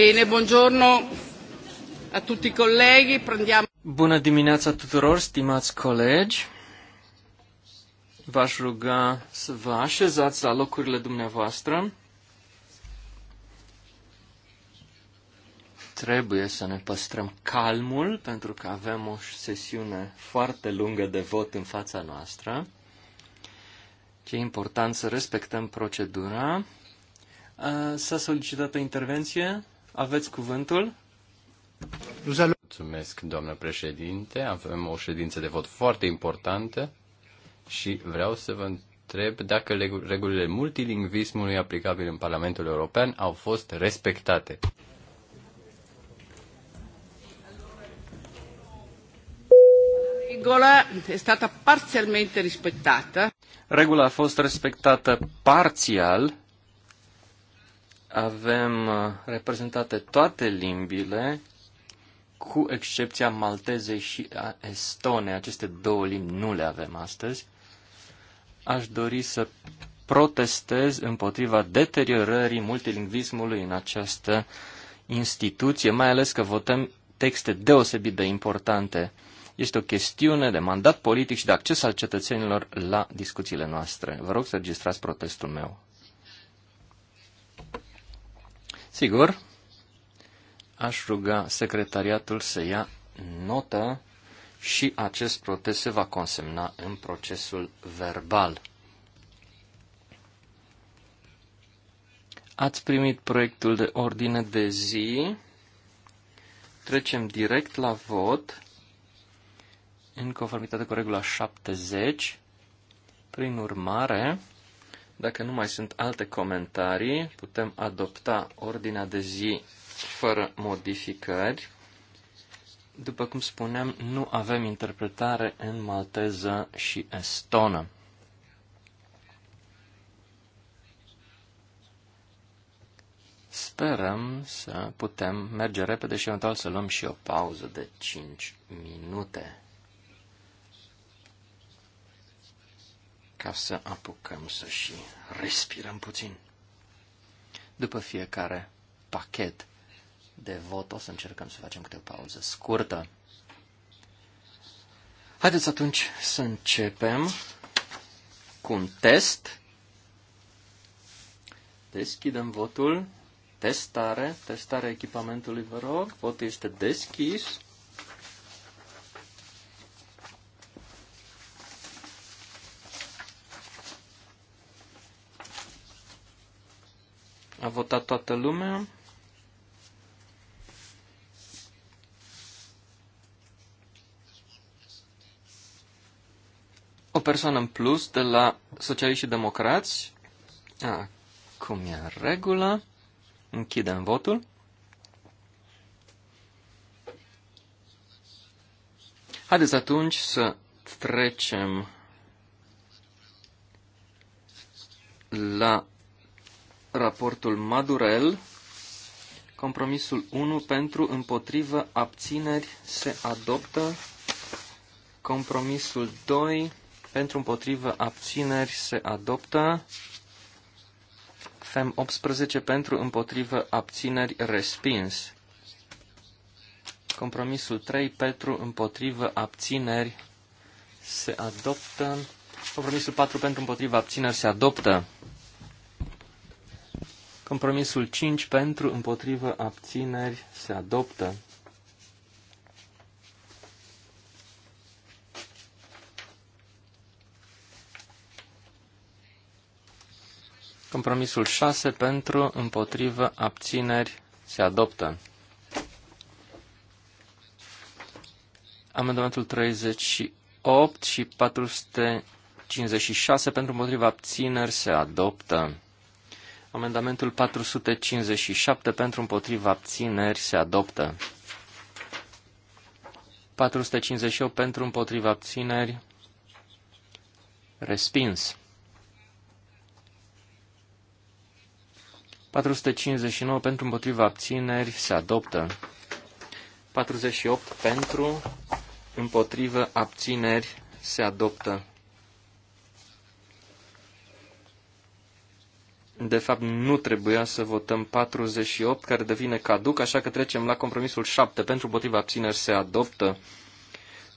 Bine, buongiorno a tutti colleghi, prendiamo... Bună dimineața tuturor, stimați colegi. V-aș ruga să vă așezați la locurile dumneavoastră. Trebuie să ne păstrăm calmul pentru că avem o sesiune foarte lungă de vot în fața noastră. Ce e important să respectăm procedura. S-a solicitat o intervenție? Aveți cuvântul? Mulțumesc, doamnă președinte. Avem o ședință de vot foarte importantă și vreau să vă întreb dacă regulile multilingvismului aplicabile în Parlamentul European au fost respectate. Regula este stata parțialmente respectată. Regula a fost respectată parțial avem uh, reprezentate toate limbile, cu excepția maltezei și a estonei. Aceste două limbi nu le avem astăzi. Aș dori să protestez împotriva deteriorării multilingvismului în această instituție, mai ales că votăm texte deosebit de importante. Este o chestiune de mandat politic și de acces al cetățenilor la discuțiile noastre. Vă rog să registrați protestul meu. Sigur, aș ruga secretariatul să ia notă și acest protest se va consemna în procesul verbal. Ați primit proiectul de ordine de zi. Trecem direct la vot în conformitate cu regula 70. Prin urmare, dacă nu mai sunt alte comentarii, putem adopta ordinea de zi fără modificări. După cum spuneam, nu avem interpretare în malteză și estonă. Sperăm să putem merge repede și eventual să luăm și o pauză de 5 minute. ca să apucăm să și respirăm puțin. După fiecare pachet de vot o să încercăm să facem câte o pauză scurtă. Haideți atunci să începem cu un test. Deschidem votul. Testare, Testare echipamentului, vă rog. Votul este deschis. A votat toată lumea. O persoană în plus de la Socialiști și Democrați. Acum e în regulă. Închidem votul. Haideți atunci să trecem la raportul Madurel. Compromisul 1 pentru, împotrivă, abțineri se adoptă. Compromisul 2 pentru, împotrivă, abțineri se adoptă. FEM 18 pentru, împotrivă, abțineri respins. Compromisul 3 pentru, împotrivă, abțineri se adoptă. Compromisul 4 pentru, împotrivă, abțineri se adoptă. Compromisul 5 pentru, împotrivă, abțineri se adoptă. Compromisul 6 pentru, împotrivă, abțineri se adoptă. Amendamentul 38 și 456 pentru împotriva abțineri se adoptă. Amendamentul 457 pentru împotriva abțineri se adoptă. 458 pentru împotriva abțineri respins. 459 pentru împotriva abțineri se adoptă. 48 pentru împotriva abțineri se adoptă. De fapt, nu trebuia să votăm 48, care devine caduc, așa că trecem la compromisul 7. Pentru împotriva abțineri se adoptă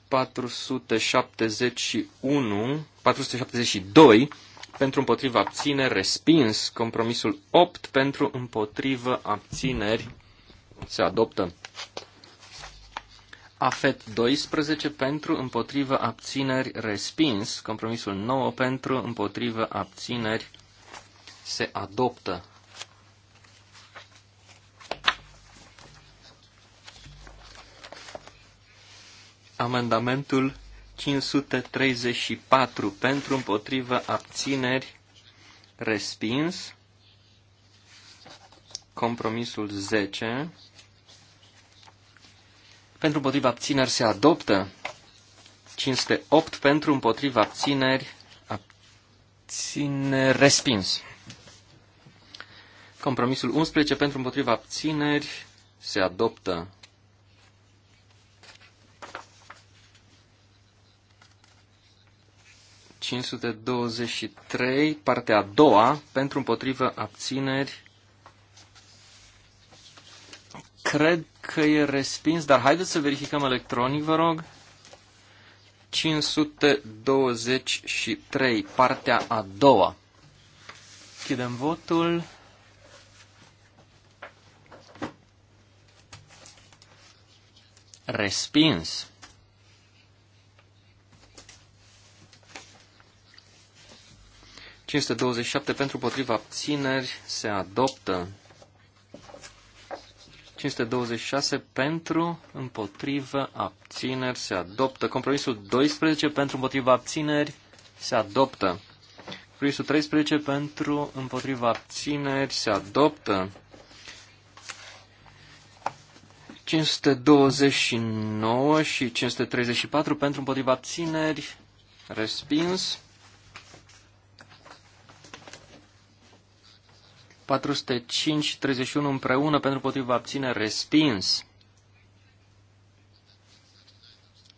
471, 472, pentru împotriva abțineri respins, compromisul 8 pentru împotriva abțineri se adoptă. AFET 12 pentru împotriva abțineri respins, compromisul 9 pentru împotriva abțineri se adoptă. Amendamentul 534 pentru împotrivă abțineri respins. Compromisul 10. Pentru împotriva abțineri se adoptă. 508 pentru împotriva abțineri abține respins. Compromisul 11 pentru împotriva abțineri se adoptă. ...523, partea a doua, pentru împotrivă abțineri. Cred că e respins, dar haideți să verificăm electronic, vă rog. 523, partea a doua. Chidem votul. Respins. Cinste 27 pentru potriva abțineri se adoptă. 526 pentru, împotrivă, abțineri, se adoptă. Compromisul 12 pentru, împotriva, abțineri, se adoptă. Compromisul 13 pentru, împotriva, abțineri, se adoptă. 529 și 534 pentru împotriva țineri, respins. 405 și 31 împreună pentru împotriva abțineri, respins.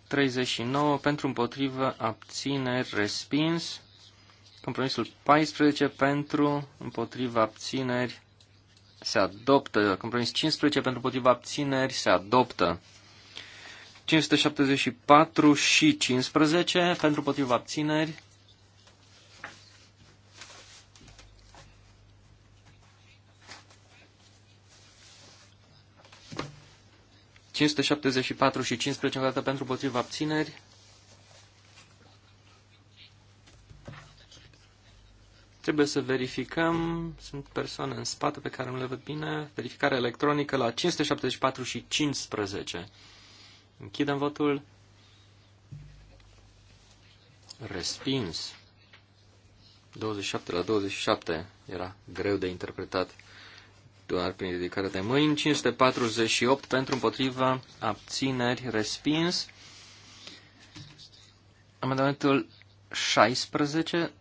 39 pentru împotriva abțineri, respins. Compromisul 14 pentru împotriva abțineri, se adoptă. Compromis 15 pentru potriva abțineri se adoptă. 574 și 15 pentru potriva abțineri. ...574 și 15 dată pentru potriva abțineri Trebuie să verificăm, sunt persoane în spate pe care nu le văd bine, verificare electronică la 574 și 15. Închidem votul. Respins. 27 la 27 era greu de interpretat doar prin ridicare de mâini. 548 pentru împotriva abțineri respins. Amendamentul 16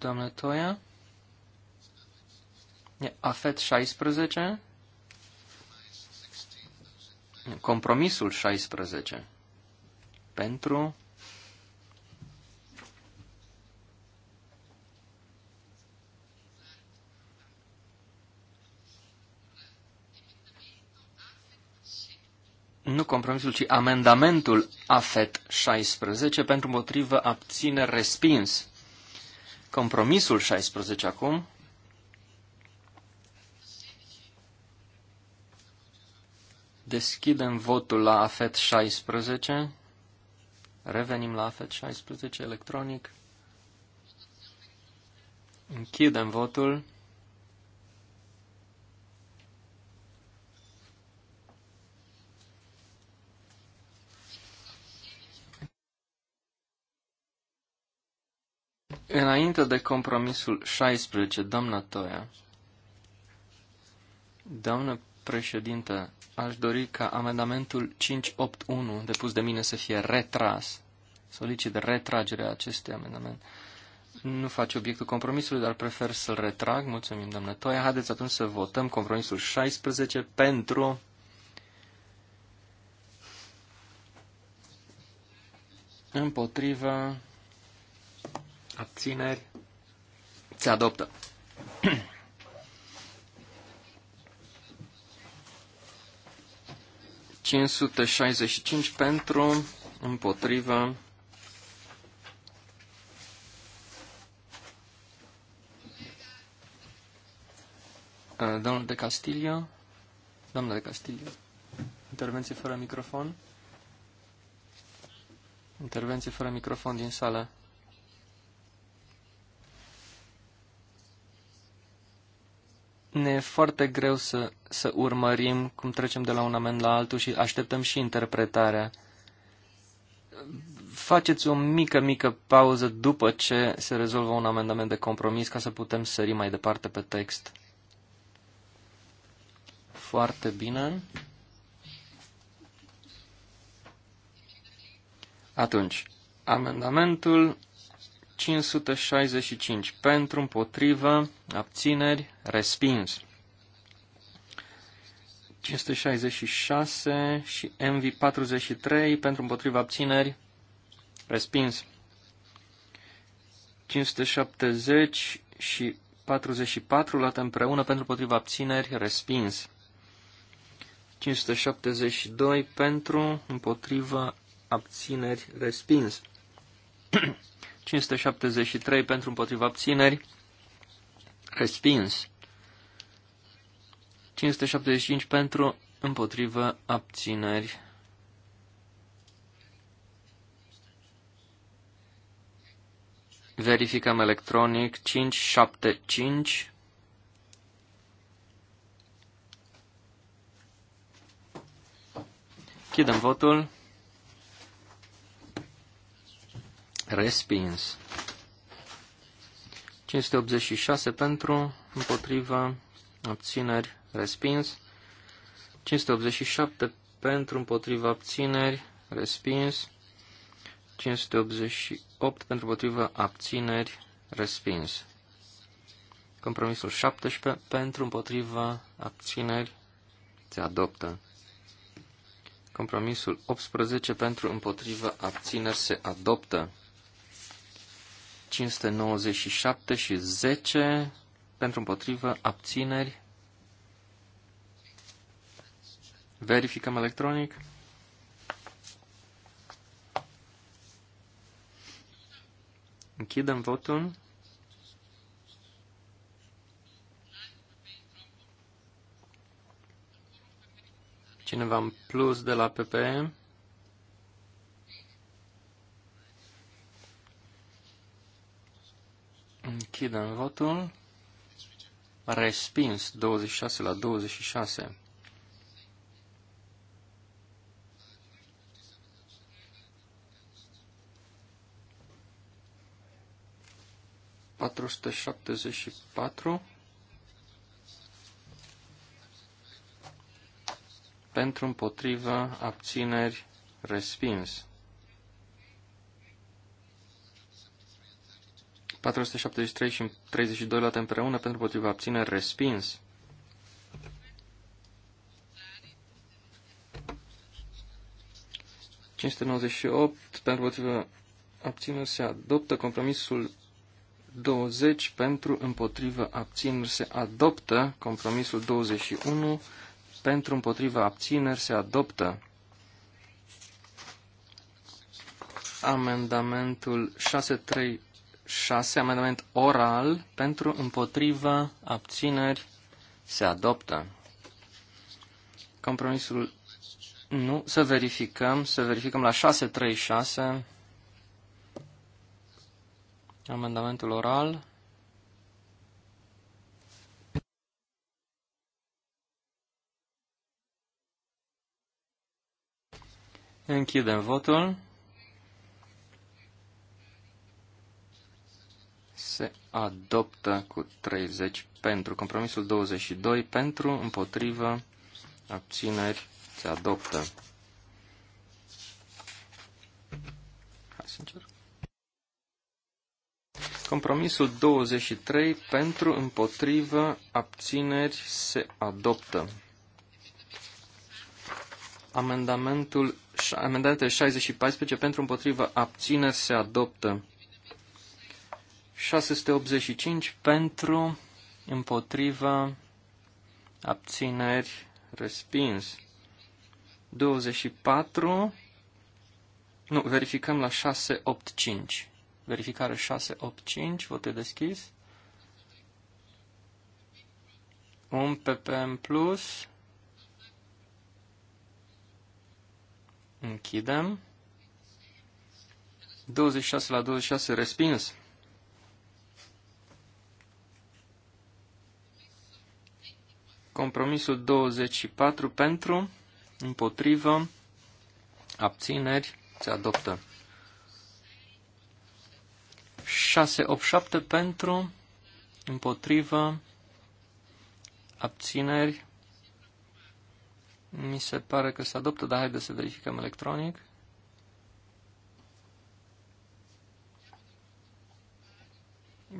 Doamne, Toia. E AFET 16. Compromisul 16. Pentru nu compromisul, ci amendamentul AFET 16 pentru motivă abține respins. Compromisul 16 acum. Deschidem votul la AFET 16. Revenim la AFET 16 electronic. Închidem votul. Înainte de compromisul 16, doamna Toia, doamnă președinte, aș dori ca amendamentul 581 depus de mine să fie retras. Solicit retragerea acestui amendament. Nu face obiectul compromisului, dar prefer să-l retrag. Mulțumim, doamnă Toia. Haideți atunci să votăm compromisul 16 pentru... Împotriva abțineri, se adoptă. cinci pentru, împotriva, uh, Domnul de Castillo, Domnul de Castillo, intervenție fără microfon. Intervenție fără microfon din sală. ne e foarte greu să, să urmărim cum trecem de la un amend la altul și așteptăm și interpretarea. Faceți o mică, mică pauză după ce se rezolvă un amendament de compromis ca să putem sări mai departe pe text. Foarte bine. Atunci, amendamentul 565 pentru, împotrivă, abțineri, respins. 566 și MV43 pentru împotriva abțineri, respins. 570 și 44 luate împreună pentru împotriva abțineri, respins. 572 pentru împotriva abțineri, respins. 573 pentru împotriva abțineri, respins. 575 pentru împotriva abțineri. Verificăm electronic 575. Chidem votul. respins. 586 pentru, împotriva, abțineri, respins. 587 pentru, împotriva, abțineri, respins. 588 pentru, împotriva, abțineri, respins. Compromisul 17 pentru, împotriva, abțineri, se adoptă. Compromisul 18 pentru, împotriva, abțineri, se adoptă. 597 și 10 pentru împotrivă abțineri. Verificăm electronic. Închidem votul. Cineva în plus de la PPM. Închidem votul. Respins 26 la 26. patru șaptezeci și patru pentru împotrivă abțineri respins. 473 și 32 luate împreună pentru potriva abține respins. ...598 pentru potriva abțineri se adoptă. Compromisul 20 pentru împotriva abțineri se adoptă. Compromisul 21 pentru împotriva abțineri se adoptă. Amendamentul 6. Amendament oral pentru împotrivă abțineri se adoptă. Compromisul nu. Să verificăm. Să verificăm la 636. Amendamentul oral. Închidem votul. se adoptă cu 30 pentru. Compromisul 22 pentru, împotrivă, abțineri, se adoptă. Hai să încerc. Compromisul 23 pentru, împotrivă, abțineri, se adoptă. Amendamentul, amendamentul 60 și 14 pentru, împotrivă, abțineri, se adoptă. 685 pentru, împotriva, abțineri, respins. 24, nu, verificăm la 685. Verificare 685, vote deschis. Un PPM plus. Închidem. 26 la 26 respins. Compromisul 24 pentru, împotrivă, abțineri, se adoptă. 687 pentru, împotrivă, abțineri, mi se pare că se adoptă, dar haideți să verificăm electronic.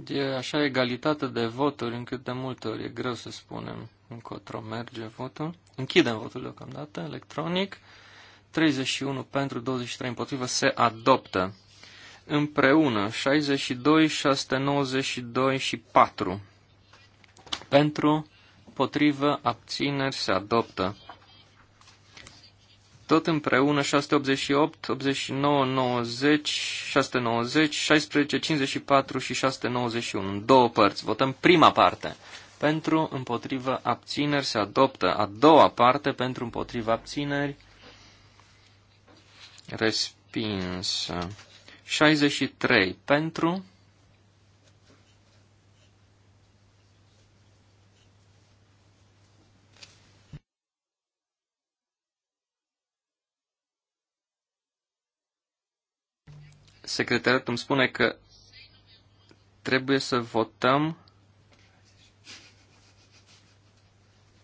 Deci, e așa egalitate de voturi încât de multe ori e greu să spunem încotro merge votul. Închidem votul deocamdată, electronic. 31 pentru, 23 împotrivă, se adoptă. Împreună, 62, 692 și 4. Pentru, potrivă, abțineri, se adoptă tot împreună 688, 89, 90, 690, 16, 54 și 691, în două părți. Votăm prima parte. Pentru, împotrivă, abțineri se adoptă. A doua parte, pentru, împotrivă, abțineri, respinsă. 63, pentru, secretariatul îmi spune că trebuie să votăm.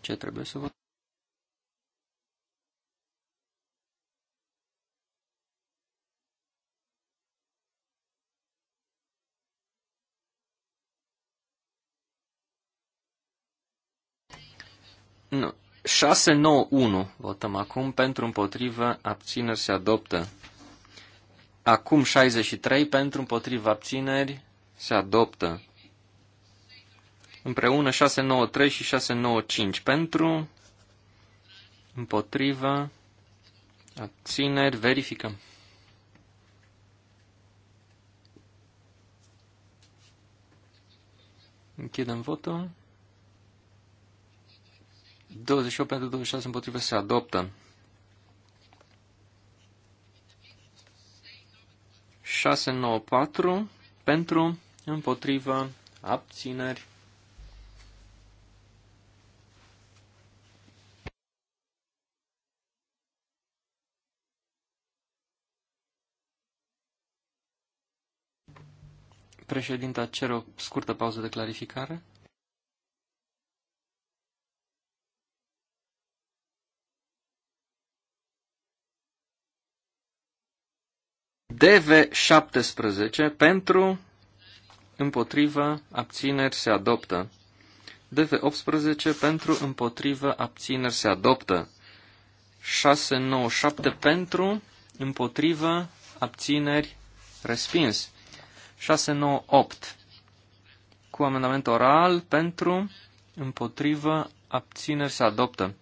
Ce trebuie să votăm? Nu. 6-9-1 votăm acum pentru împotrivă, abțineri se adoptă. Acum 63 pentru împotriva abțineri se adoptă. Împreună 693 și 695 pentru împotriva abțineri verificăm. Închidem votul. 28 pentru 26 împotriva se adoptă. 694 pentru, împotrivă, abțineri. Președinta cer o scurtă pauză de clarificare. DV17 pentru, împotrivă, abțineri se adoptă. DV18 pentru, împotrivă, abțineri se adoptă. 697 pentru, împotrivă, abțineri, respins. 698 cu amendament oral pentru, împotrivă, abțineri se adoptă.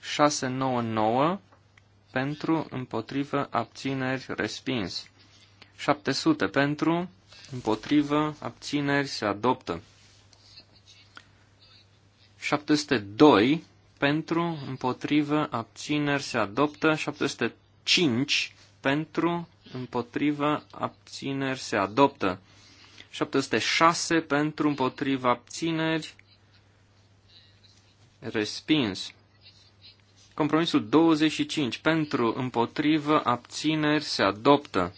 699 pentru, împotrivă, abțineri, respins. 700 pentru, împotrivă, abțineri, se adoptă. 702 pentru, împotrivă, abțineri, se adoptă. 705 pentru, împotrivă, abțineri, se adoptă. 706 pentru, împotrivă, abțineri, respins. Compromisul 25 pentru, împotrivă, abțineri se adoptă.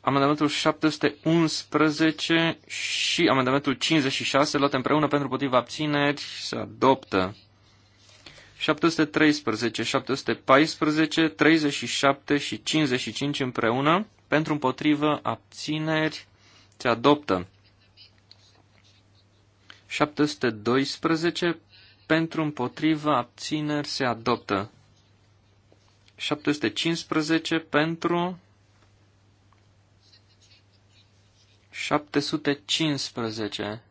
Amendamentul 711 și amendamentul 56 luate împreună pentru împotriva abțineri se adoptă. 713, 714, 37 și 55 împreună pentru împotrivă abțineri se adoptă. 712 pentru împotriva abțineri se adoptă. 715 pentru 715.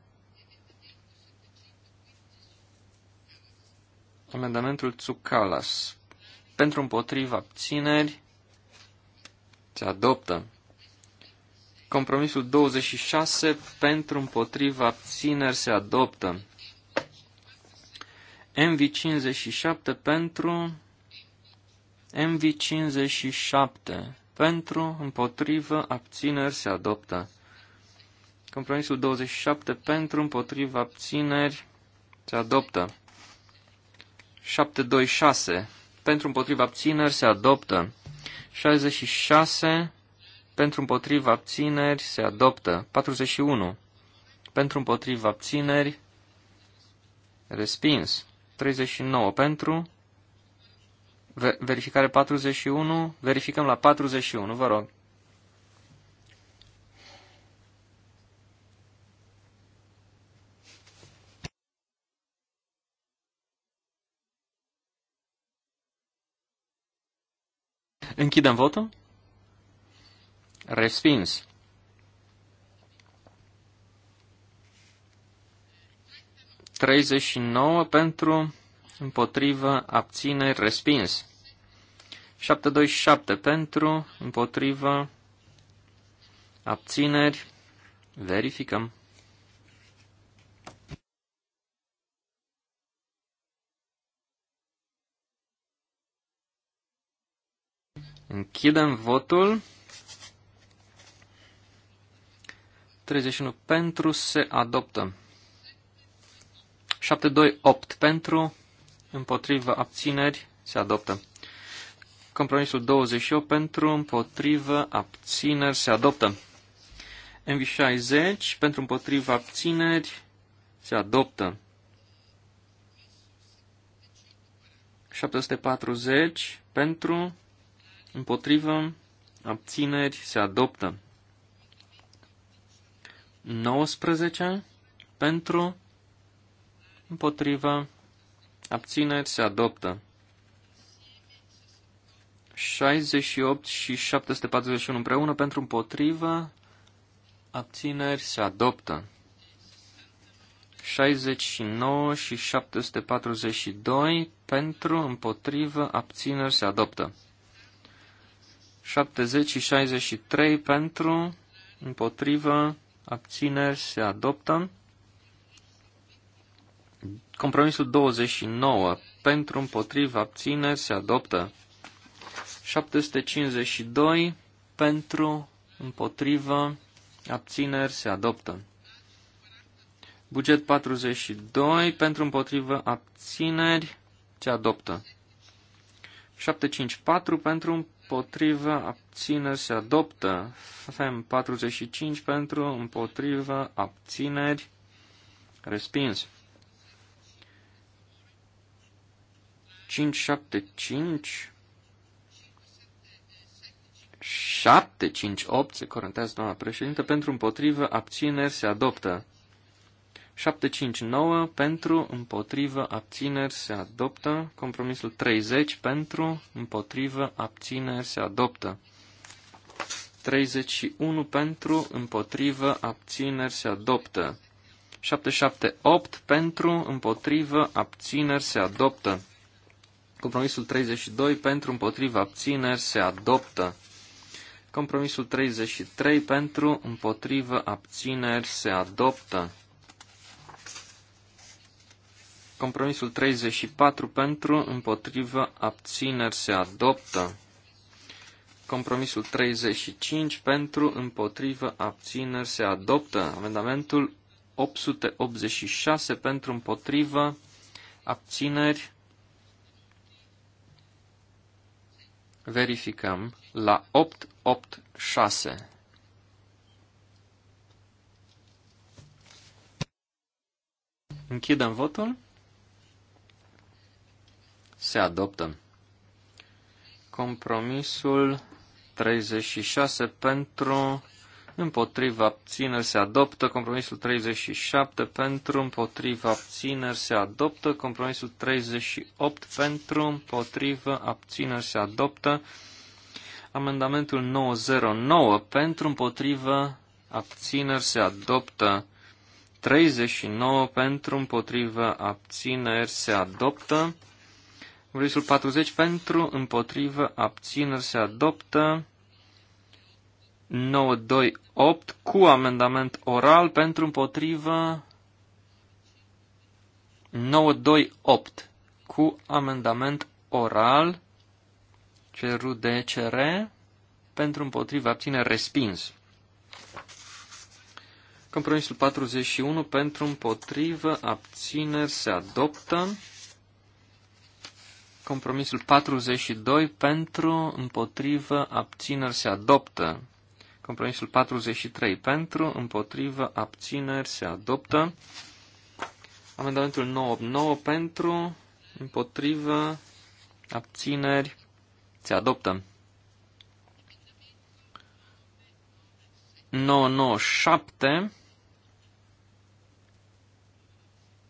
Amendamentul Tsukalas. Pentru împotriva abțineri se adoptă. Compromisul 26 pentru împotriva abțineri se adoptă. MV57 pentru, MV57 pentru, împotrivă, abțineri se adoptă. Compromisul 27 pentru, împotrivă, abțineri se adoptă. 726 pentru, împotrivă, abțineri se adoptă. 66 pentru, împotrivă, abțineri se adoptă. 41 pentru, împotrivă, abțineri respins. 39 pentru. Verificare 41. Verificăm la 41, vă rog. Închidem votul. Respins. 39 pentru, împotrivă, abțineri, respins. 727 pentru, împotrivă, abțineri, verificăm. Închidem votul. 31 pentru se adoptă. 728 pentru, împotrivă, abțineri, se adoptă. Compromisul 28 pentru, împotrivă, abțineri, se adoptă. MV60 pentru, împotrivă, abțineri, se adoptă. 740 pentru, împotrivă, abțineri, se adoptă. 19 pentru, împotriva, abțineți, se adoptă. 68 și 741 împreună pentru împotriva, abțineri, se adoptă. 69 și 742 pentru, împotrivă, abțineri se adoptă. 70 și 63 pentru, împotrivă, abțineri se adoptă. Compromisul 29. Pentru, împotriva, abține se adoptă. 752. Pentru, împotriva, abțineri se adoptă. Buget 42. Pentru, împotriva, abțineri se adoptă. 754. Pentru, împotriva, abțineri se adoptă. FEM 45. Pentru, împotriva, abțineri respins. 575 758 se corentează doamna președinte pentru împotrivă abțineri se adoptă. 759 pentru împotrivă abțineri se adoptă. Compromisul 30 pentru împotrivă abțineri se adoptă. 31 pentru împotrivă abțineri se adoptă. 778 pentru împotrivă abțineri se adoptă. Compromisul 32 pentru împotriva abțineri se adoptă. Compromisul 33 pentru împotriva abțineri se adoptă. Compromisul 34 pentru împotriva abțineri se adoptă. Compromisul 35 pentru împotriva abțineri se adoptă. Amendamentul 886 pentru împotriva abțineri verificăm la 886. Închidem votul. Se adoptă. Compromisul 36 pentru împotriva abțineri se adoptă, compromisul 37 pentru, împotriva abțineri se adoptă, compromisul 38 pentru, împotriva abțineri se adoptă, amendamentul 909 pentru, împotriva abțineri se adoptă, 39 pentru, împotriva abțineri se adoptă, compromisul 40 pentru, împotriva abțineri se adoptă, 928 cu amendament oral pentru împotrivă 928 cu amendament oral cerut de CR pentru împotrivă abține respins. Compromisul 41 pentru împotrivă abțineri se adoptă. Compromisul 42 pentru împotrivă abțineri se adoptă. Compromisul 43 pentru, împotrivă, abțineri, se adoptă. Amendamentul 99 pentru, împotrivă, abțineri, se adoptă. 997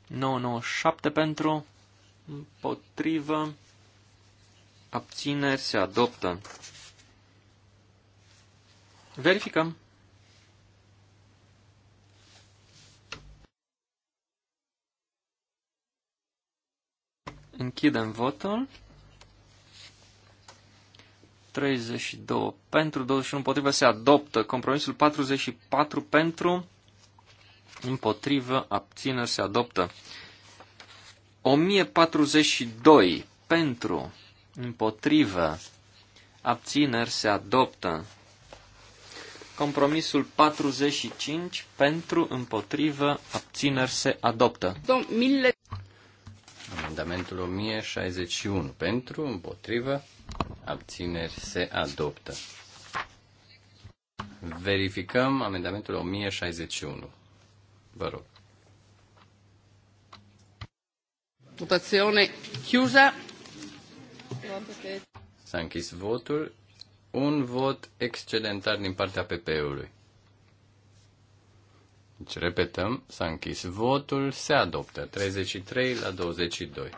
997 pentru, împotrivă, abțineri, se adoptă. Verificăm. Închidem votul. 32 pentru, 21 împotrivă, se adoptă. Compromisul 44 pentru, împotrivă, abțineri, se adoptă. 1042 pentru, împotrivă, abțineri, se adoptă. Compromisul 45 pentru, împotrivă, abțineri se adoptă. Amendamentul 1061 pentru, împotrivă, abțineri se adoptă. Verificăm amendamentul 1061. Vă rog. Votazione chiusa. S-a închis votul un vot excedentar din partea PP-ului. Deci, repetăm, s-a închis votul, se adoptă 33 la 22.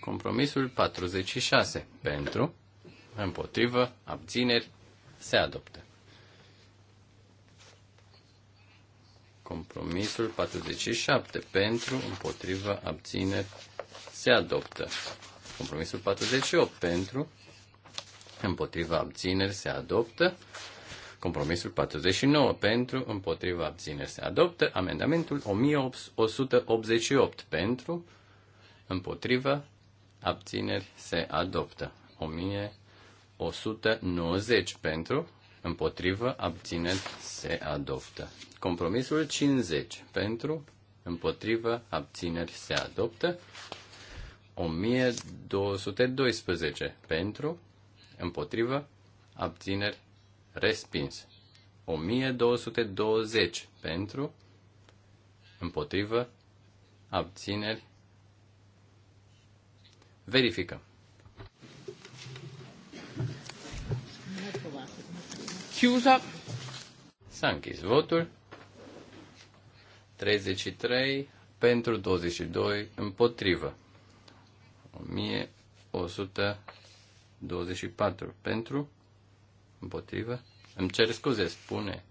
Compromisul 46. Pentru, împotrivă, abțineri, se adoptă. Compromisul 47. Pentru, împotrivă, abțineri, se adoptă. Compromisul 48 pentru, împotriva abțineri se adoptă. Compromisul 49 pentru, împotriva abțineri se adoptă. Amendamentul 1188 pentru, împotriva abțineri se adoptă. 1190 pentru, împotriva abțineri se adoptă. Compromisul 50 pentru, împotriva abțineri se adoptă. 1212 pentru, împotrivă, abțineri, respins. 1220 pentru, împotrivă, abțineri, verifică. Chiusa. S-a închis votul. 33 pentru 22 împotrivă. 1124 pentru, împotrivă. Îmi cer scuze, spune,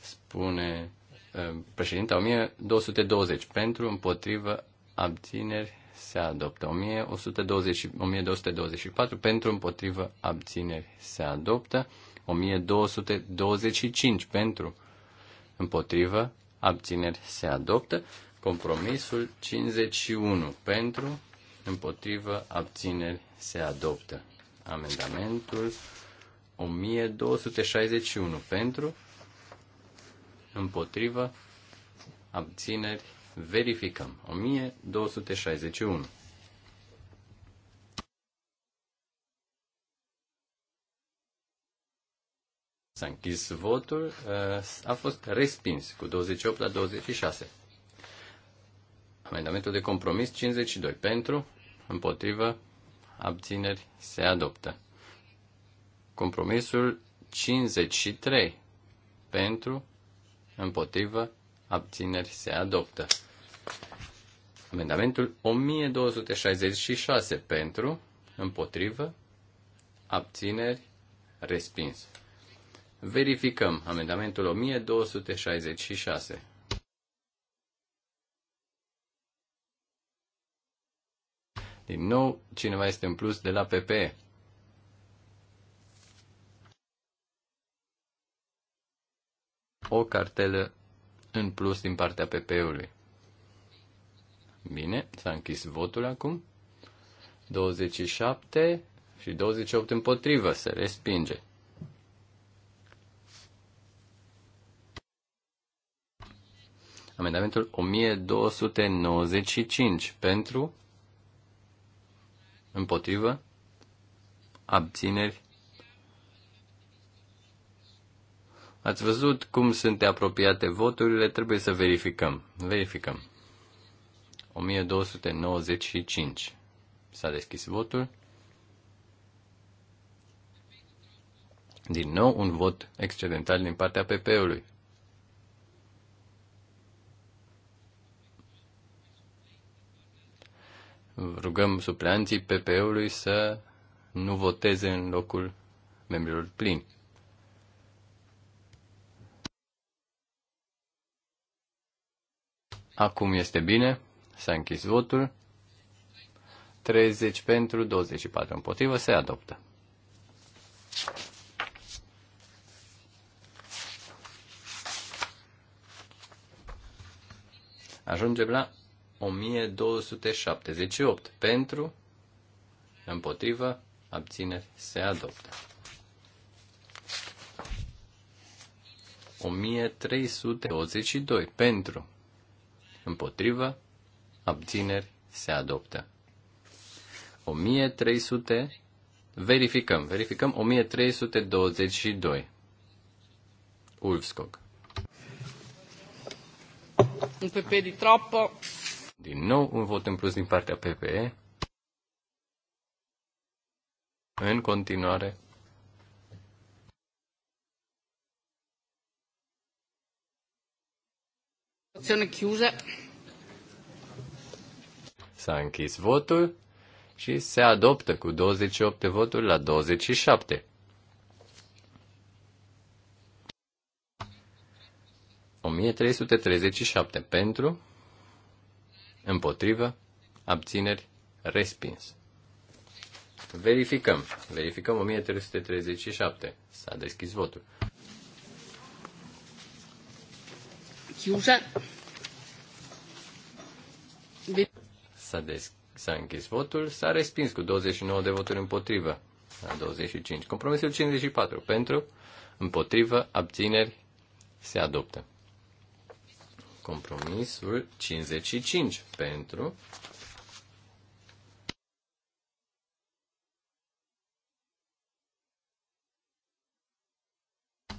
spune uh, președinta 1220 pentru, împotrivă, abțineri, se adoptă. 1120, 1224 pentru, împotrivă, abțineri, se adoptă. 1225 pentru, împotrivă, abțineri, se adoptă. Compromisul 51 pentru, împotrivă, abțineri, se adoptă. Amendamentul 1261 pentru, împotrivă, abțineri, verificăm. 1261. S-a închis votul, uh, a fost respins cu 28 la 26. Amendamentul de compromis 52 pentru, împotrivă, abțineri, se adoptă. Compromisul 53 pentru, împotrivă, abțineri, se adoptă. Amendamentul 1266 pentru, împotrivă, abțineri, respins. Verificăm amendamentul 1266. Din nou, cineva este în plus de la PP, O cartelă în plus din partea PP-ului. Bine, s-a închis votul acum. 27 și 28 împotrivă, se respinge. Amendamentul 1295 pentru Împotrivă. Abțineri. Ați văzut cum sunt apropiate voturile, trebuie să verificăm. Verificăm. 1295. S-a deschis votul. Din nou un vot excedental din partea PP-ului. rugăm supleanții PPE-ului să nu voteze în locul membrilor plini. Acum este bine. S-a închis votul. 30 pentru, 24 împotrivă. Se adoptă. Ajungem la 1278 pentru, împotrivă, abțineri, se adoptă. 1322 pentru, împotrivă, abțineri, se adoptă. 1300, verificăm, verificăm 1322. Ulfskog. Un pepe di troppo. Din nou un vot în plus din partea PPE. În continuare. Votazione chiusa. S-a închis votul și se adoptă cu 28 de voturi la 27. ...1337 pentru, Împotrivă. Abțineri. Respins. Verificăm. Verificăm 1337. S-a deschis votul. S-a, des- s-a închis votul, s-a respins cu 29 de voturi împotrivă la 25. Compromisul 54 pentru, împotrivă, abțineri, se adoptă. Compromisul 55 pentru.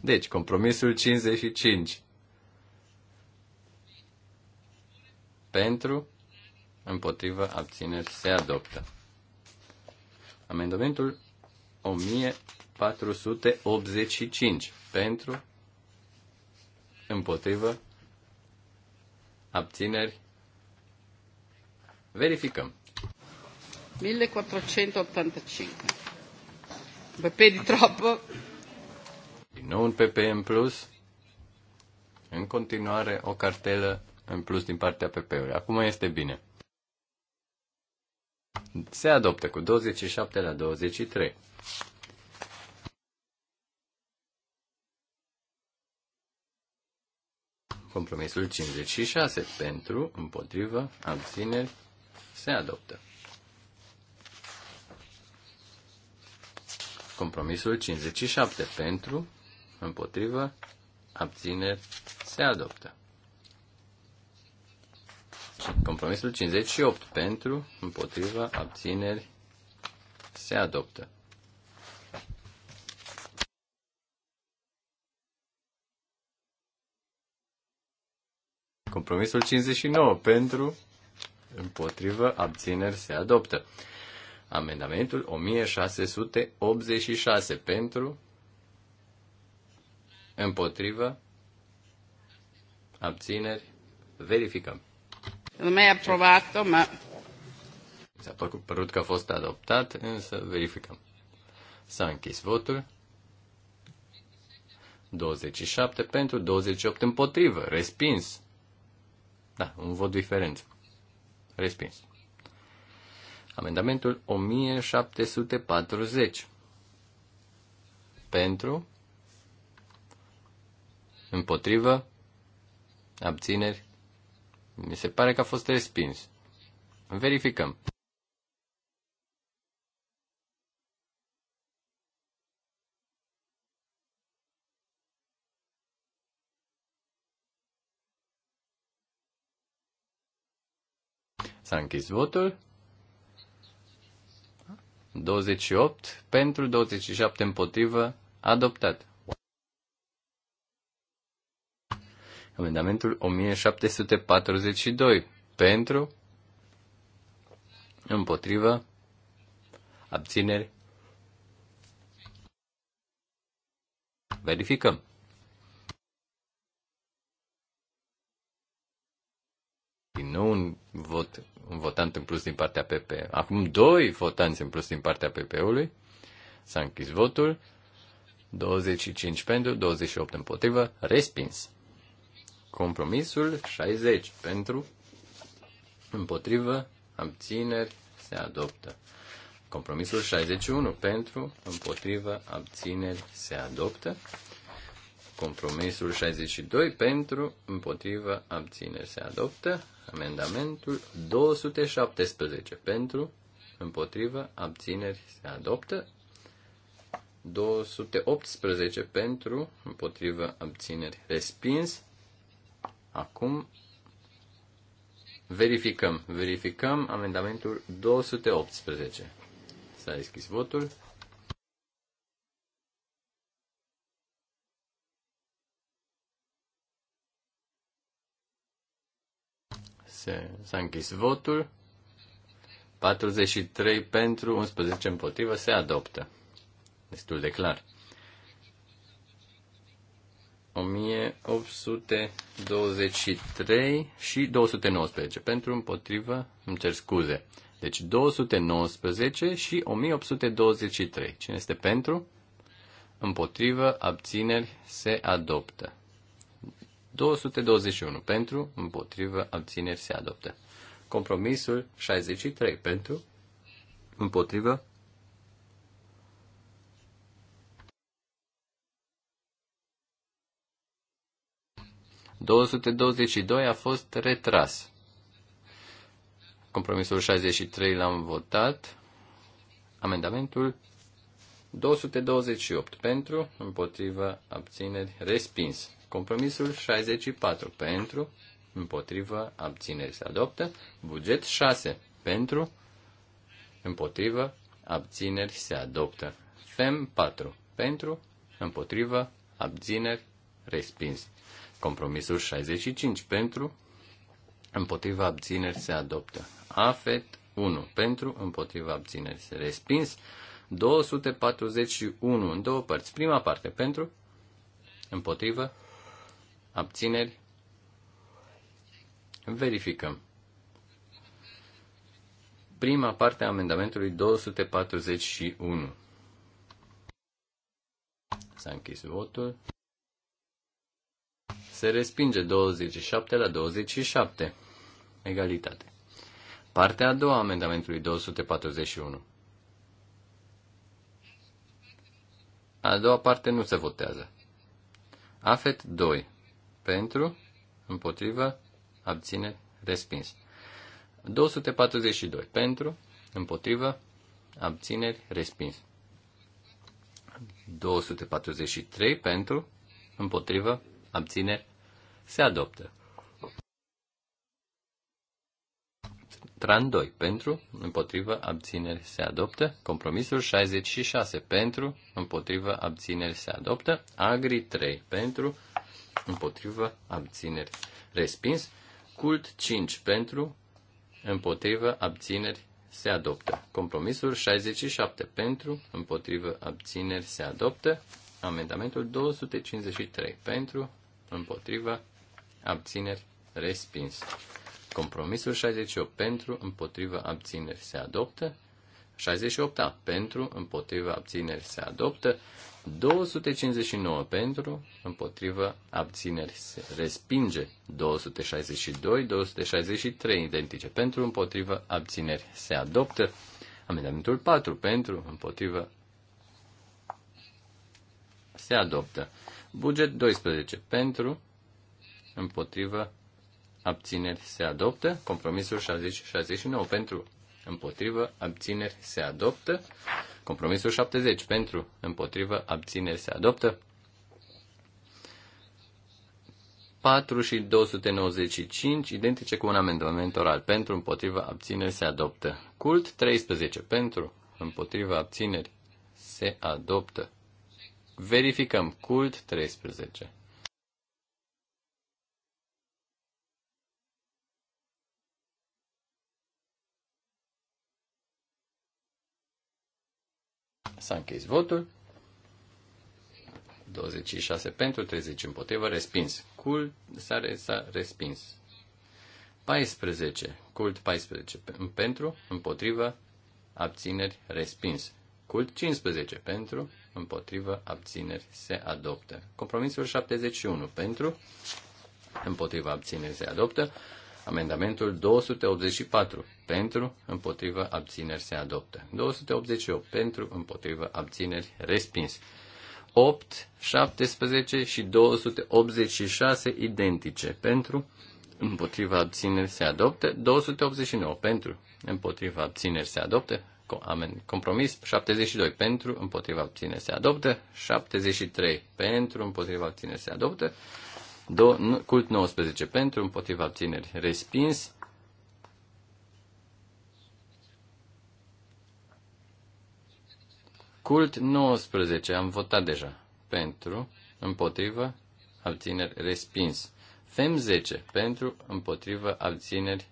Deci, compromisul 55. Pentru, împotrivă, abțineri, se adoptă. Amendamentul 1485. Pentru, împotrivă, abțineri. Verificăm. 1485. PP de troppo. Din nou un PP în plus. În continuare o cartelă în plus din partea PP-ului. Acum este bine. Se adoptă cu 27 la 23. Compromisul 56 pentru, împotrivă, abțineri, se adoptă. Compromisul 57 pentru, împotrivă, abțineri, se adoptă. Compromisul 58 pentru, împotrivă, abțineri, se adoptă. Compromisul 59 pentru, împotrivă, abțineri se adoptă. Amendamentul 1686 pentru, împotrivă, abțineri, verificăm. Nu mai aprobat ma... S-a părut că a fost adoptat, însă verificăm. S-a închis votul. 27 pentru, 28 împotrivă, respins. Da, un vot diferență. Respins. Amendamentul 1740. Pentru. Împotrivă. Abțineri. Mi se pare că a fost respins. Verificăm. S-a închis votul. 28 pentru, 27 împotrivă, adoptat. Amendamentul 1742 pentru, împotrivă, abțineri. Verificăm. Din nou un vot un votant în plus din partea PP. Acum doi votanți în plus din partea PP-ului. S-a închis votul. 25 pentru, 28 împotrivă, respins. Compromisul 60 pentru, împotrivă, abțineri, se adoptă. Compromisul 61 pentru, împotrivă, abțineri, se adoptă. Compromisul 62 pentru, împotrivă, abțineri se adoptă. Amendamentul 217 pentru, împotrivă, abțineri se adoptă. 218 pentru, împotrivă, abțineri respins. Acum verificăm, verificăm amendamentul 218. S-a deschis votul. se, s-a închis votul. 43 pentru, 11 împotrivă, se adoptă. Destul de clar. 1823 și 219 pentru împotrivă, îmi cer scuze. Deci 219 și 1823. Cine este pentru? Împotrivă, abțineri, se adoptă. 221 pentru, împotrivă, abțineri se adoptă. Compromisul 63 pentru, împotrivă, ...222 a fost retras. Compromisul 63 l-am votat. Amendamentul 228 pentru, împotrivă, abțineri, respins. Compromisul 64 pentru, împotrivă, abțineri se adoptă. Buget 6 pentru, împotrivă, abțineri se adoptă. FEM 4 pentru, împotrivă, abțineri, respins. Compromisul 65 pentru, împotriva abțineri se adoptă. AFET 1 pentru, împotriva abțineri se respins. 241 în două părți. Prima parte pentru, împotrivă, Abțineri? Verificăm. Prima parte a amendamentului 241. S-a închis votul. Se respinge 27 la 27. Egalitate. Partea a doua a amendamentului 241. A doua parte nu se votează. AFET 2 pentru, împotrivă, abține, respins. 242 pentru, împotrivă, abțineri, respins. 243 pentru, împotrivă, abțineri, se adoptă. Tran 2 pentru, împotrivă, abțineri se adoptă. Compromisul 66 pentru, împotrivă, abțineri se adoptă. Agri 3 pentru, împotrivă, abțineri, respins. Cult 5 pentru, împotrivă, abțineri, se adoptă. Compromisul 67 pentru, împotrivă, abțineri, se adoptă. Amendamentul 253 pentru, împotrivă, abțineri, respins. Compromisul 68 pentru, împotrivă, abțineri, se adoptă. 68 pentru, împotrivă, abțineri, se adoptă. 259 pentru, împotrivă, abțineri se respinge. 262, 263 identice pentru, împotrivă, abțineri se adoptă. Amendamentul 4 pentru, împotrivă, se adoptă. Buget 12 pentru, împotrivă, abțineri se adoptă. Compromisul 60, 69 pentru, împotrivă, abțineri se adoptă. Compromisul 70 pentru, împotrivă, abțineri se adoptă. 4 și 295, identice cu un amendament oral. Pentru, Împotrivă abțineri se adoptă. Cult 13. Pentru, Împotrivă abțineri se adoptă. Verificăm. Cult 13. S-a închis votul. 26 pentru, 30 împotrivă, respins. Cult s-a, s-a respins. 14. Cult 14 pentru, împotrivă, abțineri, respins. Cult 15 pentru, împotrivă, abțineri, se adoptă. Compromisul 71 pentru, împotrivă, abțineri, se adoptă. Amendamentul 284 pentru, împotrivă, abțineri se adoptă. 288 pentru, împotrivă, abțineri respins. 8, 17 și 286 identice pentru, împotriva abțineri se adoptă, 289 pentru, împotriva abțineri se adoptă, compromis 72 pentru, împotriva abțineri se adoptă, 73 pentru, împotriva abțineri se adoptă, Do, cult 19 pentru, împotriva abțineri respins. Cult 19, am votat deja. Pentru, împotriva abțineri respins. FEM 10, pentru, împotriva abțineri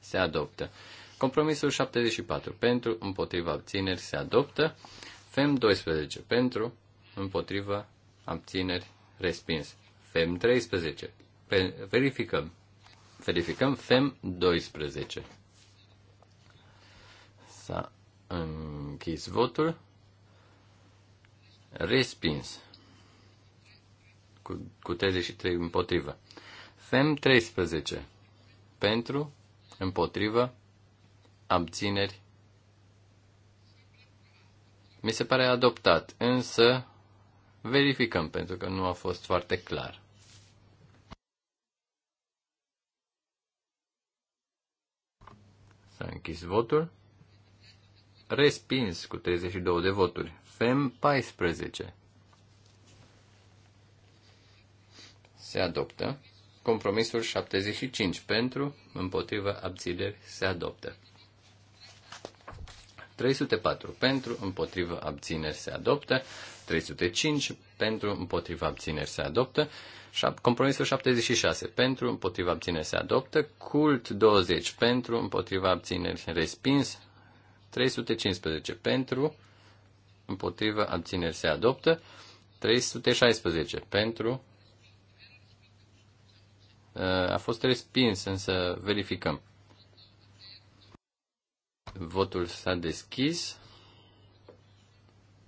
se adoptă. Compromisul 74, pentru, împotriva abțineri se adoptă. FEM 12, pentru, împotriva abțineri respins. FEM 13. Verificăm. Verificăm FEM 12. S-a închis votul. Respins. Cu, cu 33 împotrivă. FEM 13. Pentru, împotrivă, abțineri. Mi se pare adoptat, însă verificăm pentru că nu a fost foarte clar. S-a închis votul. Respins cu 32 de voturi. FEM 14. Se adoptă. Compromisul 75 pentru, împotriva abțineri, se adoptă. 304 pentru, împotriva abțineri, se adoptă. 305 pentru, împotriva abțineri se adoptă. Compromisul 76 pentru, împotriva abțineri se adoptă. Cult 20 pentru, împotriva abțineri respins. 315 pentru, împotriva abțineri se adoptă. 316 pentru. Uh, a fost respins, însă verificăm. Votul s-a deschis.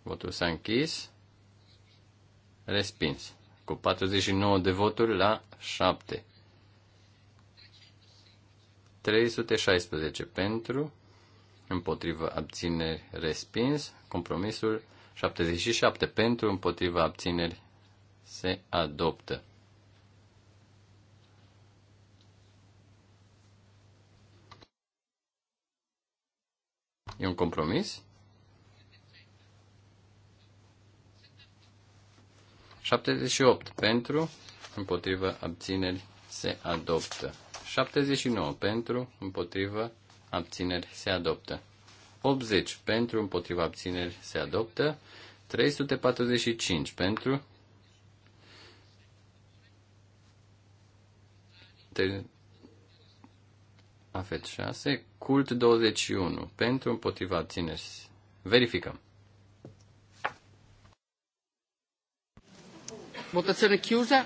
Votul s-a închis respins. Cu 49 de voturi la 7. 316 pentru, împotrivă abțineri respins, compromisul 77 pentru, împotrivă abțineri se adoptă. E un compromis? 78 pentru, împotrivă, abțineri, se adoptă. 79 pentru, împotrivă, abțineri, se adoptă. 80 pentru, împotriva abțineri, se adoptă. 345 pentru, 6, cult 21, pentru împotriva abțineri. Verificăm. Votazione chiusa.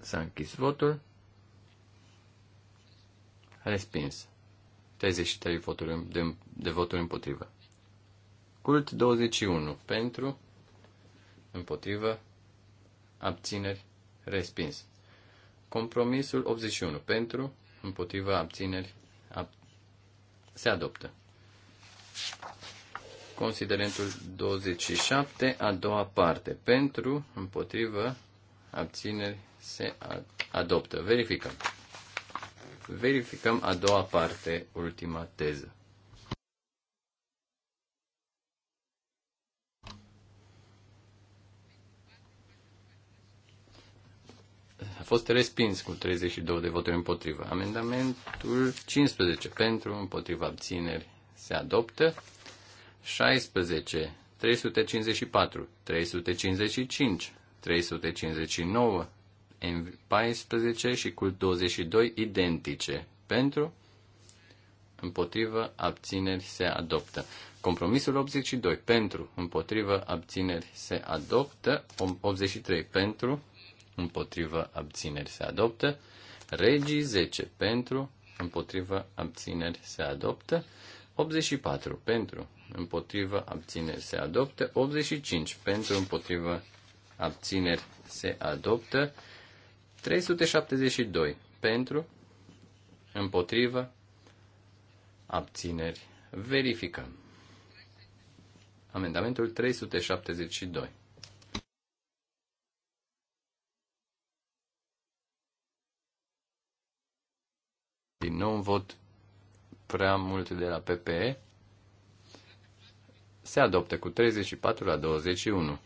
S-a închis votul. Respins. 33 voturi de, de voturi împotrivă. Cult 21. Pentru. Împotrivă. Abțineri. Respins. Compromisul 81. Pentru. Împotrivă. Abțineri. Ab- se adoptă. Considerentul 27, a doua parte. Pentru, împotrivă, abțineri se adoptă. Verificăm. Verificăm a doua parte, ultima teză. A fost respins cu 32 de voturi împotrivă. Amendamentul 15 pentru, împotriva abțineri se adoptă. 16, 354, 355, 359, M14 și cu 22 identice. Pentru, împotrivă, abțineri se adoptă. Compromisul 82 pentru, împotrivă, abțineri se adoptă. 83 pentru, împotrivă, abțineri se adoptă. Regii 10 pentru, împotrivă, abțineri se adoptă. 84 pentru, împotrivă, abțineri se adoptă, 85 pentru, împotrivă, abțineri se adoptă, 372 pentru, împotrivă, abțineri, verificăm. Amendamentul 372. Din nou un vot prea mult de la PPE se adoptă cu 34 la 21.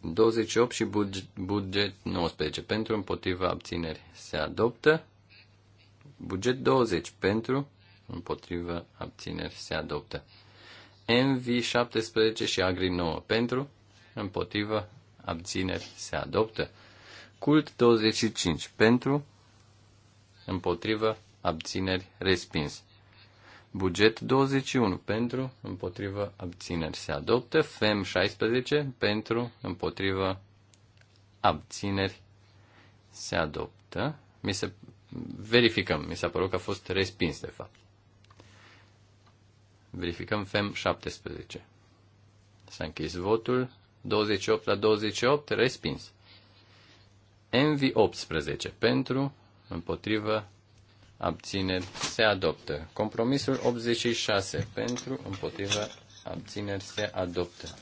28 și buget 19 pentru împotriva abțineri se adoptă. Buget 20 pentru împotriva abțineri se adoptă. MV 17 și Agri 9 pentru împotriva abțineri se adoptă. Cult 25 pentru împotriva abțineri respins. Buget 21 pentru, împotrivă, abțineri se adoptă. FEM 16 pentru, împotrivă, abțineri se adoptă. Mi se, verificăm, mi s-a părut că a fost respins de fapt. Verificăm FEM 17. S-a închis votul. 28 la 28, respins. MV 18 pentru, împotrivă, abțineri, se adoptă. Compromisul 86 pentru, împotriva, abțineri, se adoptă.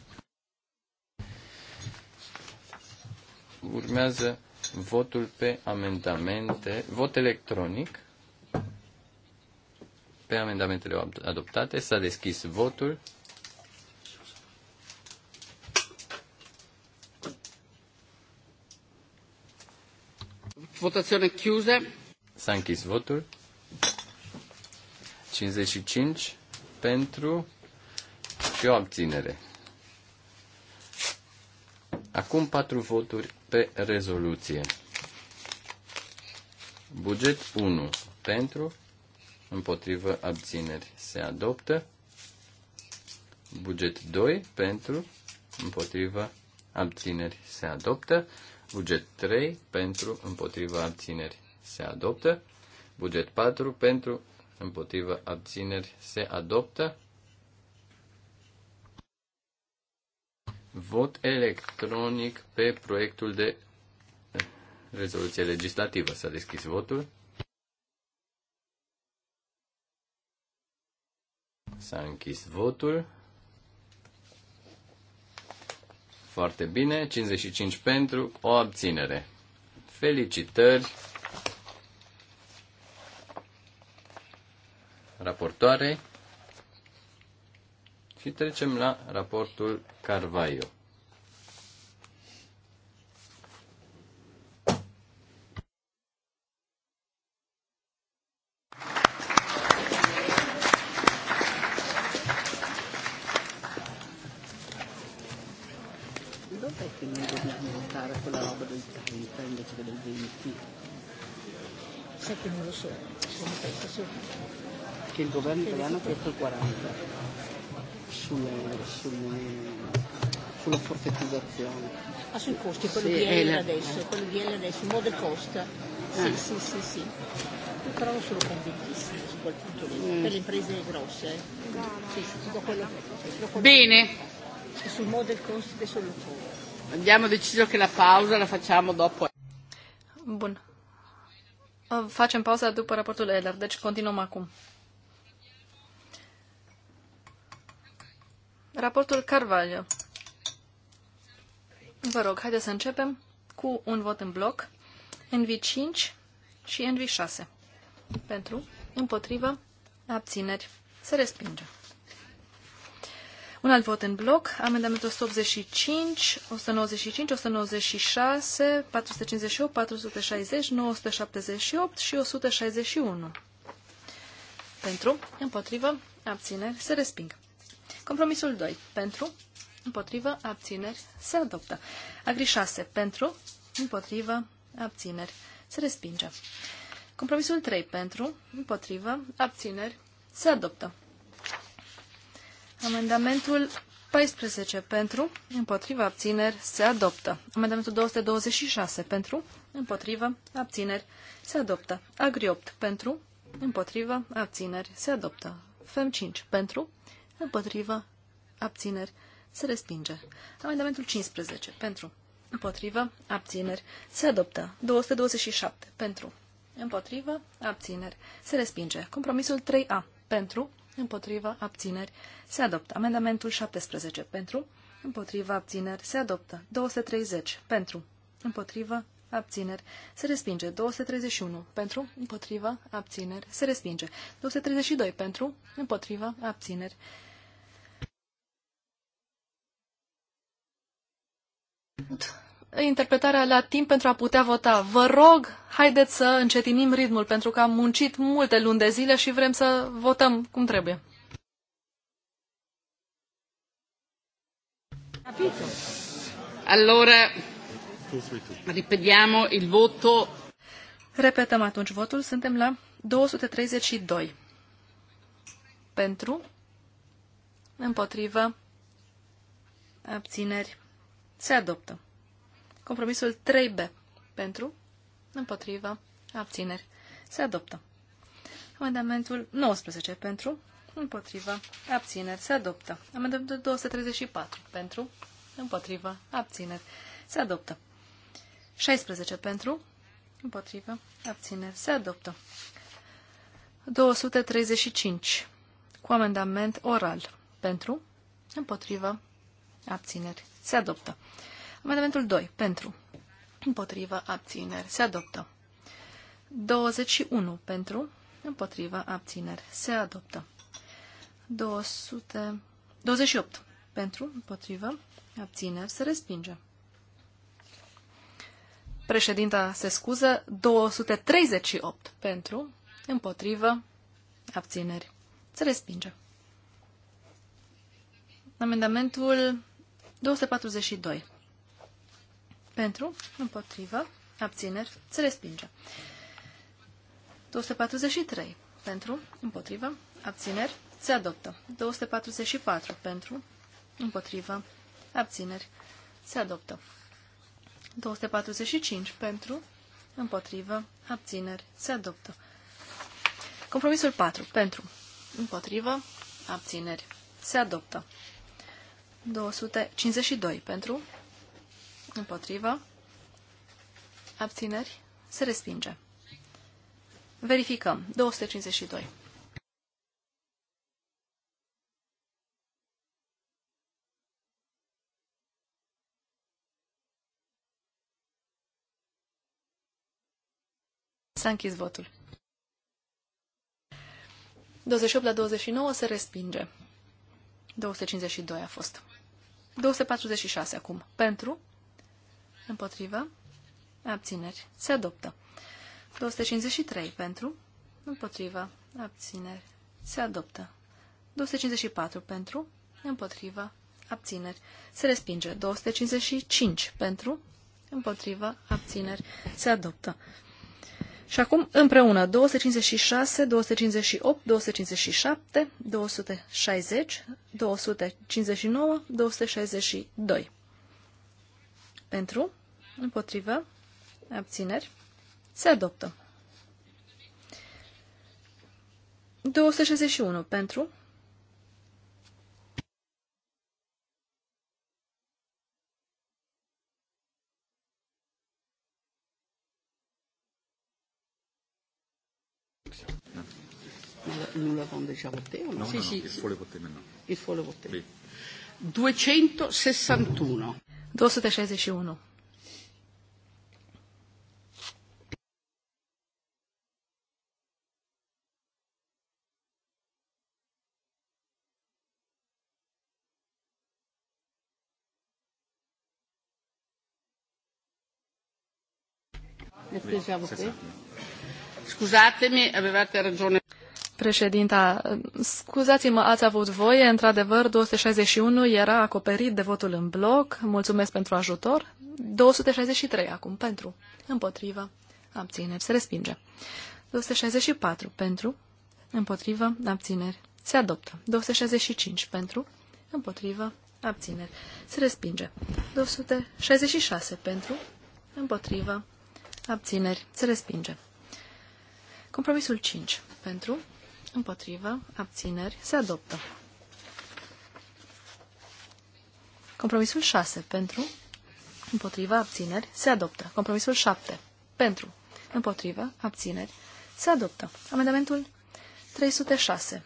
Urmează votul pe amendamente, vot electronic pe amendamentele adoptate. S-a deschis votul. Votazione chiusa. S-a închis votul. 55 pentru și o abținere. Acum patru voturi pe rezoluție. Buget 1 pentru, împotrivă abțineri se adoptă. Buget 2 pentru, împotrivă abțineri se adoptă. Buget 3 pentru, împotrivă abțineri se adoptă. Buget 4 pentru, împotrivă, abțineri se adoptă. Vot electronic pe proiectul de rezoluție legislativă. S-a deschis votul. S-a închis votul. Foarte bine, 55 pentru, o abținere. Felicitări raportoare și trecem la raportul Carvaio. 13 e 40 sulle, sulle, sulla forfettizzazione. Ah, sui costi, quello sì, di Elena adesso, eh. quello di Elena adesso, mode cost. Sì, eh. Ah. sì, sì, sì. Io però non sono convintissima su quel punto lì, mm. per le imprese grosse. Eh. Sì, Sì, tutto quello, quello Bene. E sul model cost adesso lo trovo. Abbiamo deciso che la pausa la facciamo dopo. Bun. Facem pauza după raportul Eller, deci continuăm acum. Raportul Carvalho. Vă rog, haideți să începem cu un vot în bloc. NV5 și NV6. Pentru, împotrivă, abțineri, se respinge. Un alt vot în bloc, amendamentul 185, 195, 196, 458, 460, 978 și 161. Pentru, împotrivă, abțineri, se respingă. Compromisul 2. Pentru, împotrivă, abțineri, se adoptă. Agri 6. Pentru, împotrivă, abțineri, se respinge. Compromisul 3. Pentru, împotrivă, abțineri, se adoptă. Amendamentul 14 pentru, împotriva abțineri, se adoptă. Amendamentul 226 pentru, împotriva abțineri, se adoptă. Agri 8 pentru, împotriva abțineri, se adoptă. FEM 5 pentru, împotrivă, abțineri, se respinge. Amendamentul 15, pentru, împotrivă, abțineri, se adoptă. 227, pentru, împotrivă, abțineri, se respinge. Compromisul 3A, pentru, împotrivă, abțineri, se adoptă. Amendamentul 17, pentru, împotrivă, abțineri, se adoptă. 230, pentru, împotrivă, abțineri, se respinge 231 pentru, împotriva, abțineri, se respinge 232 pentru, împotriva, abțineri, interpretarea la timp pentru a putea vota. Vă rog, haideți să încetinim ritmul, pentru că am muncit multe luni de zile și vrem să votăm cum trebuie. Allora, ripetiamo il voto. Repetăm atunci votul. Suntem la 232. Pentru, împotrivă, abțineri se adoptă. Compromisul 3B. Pentru, împotriva, abțineri. Se adoptă. Amendamentul 19. Pentru, împotriva, abțineri. Se adoptă. Amendamentul 234. Pentru, împotriva, abțineri. Se adoptă. 16. Pentru, împotriva, abțineri. Se adoptă. 235. Cu amendament oral. Pentru, împotriva, abțineri, se adoptă. Amendamentul 2, pentru, împotrivă, abțineri, se adoptă. 21, pentru, împotrivă, abțineri, se adoptă. 200, 28, pentru, împotrivă, abțineri, se respinge. Președinta se scuză 238 pentru, împotrivă, abțineri. Se respinge. Amendamentul 242. Pentru, împotrivă, abțineri, se respinge. 243. Pentru, împotrivă, abțineri, se adoptă. 244. Pentru, împotrivă, abțineri, se adoptă. 245. Pentru, împotrivă, abțineri, se adoptă. Compromisul 4. Pentru, împotrivă, abțineri, se adoptă. 252 pentru, împotrivă, abțineri, se respinge. Verificăm. 252. S-a închis votul. 28 la 29 se respinge. 252 a fost. 246 acum. Pentru, împotrivă, abțineri, se adoptă. 253 pentru, împotrivă, abțineri, se adoptă. 254 pentru, împotrivă, abțineri, se respinge. 255 pentru, împotrivă, abțineri, se adoptă. Și acum împreună 256, 258, 257, 260, 259, 262. Pentru, împotrivă, abțineri, se adoptă. 261 pentru, Nous l'avons déjà voté o no? No, sì, no, sì, il faut le voter maintenant. Il faut le voter. Oui. 261. 261. Scusatemi, avevate ragione. Președinta, scuzați-mă, ați avut voie, într-adevăr, 261 era acoperit de votul în bloc, mulțumesc pentru ajutor, 263 acum, pentru, împotrivă, abțineri, se respinge. 264 pentru, împotrivă, abțineri, se adoptă. 265 pentru, împotrivă, abțineri, se respinge. 266 pentru, împotrivă, abțineri, se respinge. Compromisul 5 pentru, Împotrivă. Abțineri. Se adoptă. Compromisul 6. Pentru. Împotrivă. Abțineri. Se adoptă. Compromisul 7. Pentru. Împotrivă. Abțineri. Se adoptă. Amendamentul 306.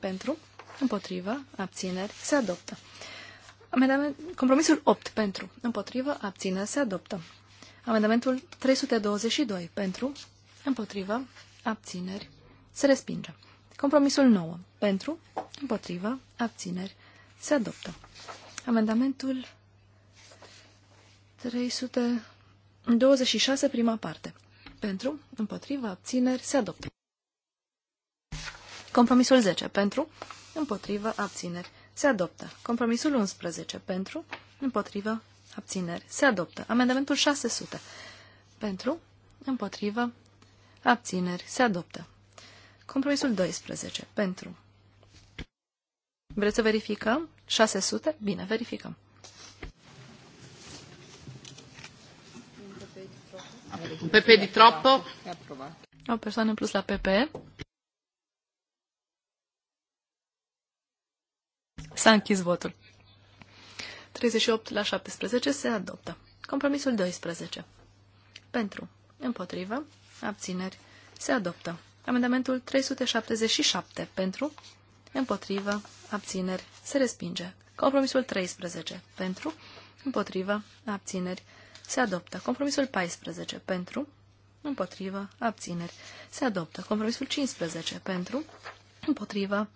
Pentru. Împotrivă. Abțineri. Se adoptă. Amendament, compromisul 8. Pentru. Împotrivă. Abțineri. Se adoptă. Amendamentul 322. Pentru. Împotrivă. Abțineri. Se respinge. Compromisul 9. Pentru, împotriva, abțineri, se adoptă. Amendamentul 326, prima parte. Pentru, împotriva, abțineri, se adoptă. Compromisul 10. Pentru, împotriva, abțineri, se adoptă. Compromisul 11. Pentru, împotriva, abțineri, se adoptă. Amendamentul 600. Pentru, împotriva, abțineri, se adoptă. Compromisul 12. Pentru. Vreți să verificăm? 600? Bine, verificăm. Un PP di troppo. O persoană în plus la PP. S-a închis votul. 38 la 17 se adoptă. Compromisul 12. Pentru. Împotrivă. Abțineri. Se adoptă. Amendamentul 377 pentru, împotrivă, abțineri, se respinge. Compromisul 13 pentru, împotrivă, abțineri, se adoptă. Compromisul 14 pentru, împotrivă, abțineri, se adoptă. Compromisul 15 pentru, împotrivă,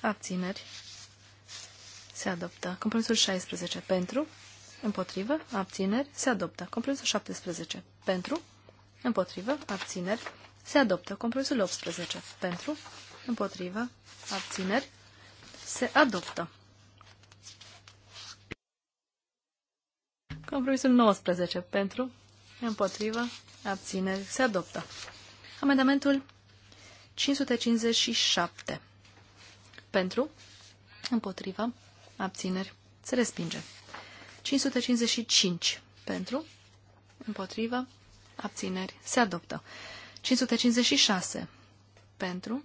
abțineri, se adoptă. Compromisul 16 pentru, împotrivă, abțineri, se adoptă. Compromisul 17 pentru, împotrivă, abțineri, se adoptă. Compromisul 18. Pentru, împotrivă, abțineri. Se adoptă. Compromisul 19. Pentru, împotrivă, abțineri. Se adoptă. Amendamentul 557. Pentru, împotrivă, abțineri. Se respinge. 555. Pentru, împotrivă, abțineri. Se adoptă. 556. Pentru,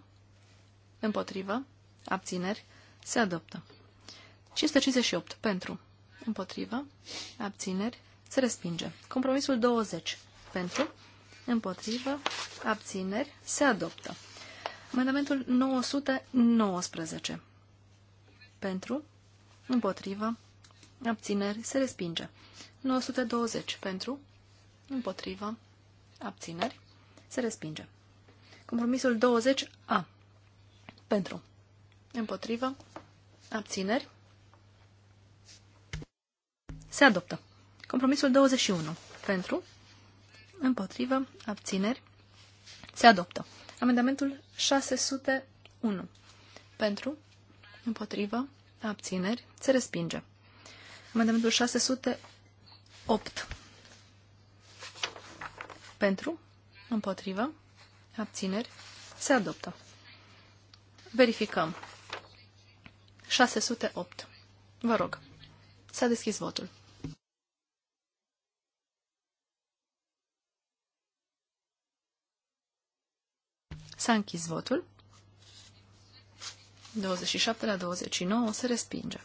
împotrivă, abțineri, se adoptă. 558. Pentru, împotrivă, abțineri, se respinge. Compromisul 20. Pentru, împotrivă, abțineri, se adoptă. Amendamentul 919. Pentru, împotrivă, abțineri, se respinge. 920. Pentru, împotrivă, abțineri, se respinge. Compromisul 20A. Pentru. Împotrivă. Abțineri. Se adoptă. Compromisul 21. Pentru. Împotrivă. Abțineri. Se adoptă. Amendamentul 601. Pentru. Împotrivă. Abțineri. Se respinge. Amendamentul 608. Pentru. Împotrivă. Abțineri. Se adoptă. Verificăm. 608. Vă rog. S-a deschis votul. S-a închis votul. 27 la 29 se respinge.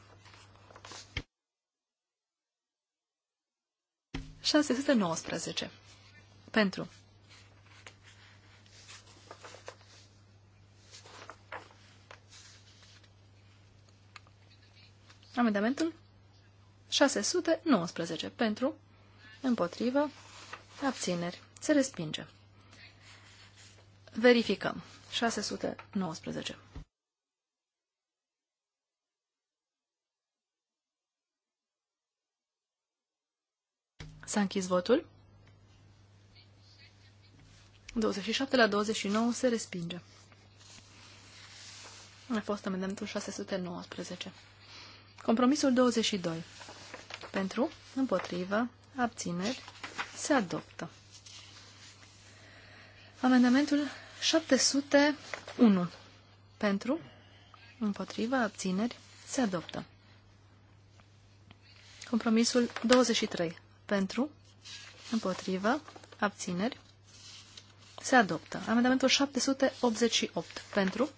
619. Pentru. Amendamentul 619 pentru, împotrivă, abțineri, se respinge. Verificăm. 619. S-a închis votul. 27 la 29 se respinge. A fost amendamentul 619. Compromisul 22. Pentru, împotrivă, abțineri, se adoptă. Amendamentul 701. Pentru, împotrivă, abțineri, se adoptă. Compromisul 23. Pentru, împotrivă, abțineri, se adoptă. Amendamentul 788. Pentru,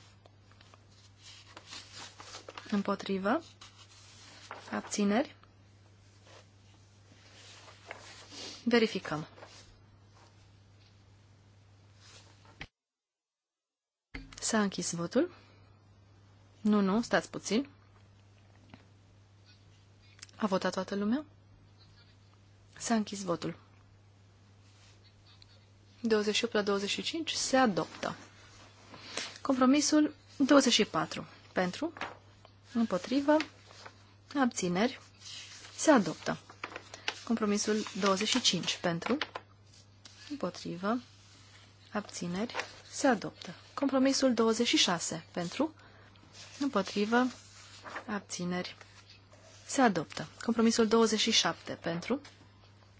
împotrivă, Abțineri? Verificăm. S-a închis votul? Nu, nu, stați puțin. A votat toată lumea? S-a închis votul. 28 la 25 se adoptă. Compromisul 24. Pentru, împotrivă, Abțineri. Se adoptă. Compromisul 25 pentru. Împotrivă. Abțineri. Se adoptă. Compromisul 26 pentru. Împotrivă. Abțineri. Se adoptă. Compromisul 27 pentru.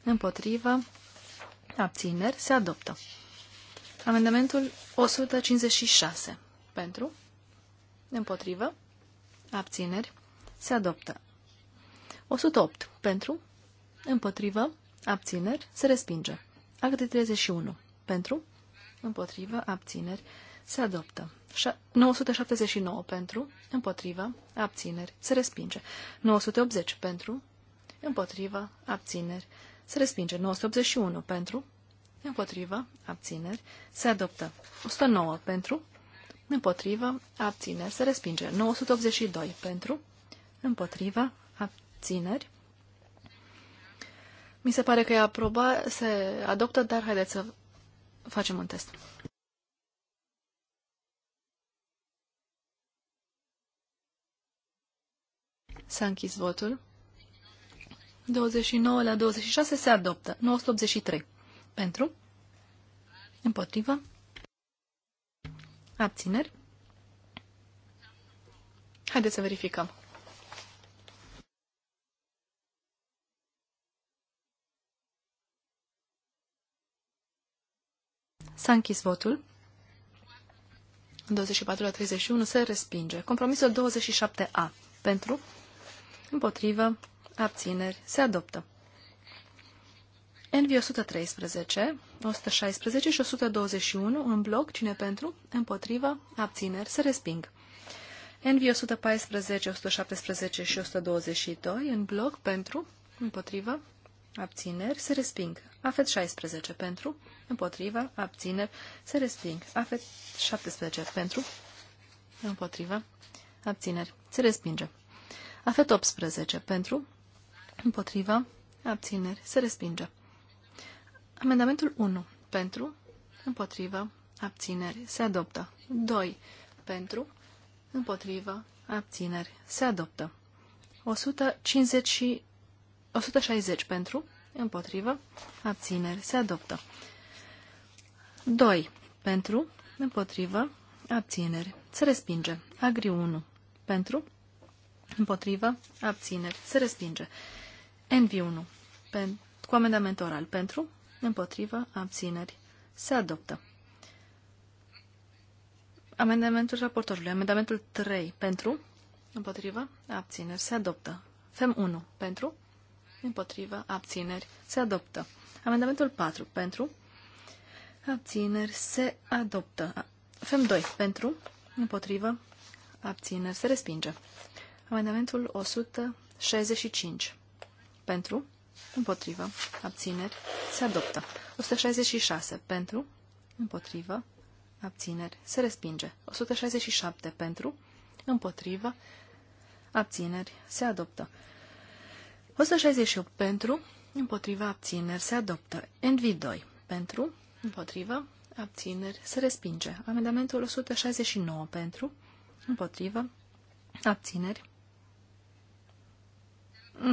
Împotrivă. Abțineri. Se adoptă. Amendamentul 156 pentru. Împotrivă. Abțineri se adoptă. 108 pentru, împotrivă, abțineri, se respinge. Act 31 pentru, împotrivă, abțineri, se adoptă. 979 pentru, împotrivă, abțineri, se respinge. 980 pentru, împotrivă, abțineri, se respinge. 981 pentru, împotrivă, abțineri, se adoptă. 109 pentru, împotrivă, abțineri, se respinge. 982 pentru, împotriva, abțineri. Mi se pare că e aproba, se adoptă, dar haideți să facem un test. S-a închis votul. 29 la 26 se adoptă. 983. Pentru. Împotriva? Abțineri. Haideți să verificăm. S-a închis votul. 24 la 31 se respinge. Compromisul 27A. Pentru, împotrivă, abțineri, se adoptă. NV 113, 116 și 121 în bloc, cine pentru, împotrivă, abțineri, se resping. NV 114, 117 și 122 în bloc pentru, împotrivă, abțineri, se resping. Afet 16 pentru, împotriva, abțineri, se resping. Afet 17 pentru, împotriva, abțineri, se respinge. Afet 18 pentru, împotriva, abțineri, se respinge. Amendamentul 1 pentru, împotriva, abțineri, se adoptă. 2 pentru, împotriva, abțineri, se adoptă. 150 și 160 pentru, Împotrivă. Abțineri. Se adoptă. 2. Pentru. Împotrivă. Abțineri. Se respinge. Agri 1. Pentru. Împotrivă. Abțineri. Se respinge. Envi 1. Pen, cu amendament oral. Pentru. Împotrivă. Abțineri. Se adoptă. Amendamentul raportorului. Amendamentul 3. Pentru. Împotrivă. Abțineri. Se adoptă. FEM 1. Pentru împotrivă, abțineri, se adoptă. Amendamentul 4 pentru, abțineri, se adoptă. FEM 2 pentru, împotrivă, abțineri, se respinge. Amendamentul 165 pentru, împotrivă, abțineri, se adoptă. 166 pentru, împotrivă, abțineri, se respinge. 167 pentru, împotrivă, abțineri, se adoptă. 168 pentru, împotriva abțineri se adoptă. NV2 pentru, împotriva abțineri se respinge. Amendamentul 169 pentru, împotriva abțineri.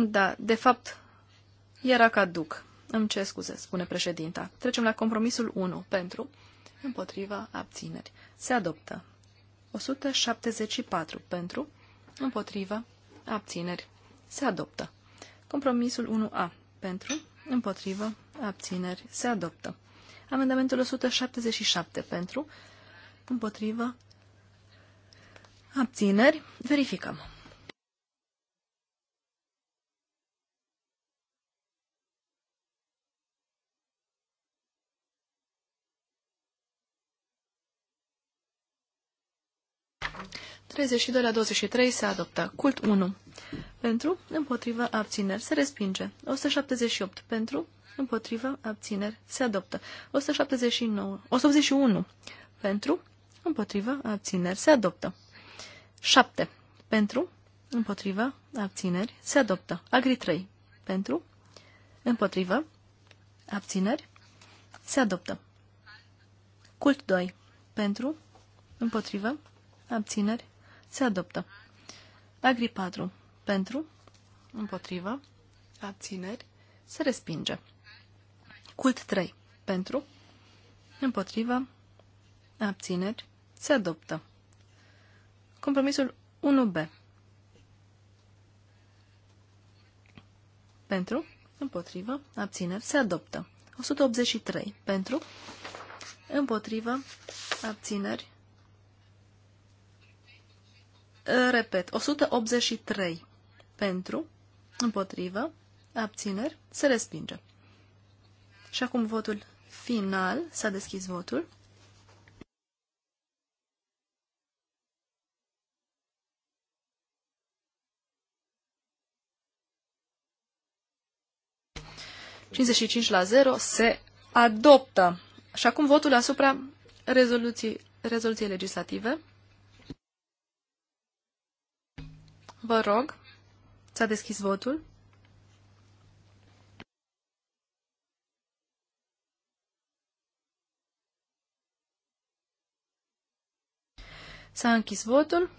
Da, de fapt, era caduc. Îmi ce scuze, spune președinta. Trecem la compromisul 1 pentru, împotriva abțineri. Se adoptă. 174 pentru, împotriva abțineri. Se adoptă. Compromisul 1A. Pentru, împotrivă, abțineri, se adoptă. Amendamentul 177. Pentru, împotrivă, abțineri, verificăm. 32 la 23 se adoptă. Cult 1. Pentru, împotrivă, abțineri, se respinge. 178. Pentru, împotrivă, abțineri, se adoptă. 179. 181. Pentru, împotrivă, abțineri, se adoptă. 7. Pentru, împotrivă, abțineri, se adoptă. Agri 3. Pentru, împotrivă, abțineri, se adoptă. Cult 2. Pentru, împotrivă, abțineri, se adoptă. Agri 4. Pentru, împotrivă, abțineri, se respinge. Cult 3. Pentru, împotrivă, abțineri, se adoptă. Compromisul 1B. Pentru, împotrivă, abțineri, se adoptă. 183. Pentru, împotrivă, abțineri, Repet, 183 pentru, împotrivă, abțineri, se respinge. Și acum votul final, s-a deschis votul. ...55 la 0 se adoptă. Și acum votul asupra rezoluției, rezoluției legislative. Vă rog, s-a deschis votul. S-a închis votul.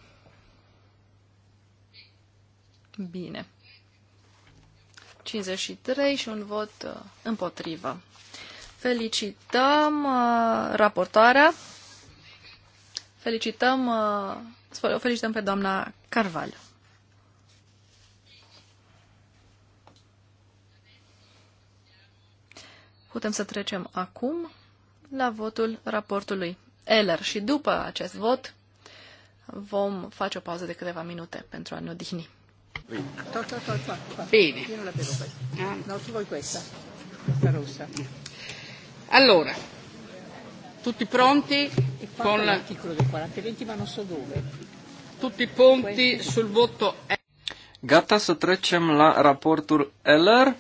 Bine. 53 și un vot uh, împotrivă. Felicităm uh, raportoarea. Felicităm, uh, felicităm pe doamna Carvalho. putem să trecem acum la votul raportului Eller și după acest vot vom face o pauză de câteva minute pentru a ne odihni. Bine. Allora, tutti pronti? Con l'articolo del 4020, ma non so dove. Tutti pronti sul voto. Gata să trecem la raportul Eller.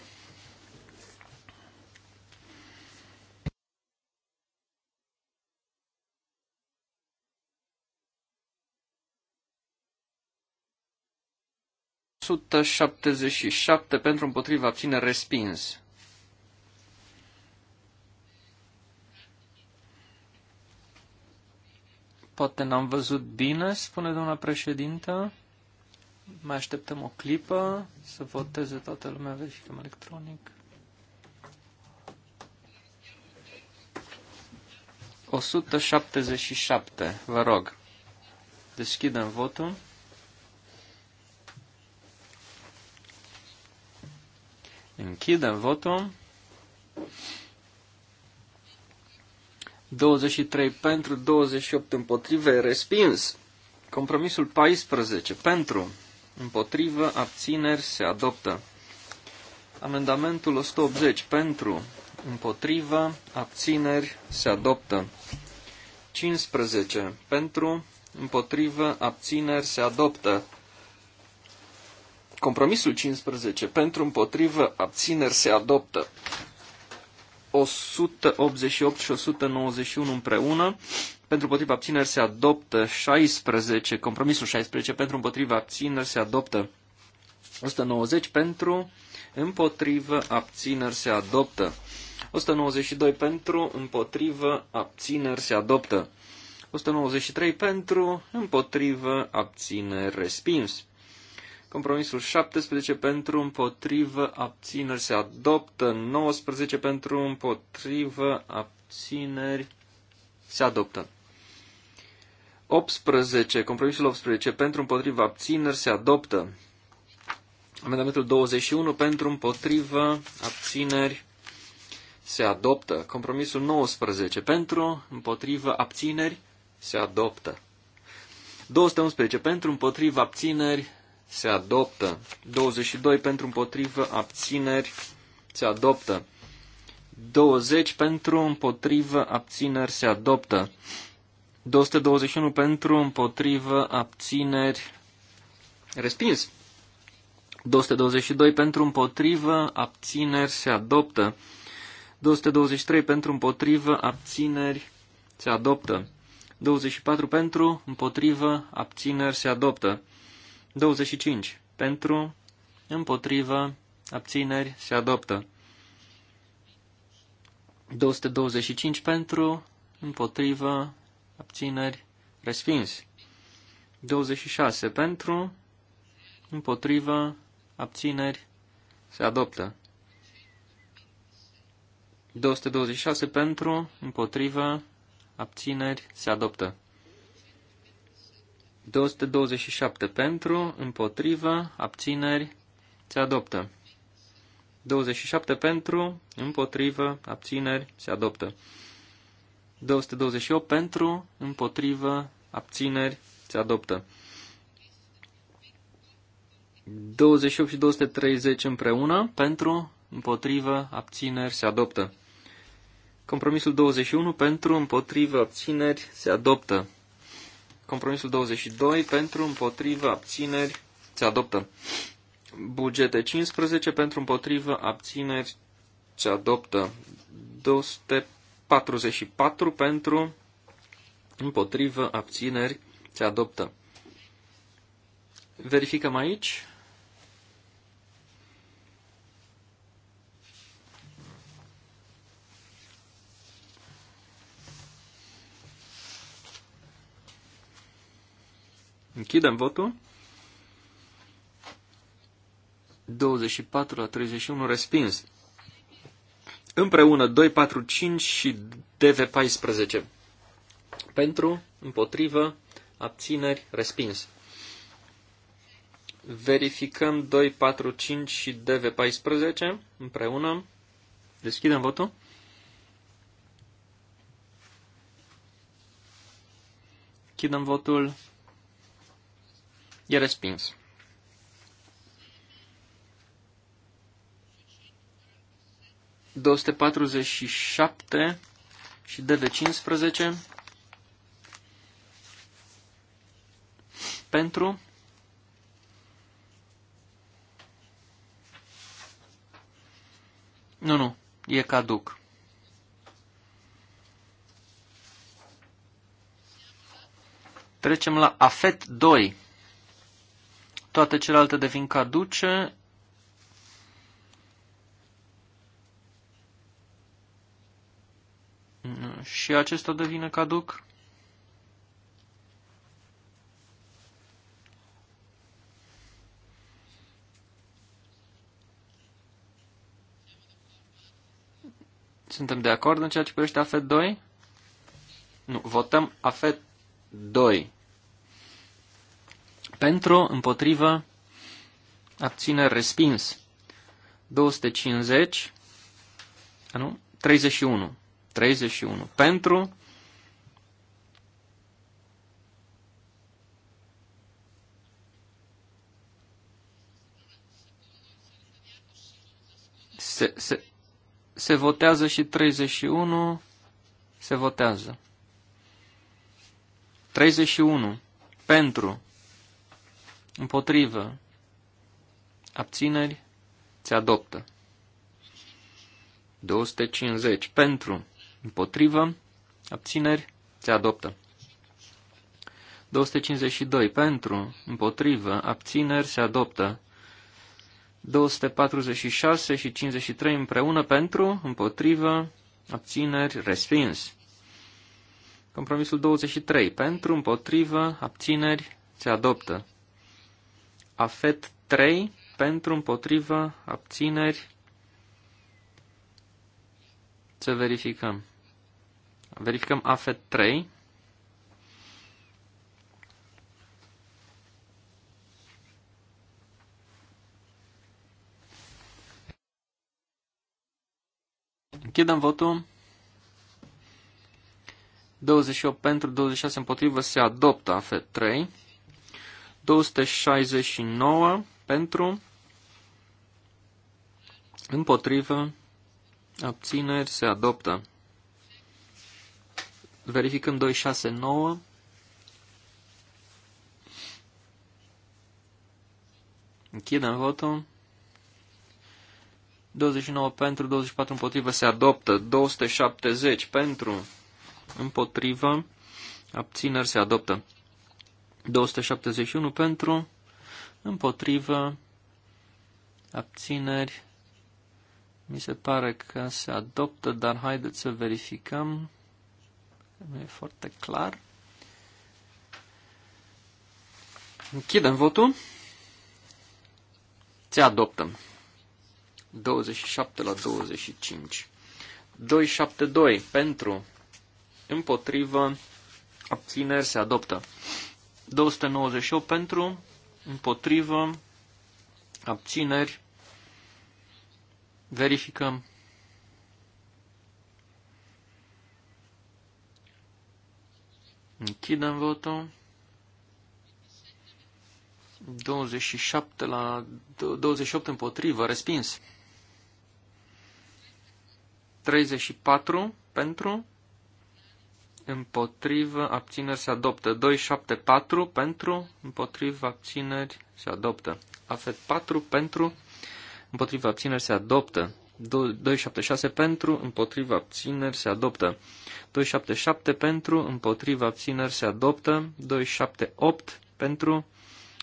177 pentru împotriva abține respins. Poate n-am văzut bine, spune doamna președintă. Mai așteptăm o clipă să voteze toată lumea, verificăm electronic. 177, vă rog. Deschidem votul. Închidem votul. 23 pentru, 28 împotrivă, respins. Compromisul 14 pentru, împotrivă, abțineri, se adoptă. Amendamentul 180 pentru, împotrivă, abțineri, se adoptă. 15 pentru, împotrivă, abțineri, se adoptă. Compromisul 15 pentru împotrivă abțineri se adoptă. 188 și 191 împreună. Pentru împotriva abțineri se adoptă 16, compromisul 16, pentru împotriva abțineri se adoptă 190, pentru împotrivă abțineri se adoptă 192, pentru împotrivă abțineri se adoptă 193, pentru împotrivă abțineri respins Compromisul 17 pentru împotrivă abțineri se adoptă. 19 pentru împotrivă abțineri se adoptă. 18. Compromisul 18 pentru împotrivă abțineri se adoptă. Amendamentul 21 pentru împotrivă abțineri se adoptă. Compromisul 19 pentru împotrivă abțineri se adoptă. 211 pentru împotrivă abțineri se adoptă. 22 pentru împotrivă, abțineri, se adoptă. 20 pentru împotrivă, abțineri, se adoptă. 221 pentru împotrivă, abțineri, respins. 222 pentru împotrivă, abțineri, se adoptă. 223 pentru împotrivă, abțineri, se adoptă. 24 pentru, împotrivă, abțineri, se adoptă. 25. Pentru, împotrivă, abțineri, se adoptă. 225 pentru, împotrivă, abțineri, respins. 26 pentru, împotrivă, abțineri, se adoptă. 226 pentru, împotrivă, abțineri, se adoptă. 227 pentru, împotrivă, abțineri, se adoptă. 27 pentru, împotrivă, abțineri, se adoptă. 228 pentru, împotrivă, abțineri, se adoptă. 28 și 230 împreună, pentru, împotrivă, abțineri, se adoptă. Compromisul 21 pentru, împotrivă, abțineri, se adoptă. Compromisul 22 pentru împotriva abțineri se adoptă. Bugete 15 pentru împotriva abțineri se adoptă. 244 pentru împotriva abțineri se adoptă. Verificăm aici. Închidem votul. 24 la 31 respins. Împreună 245 și DV14. Pentru, împotrivă, abțineri, respins. Verificăm 245 și DV14 împreună. Deschidem votul. Închidem votul. E respins. ...247 și DV15 pentru Nu, nu, e caduc. Trecem la AFET 2 toate celelalte devin caduce. Și acesta devine caduc. Suntem de acord în ceea ce privește AFET 2? Nu, votăm AFET 2. Pentru, împotrivă, abține, respins. 250, nu, 31. 31. Pentru, se, se, se votează și 31 se votează. 31. Pentru. Împotrivă. Abțineri. Se adoptă. 250. Pentru. Împotrivă. Abțineri. Se adoptă. 252. Pentru. Împotrivă. Abțineri. Se adoptă. 246 și 53 împreună pentru, împotrivă, abțineri, respins. Compromisul 23. Pentru, împotrivă, abțineri, se adoptă. AFET 3 pentru împotriva abțineri. Să verificăm. Verificăm AFET 3. Închidem votul. 28 pentru, 26 împotrivă, se adoptă AFET 3. 269 pentru, împotrivă, abțineri, se adoptă. Verificăm 269. Închidem votul. 29 pentru, 24 împotrivă, se adoptă. 270 pentru, împotrivă, abțineri, se adoptă. 271 pentru, împotrivă, abțineri. Mi se pare că se adoptă, dar haideți să verificăm. Nu e foarte clar. Închidem votul. Se adoptă. 27 la 25. 272 pentru, împotrivă, abțineri se adoptă. 298 pentru, împotrivă, abțineri, verificăm. Închidem votul. 27 la 28 împotrivă, respins. 34 pentru, împotrivă, abțineri se adoptă. 274 pentru, împotrivă, abțineri se adoptă. Afet 4 pentru, împotrivă, abțineri se adoptă. 276 pentru, împotrivă, abțineri se adoptă. 277 pentru, împotrivă, abțineri se adoptă. 278 pentru,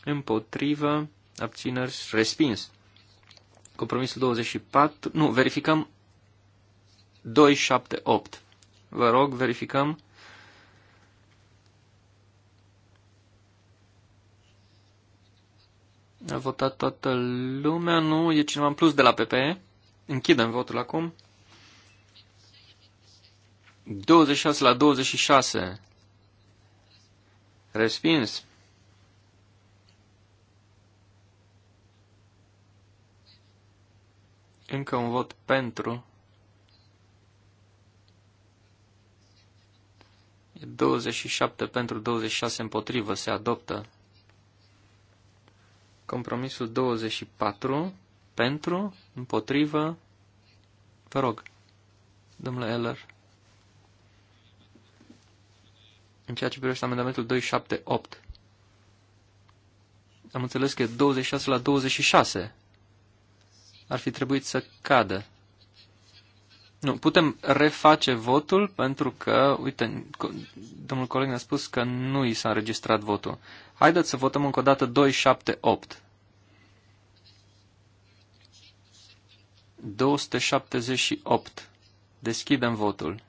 împotrivă, abțineri respins. Compromisul 24, nu, verificăm 278. Vă rog, verificăm A votat toată lumea, nu? E cineva în plus de la PPE? Închidem votul acum. 26 la 26. Respins. Încă un vot pentru. E 27 pentru 26 împotrivă. Se adoptă. Compromisul 24 pentru, împotrivă, vă rog, domnule Eller. În ceea ce privește amendamentul 278, am înțeles că 26 la 26 ar fi trebuit să cadă. Nu, putem reface votul pentru că, uite, domnul coleg ne-a spus că nu i s-a înregistrat votul. Haideți să votăm încă o dată 278. 278. Deschidem votul.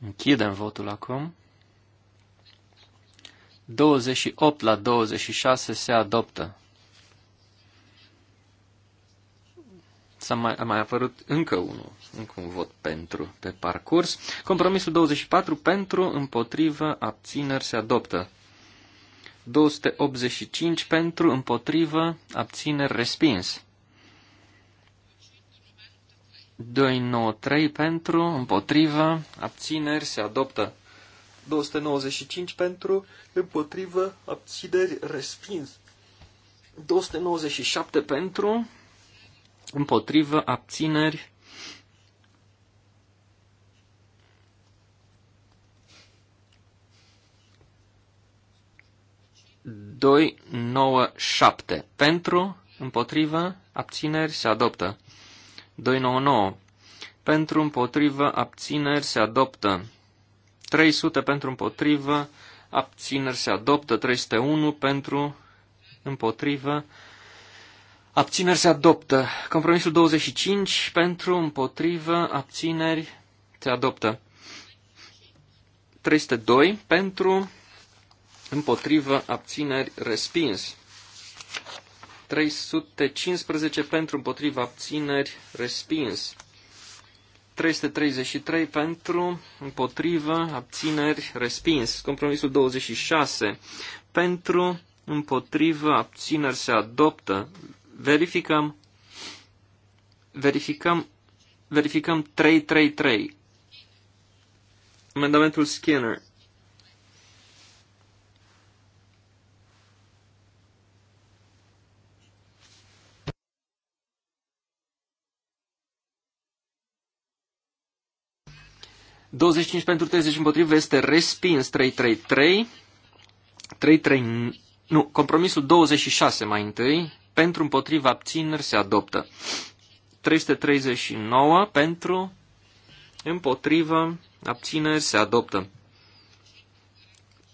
Închidem votul acum. 28 la 26 se adoptă. S-a mai, a mai apărut încă unul, încă un vot pentru pe parcurs. Compromisul 24 pentru, împotrivă, abțineri se adoptă. 285 pentru, împotrivă, abțineri respins. 293 pentru, împotrivă, abțineri se adoptă. 295 pentru, împotrivă, abțineri, respins. 297 pentru, împotrivă, abțineri, doi, nouă, șapte. Pentru, împotrivă, abțineri, se adoptă. 299. Pentru, împotrivă, abțineri, se adoptă. 300 pentru împotrivă, abțineri se adoptă, 301 pentru împotrivă, abțineri se adoptă. Compromisul 25 pentru împotrivă, abțineri se adoptă. 302 pentru împotrivă, abțineri respins. 315 pentru împotriva abțineri respins. 333 pentru, împotrivă, abțineri, respins. Compromisul 26 pentru, împotrivă, abțineri se adoptă. Verificăm, verificăm, verificăm 333. Amendamentul Skinner. 25 pentru 30 împotrivă este respins 333. 3 nu, compromisul 26 mai întâi, pentru împotriva abțineri se adoptă. 339 pentru împotriva abțineri se adoptă.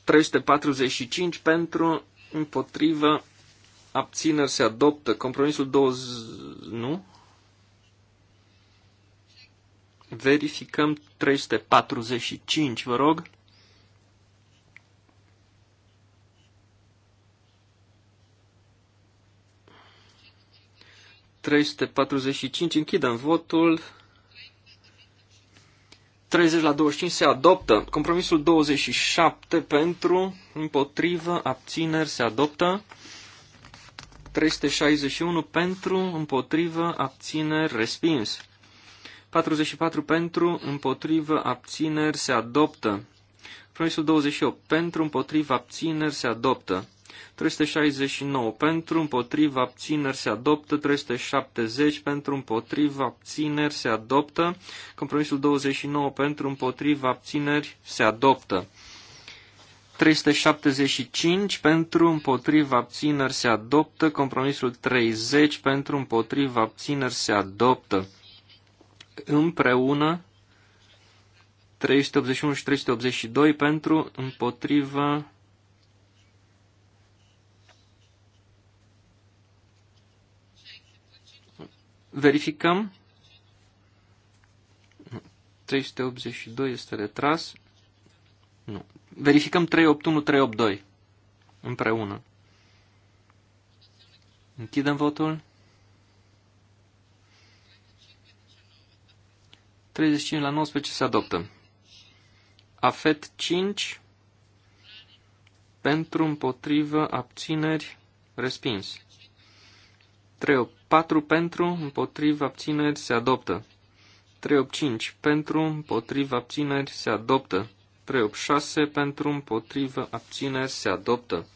345 pentru împotriva abțineri se adoptă. Compromisul 20 nu. Verificăm 345, vă rog. ...345, închidem votul. 30 la 25 se adoptă. Compromisul 27 pentru, împotrivă, abțineri se adoptă. 361 pentru, împotrivă, abțineri, respins. 44 pentru, împotrivă, abțineri, se adoptă. Promisul 28 pentru, împotrivă, abțineri, se adoptă. 369 pentru, împotrivă, abțineri se adoptă, 370 pentru, împotrivă, abțineri se adoptă, compromisul 29 pentru, împotrivă, abțineri se adoptă. 375 pentru, împotriva abțineri se adoptă, compromisul 30 pentru, împotriva abțineri se adoptă împreună 381 și 382 pentru împotriva verificăm 382 este retras nu. Verificăm 381 382 împreună. Închidem votul. 35 la 19 se adoptă. Afet 5 pentru împotrivă abțineri respins. 3 4 pentru împotrivă abțineri se adoptă. 385 pentru împotrivă abțineri se adoptă. 386 pentru împotrivă abțineri se adoptă.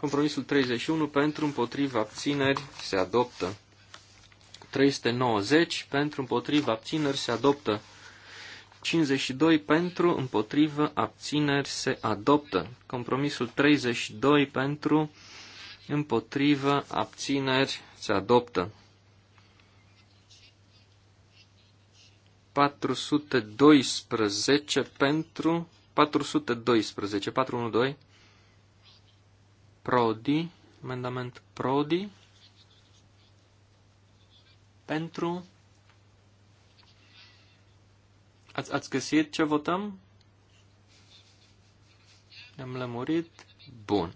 Compromisul 31 pentru împotrivă abțineri se adoptă. 390 pentru împotriva abțineri se adoptă. 52 pentru împotriva abțineri se adoptă. Compromisul 32 pentru împotriva abțineri se adoptă. 412 pentru 412 412 Prodi, amendament Prodi pentru? Ați, ați găsit ce votăm? Ne-am lămurit? Bun.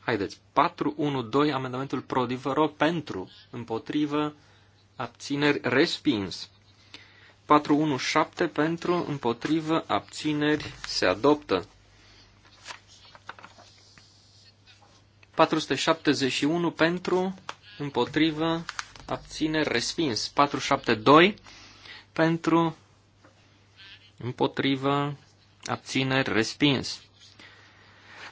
Haideți. 412, amendamentul Prodi, vă rog, pentru, împotrivă, abțineri, respins. 417 pentru, împotrivă, abțineri, se adoptă. 471 pentru, împotrivă, abține, respins. 472 pentru, împotrivă, abțineri, respins.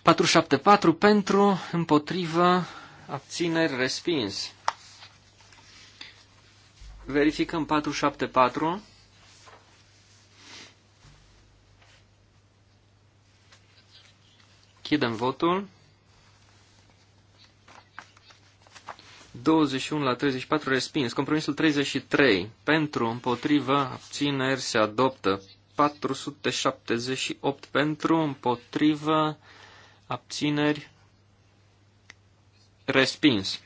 474 pentru, împotrivă, abțineri, respins. Verificăm 474. Chidem votul. 21 la 34 respins. Compromisul 33 pentru, împotrivă, abțineri se adoptă. 478 pentru, împotrivă, abțineri respins.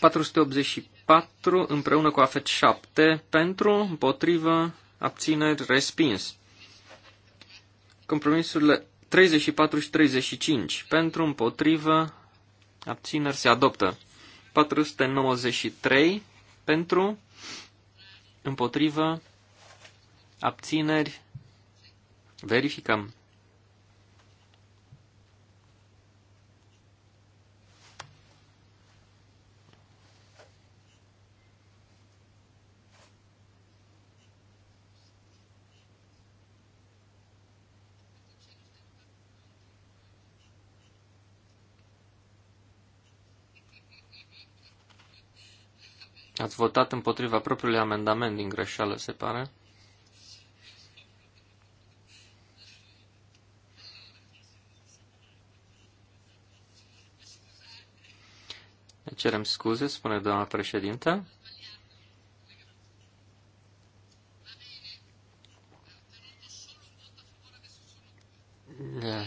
484 împreună cu AFET 7 pentru, împotrivă, abțineri respins. Compromisurile 34 și 35 pentru, împotrivă, abțineri se adoptă. 493 pentru, împotrivă, abțineri, verificăm. Ați votat împotriva propriului amendament din greșeală, se pare. Ne cerem scuze, spune doamna președintă.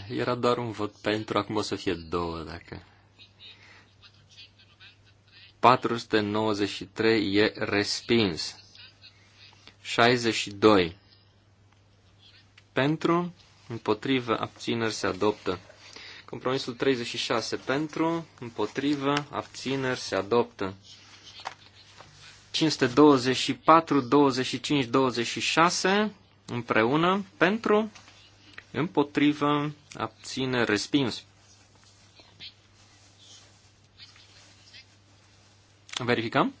Era doar un vot pentru, acum o să fie două, dacă 493 e respins. 62. Pentru, împotrivă, abțineri se adoptă. Compromisul 36. Pentru, împotrivă, abțineri se adoptă. 524, 25, 26 împreună. Pentru, împotrivă, abțineri respins. Verificăm?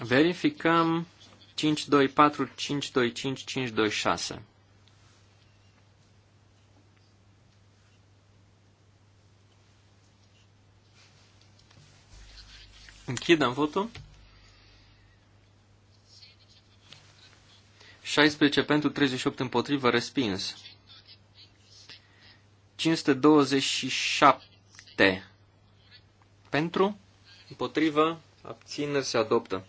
Verificăm 5, 2, 6. Închidem votul. 16 pentru 38 împotrivă, respins. 527 pentru, împotrivă, abțineri se adoptă.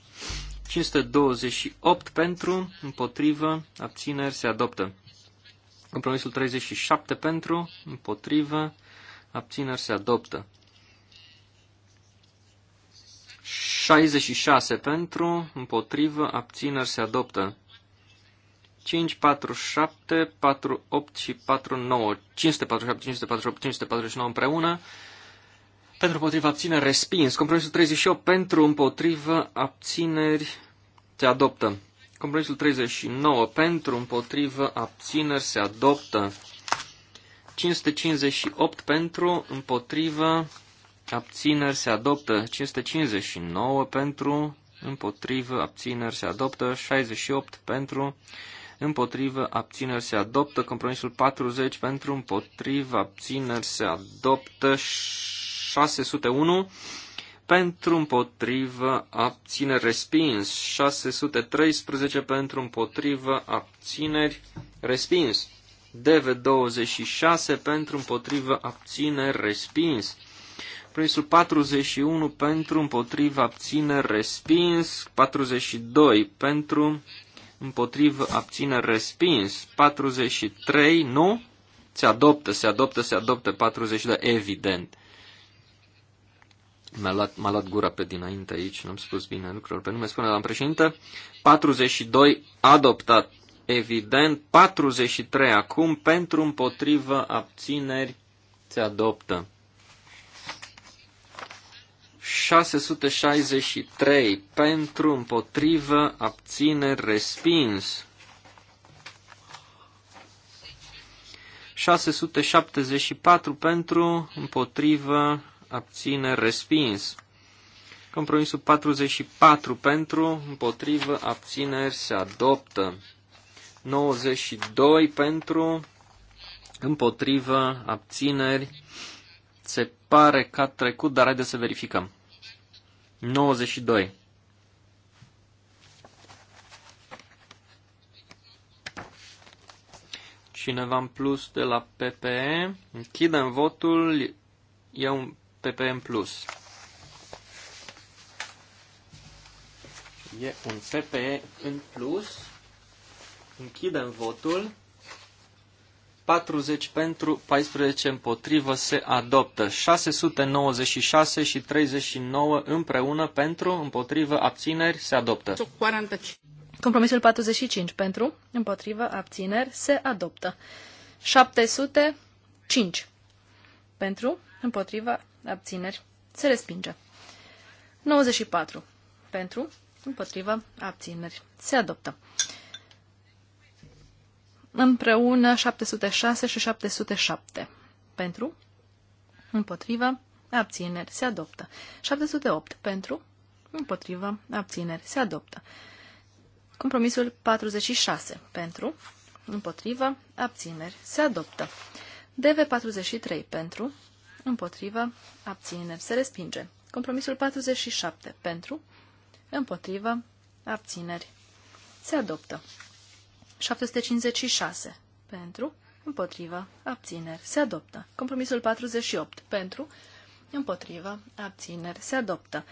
528 pentru, împotrivă, abțineri se adoptă. Compromisul 37 pentru, împotrivă, abțineri se adoptă. 66 pentru, împotrivă, abțineri se adoptă. 5, 4, 7, 4, 8 și 4, 9. 547, 548, 549 împreună. Pentru împotriva abțineri respins. Compromisul 38 pentru împotriva abțineri se adoptă. Compromisul 39 pentru împotriva abțineri se adoptă. 558 pentru împotriva abțineri se adoptă. 559 pentru împotrivă, abțineri se adoptă, 68 pentru, împotrivă, abțineri se adoptă, compromisul 40 pentru, împotrivă, abțineri se adoptă, 601 pentru împotrivă abțineri respins, 613 pentru împotrivă abțineri respins, DV26 pentru împotrivă abțineri respins, Promisul 41 pentru împotrivă abțineri respins, 42 pentru împotrivă abțineri respins, 43 nu, se adoptă, se adoptă, se adoptă 42, evident. M-a luat, m-a luat gura pe dinainte aici, n-am spus bine lucrurile pe nume, spune la președinte. 42 adoptat, evident, 43 acum, pentru împotrivă abțineri se adoptă. 663 pentru împotrivă abțineri respins. 674 pentru împotrivă abține, respins. Compromisul 44 pentru, împotrivă, abțineri, se adoptă. 92 pentru, împotrivă, abțineri, se pare că a trecut, dar haideți să verificăm. 92. Cineva în plus de la PPE. Închidem votul. E un PPM+. E un PPE în plus. Închidem votul. 40 pentru, 14 împotrivă, se adoptă. 696 și 39 împreună pentru, împotrivă, abțineri, se adoptă. 45. Compromisul 45 pentru, împotrivă, abțineri, se adoptă. 705 pentru, împotrivă, abțineri, se respinge. 94. Pentru, împotrivă, abțineri, se adoptă. Împreună 706 și 707. Pentru, împotrivă, abțineri, se adoptă. 708. Pentru, împotrivă, abțineri, se adoptă. Compromisul 46. Pentru, împotrivă, abțineri, se adoptă. DV43 pentru, Împotrivă, abțineri, se respinge. Compromisul 47, pentru, împotrivă, abțineri, se adoptă. 756, pentru, împotrivă, abțineri, se adoptă. Compromisul 48, pentru, împotrivă, abțineri, se adoptă.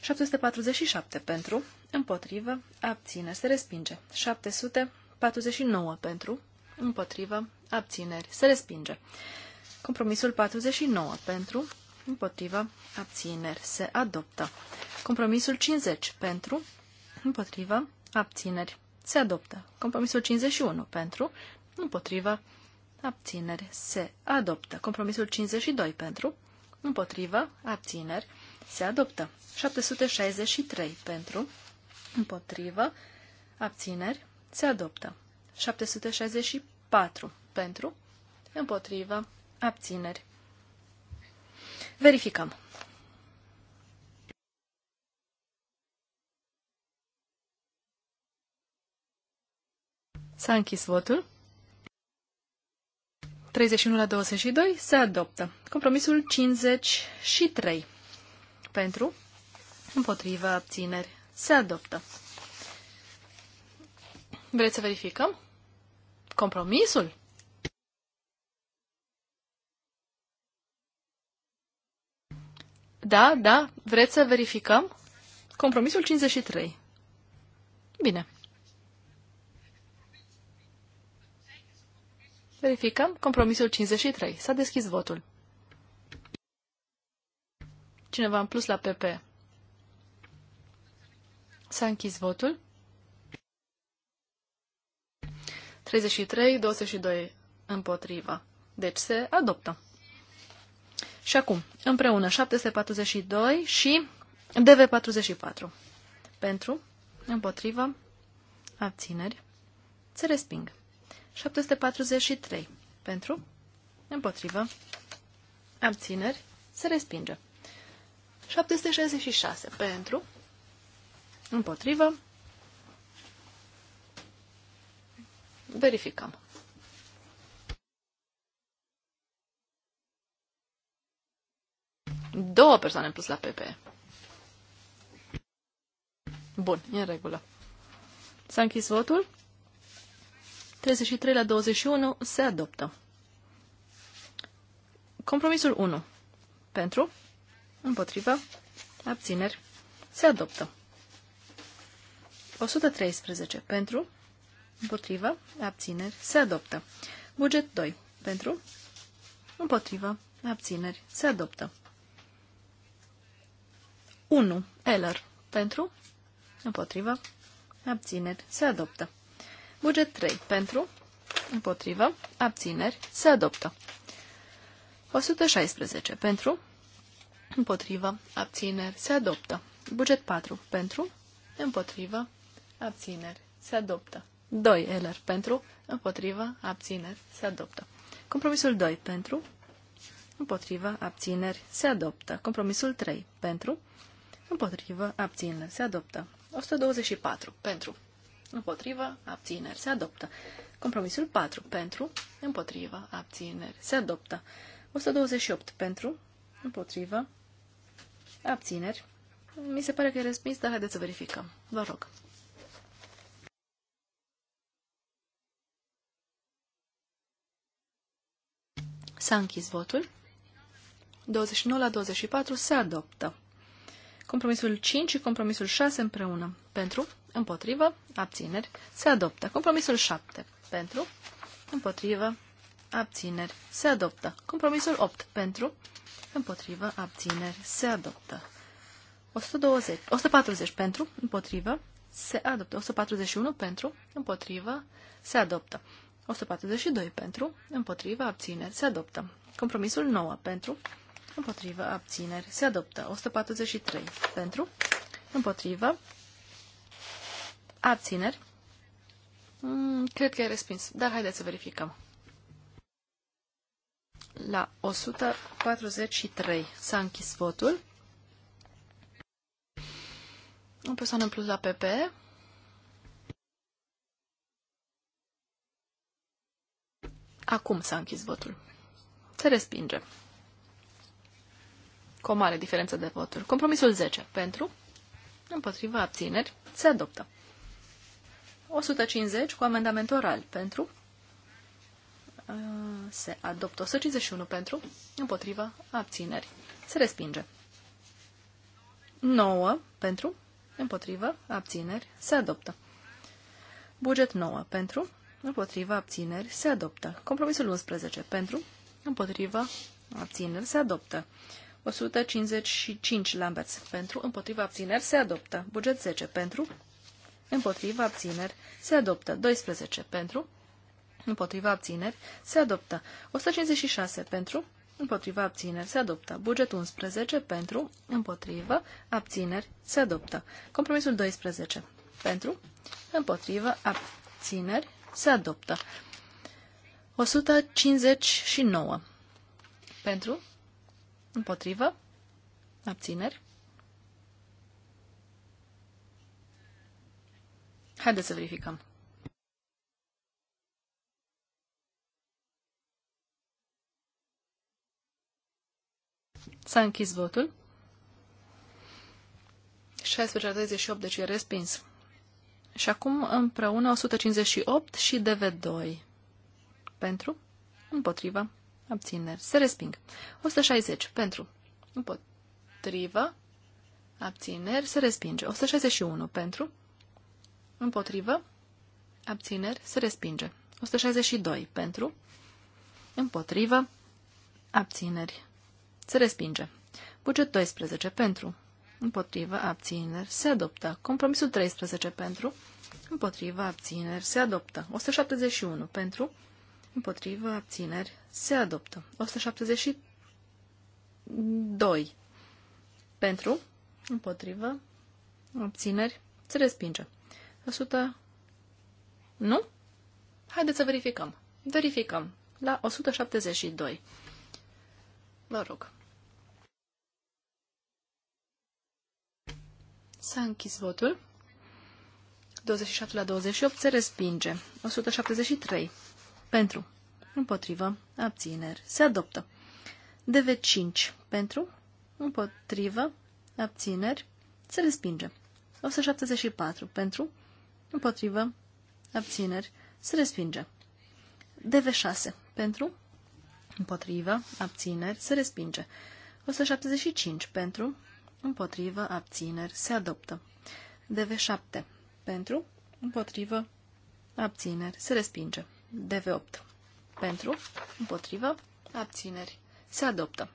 747 pentru, împotrivă, abțineri, se respinge. 749 pentru, împotrivă, abțineri, se respinge. Compromisul 49 pentru, împotriva, abțineri se adoptă. Compromisul 50 pentru, împotriva, abțineri se adoptă. Compromisul 51 pentru, împotriva, abțineri se adoptă. Compromisul 52 pentru, împotriva, abțineri se adoptă. 763 pentru, împotrivă, abțineri, se adoptă. 764 pentru, împotrivă, Abțineri. Verificăm. S-a închis votul. 31 la 22 se adoptă. Compromisul 53. Pentru, împotriva abțineri. Se adoptă. Vreți să verificăm? Compromisul? Da, da, vreți să verificăm? Compromisul 53. Bine. Verificăm compromisul 53. S-a deschis votul. Cineva în plus la PP. S-a închis votul. 33, 22 împotriva. Deci se adoptă. Și acum, împreună, 742 și DV44. Pentru, împotrivă, abțineri, se resping. 743. Pentru, împotrivă, abțineri, se respinge. 766. Pentru, împotrivă, verificăm. Două persoane plus la PP. Bun, e în regulă. S-a închis votul. 33 la 21 se adoptă. Compromisul 1. Pentru, împotrivă, abțineri, se adoptă. 113. Pentru, împotrivă, abțineri, se adoptă. Buget 2. Pentru, împotrivă, abțineri, se adoptă. 1. Eller. Pentru. Împotrivă. Abțineri. Se adoptă. Buget 3. Pentru. Împotrivă. Abțineri. Se adoptă. 116. Pentru. Împotrivă. Abțineri. Se adoptă. Buget 4. Pentru. Împotrivă. Abțineri. Se adoptă. 2. Eller. Pentru. Împotrivă. Abțineri. Se adoptă. Compromisul 2. Pentru. Împotrivă. Abțineri. Se adoptă. Compromisul 3. Pentru. Împotrivă, abțineri, se adoptă. 124. Pentru. Împotrivă, abțineri, se adoptă. Compromisul 4. Pentru. Împotrivă, abțineri, se adoptă. 128. Pentru. Împotrivă, abțineri. Mi se pare că e respins, dar haideți să verificăm. Vă rog. S-a închis votul. 29 la 24 se adoptă. Compromisul 5 și compromisul 6 împreună. Pentru, împotrivă, abțineri, se adoptă. Compromisul 7. Pentru, împotrivă, abțineri, se adoptă. Compromisul 8. Pentru, împotrivă, abțineri, se adoptă. 120, 140 pentru, împotrivă, se adoptă. 141 pentru, împotrivă, se adoptă. 142 pentru, împotrivă, abțineri, se adoptă. Compromisul 9 pentru, Împotrivă. Abțineri. Se adoptă. 143. Pentru. Împotrivă. Abțineri. Mm, cred că e respins, dar haideți să verificăm. La 143 s-a închis votul. O persoană în plus la PP. Acum s-a închis votul. Se respinge cu o mare diferență de voturi. Compromisul 10 pentru, împotriva abțineri, se adoptă. 150 cu amendament oral pentru, se adoptă 151 pentru, împotriva abțineri, se respinge. 9 pentru, împotriva abțineri, se adoptă. Buget 9 pentru, împotriva abțineri, se adoptă. Compromisul 11 pentru, împotriva abțineri, se adoptă. 155 Lamberts pentru, împotriva abțineri se adoptă. Buget 10 pentru, împotriva abțineri se adoptă. 12 pentru, împotriva abțineri se adoptă. 156 pentru, împotriva abțineri se adoptă. Buget 11 pentru, împotriva abțineri se adoptă. Compromisul 12 pentru, împotriva abțineri se adoptă. 159 pentru, Împotrivă? Abțineri? Haideți să verificăm. S-a închis votul. 1638, deci e respins. Și acum împreună 158 și DV2. Pentru? Împotriva. Abțineri. Se resping. 160. Pentru. Împotrivă. Abțineri. Se respinge. 161. Pentru. Împotrivă. Abțineri. Se respinge. 162. Pentru. Împotrivă. Abțineri. Se respinge. Buget 12. Pentru. Împotrivă. Abțineri. Se adoptă. Compromisul 13. Pentru. Împotrivă. Abțineri. Se adoptă. 171. Pentru. Împotrivă, abțineri, se adoptă. 172. Pentru, împotrivă, abțineri, se respinge. 100. Nu? Haideți să verificăm. Verificăm. La 172. Vă rog. S-a închis votul. 27 la 28 se respinge. 173 pentru, împotrivă, abțineri, se adoptă. DV5 pentru, împotrivă, abțineri, se respinge. 174 pentru, împotrivă, abțineri, se respinge. DV6 pentru, împotrivă, abțineri, se respinge. 175 pentru, împotrivă, abțineri, se adoptă. DV7 pentru, împotrivă, abțineri, se respinge. DV8. Pentru, împotrivă, abțineri. Se adoptă.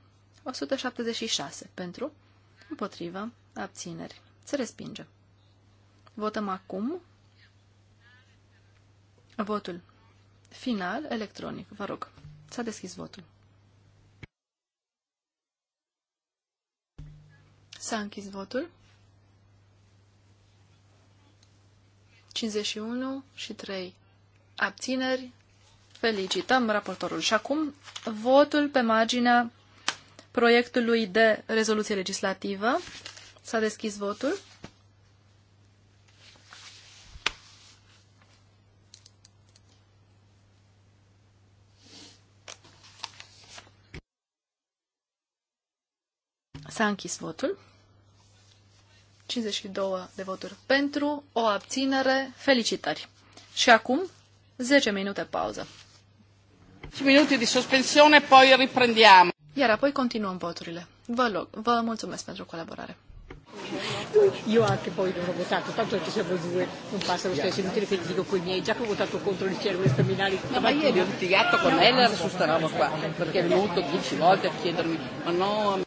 176. Pentru, împotrivă, abțineri. Se respinge. Votăm acum votul final electronic. Vă rog, s-a deschis votul. S-a închis votul. 51 și 3 abțineri, felicităm raportorul. Și acum votul pe marginea proiectului de rezoluție legislativă. S-a deschis votul. S-a închis votul. 52 de voturi pentru, o abținere, felicitări. Și acum 10 minute pauză. 10 minute de sospensiune, poi riprendiamo. Iar apoi continuăm voturile. Vă, log, vă mulțumesc pentru colaborare. Io anche poi non ho votato, tanto che siamo due, non passa lo stesso, inutile che ti dico con i miei, già che ho votato contro il cervello staminale. No, ma ieri ho litigato con Heller su sta qua, perché è venuto dieci volte a chiedermi, ma no...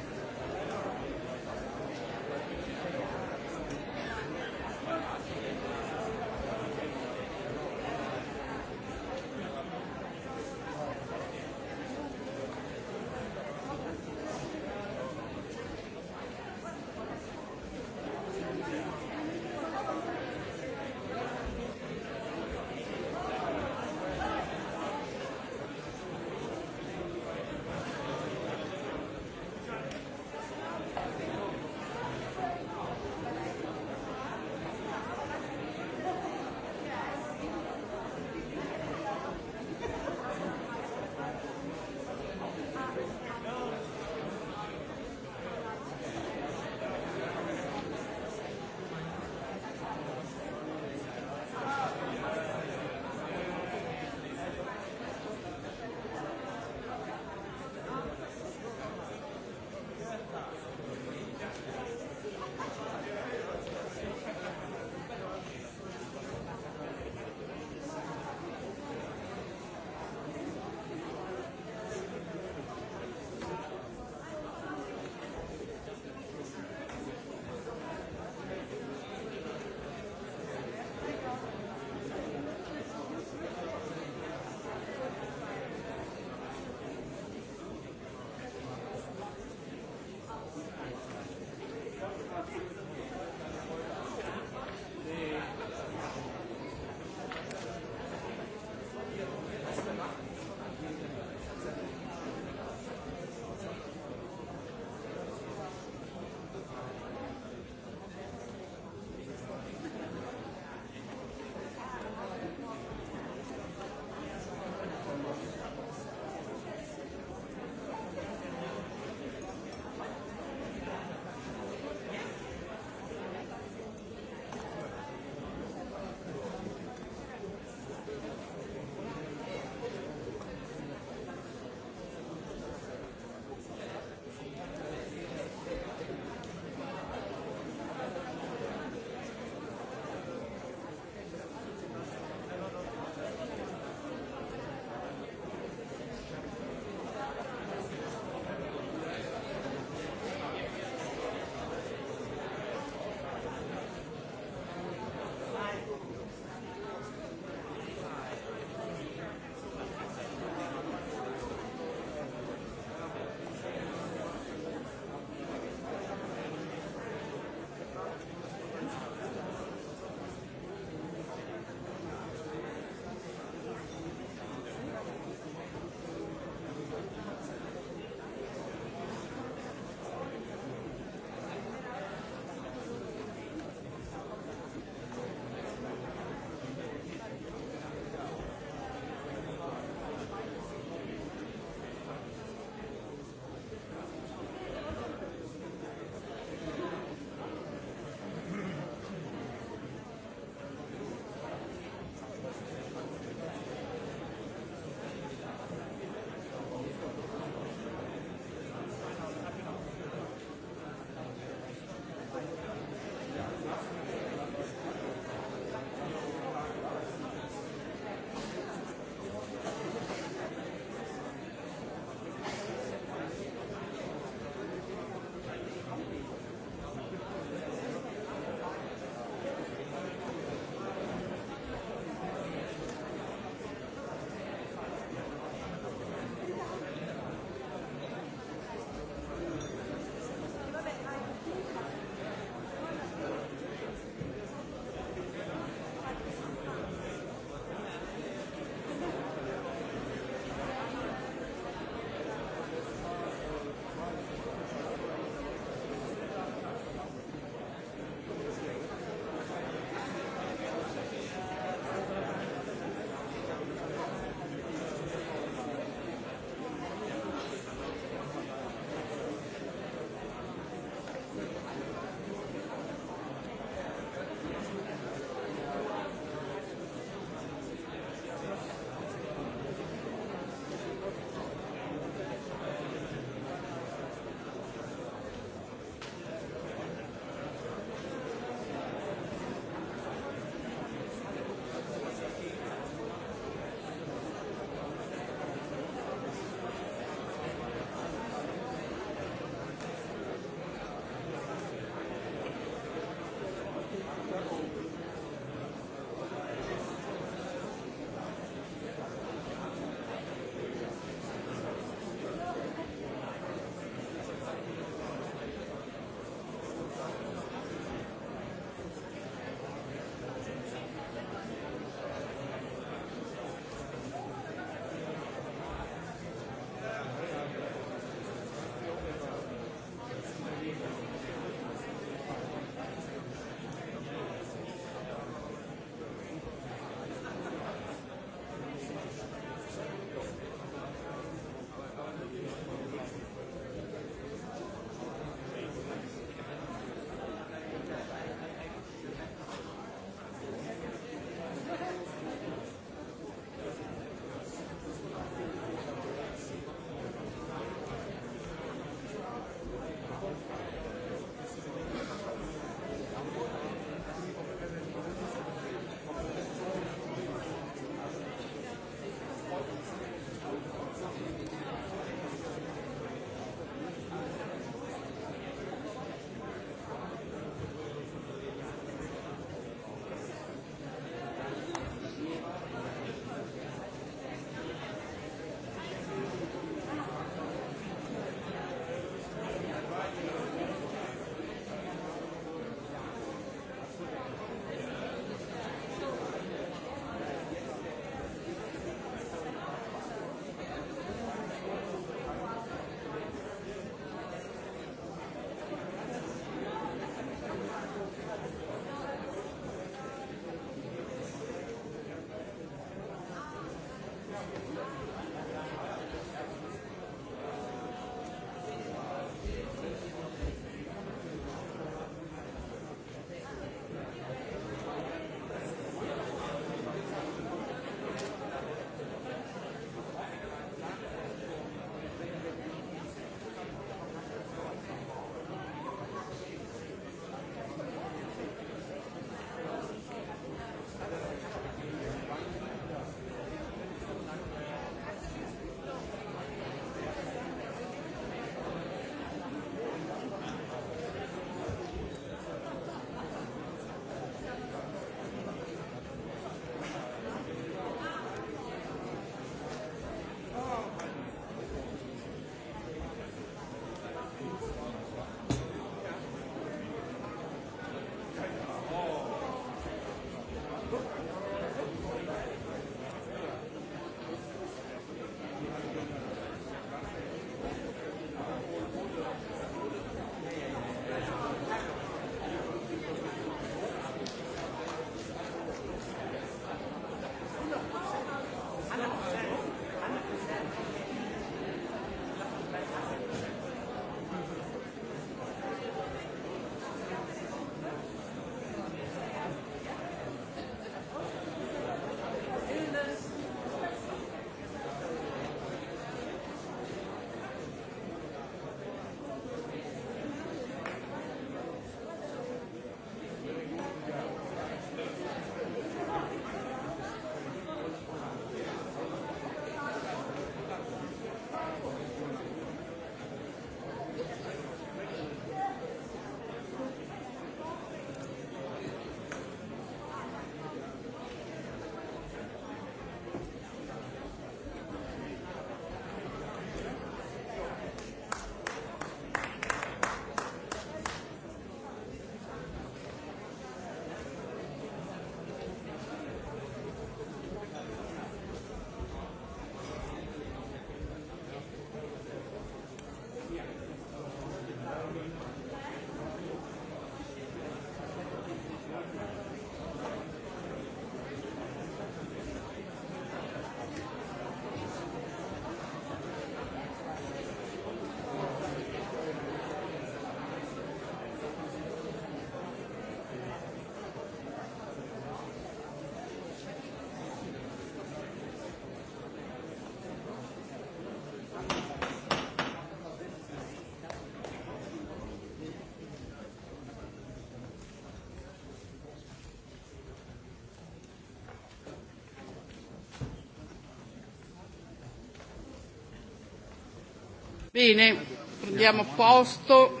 Bine, prendiamo posto,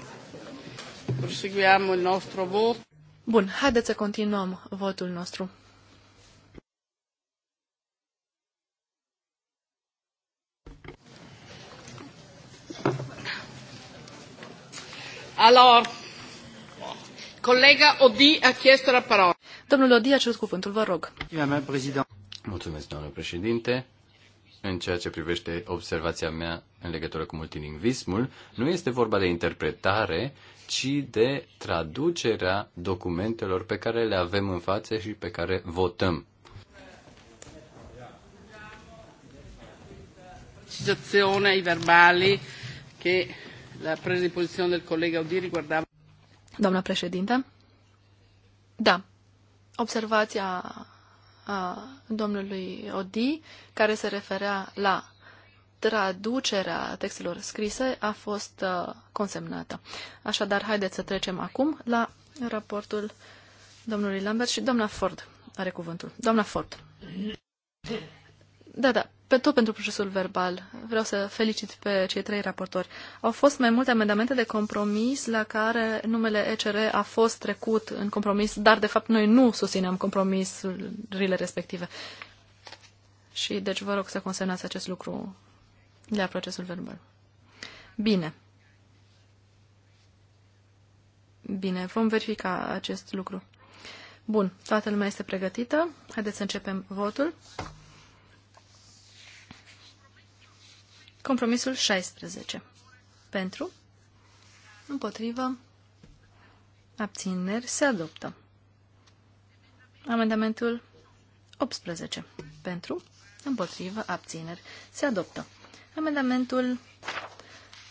proseguiamo il nostro voto. Bun, haideți să continuăm votul nostru. Alors, colega Odi a chiesto la parola. Domnul Odi a cerut cuvântul, vă rog. Mulțumesc, domnule președinte în ceea ce privește observația mea în legătură cu multilingvismul, nu este vorba de interpretare, ci de traducerea documentelor pe care le avem în față și pe care votăm. Citazione verbali che la presa di posizione del collega Udì riguardava. Doamna președinte? Da. Observația a domnului Odi, care se referea la traducerea textelor scrise, a fost uh, consemnată. Așadar, haideți să trecem acum la raportul domnului Lambert și doamna Ford are cuvântul. Doamna Ford. Da, da, pe tot pentru procesul verbal. Vreau să felicit pe cei trei raportori. Au fost mai multe amendamente de compromis la care numele ECR a fost trecut în compromis, dar de fapt noi nu susținem compromisurile respective. Și deci vă rog să consemnați acest lucru la procesul verbal. Bine. Bine, vom verifica acest lucru. Bun, toată lumea este pregătită. Haideți să începem votul. Compromisul 16. Pentru, împotrivă, abțineri, se adoptă. Amendamentul 18. Pentru, împotrivă, abțineri, se adoptă. Amendamentul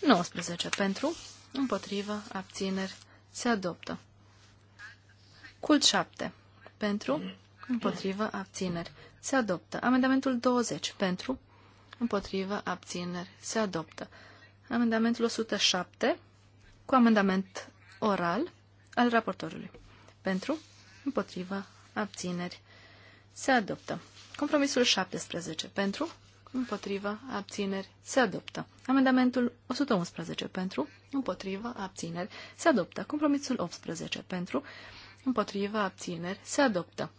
19. Pentru, împotrivă, abțineri, se adoptă. Cult 7. Pentru, împotrivă, abțineri, se adoptă. Amendamentul 20. Pentru, împotrivă, abțineri, se adoptă. Amendamentul 107, cu amendament oral al raportorului. Pentru, împotrivă, abțineri, se adoptă. Compromisul 17, pentru, împotrivă, abțineri, se adoptă. Amendamentul 111, pentru, împotrivă, abțineri, se adoptă. Compromisul 18, pentru, împotrivă, abțineri, se adoptă.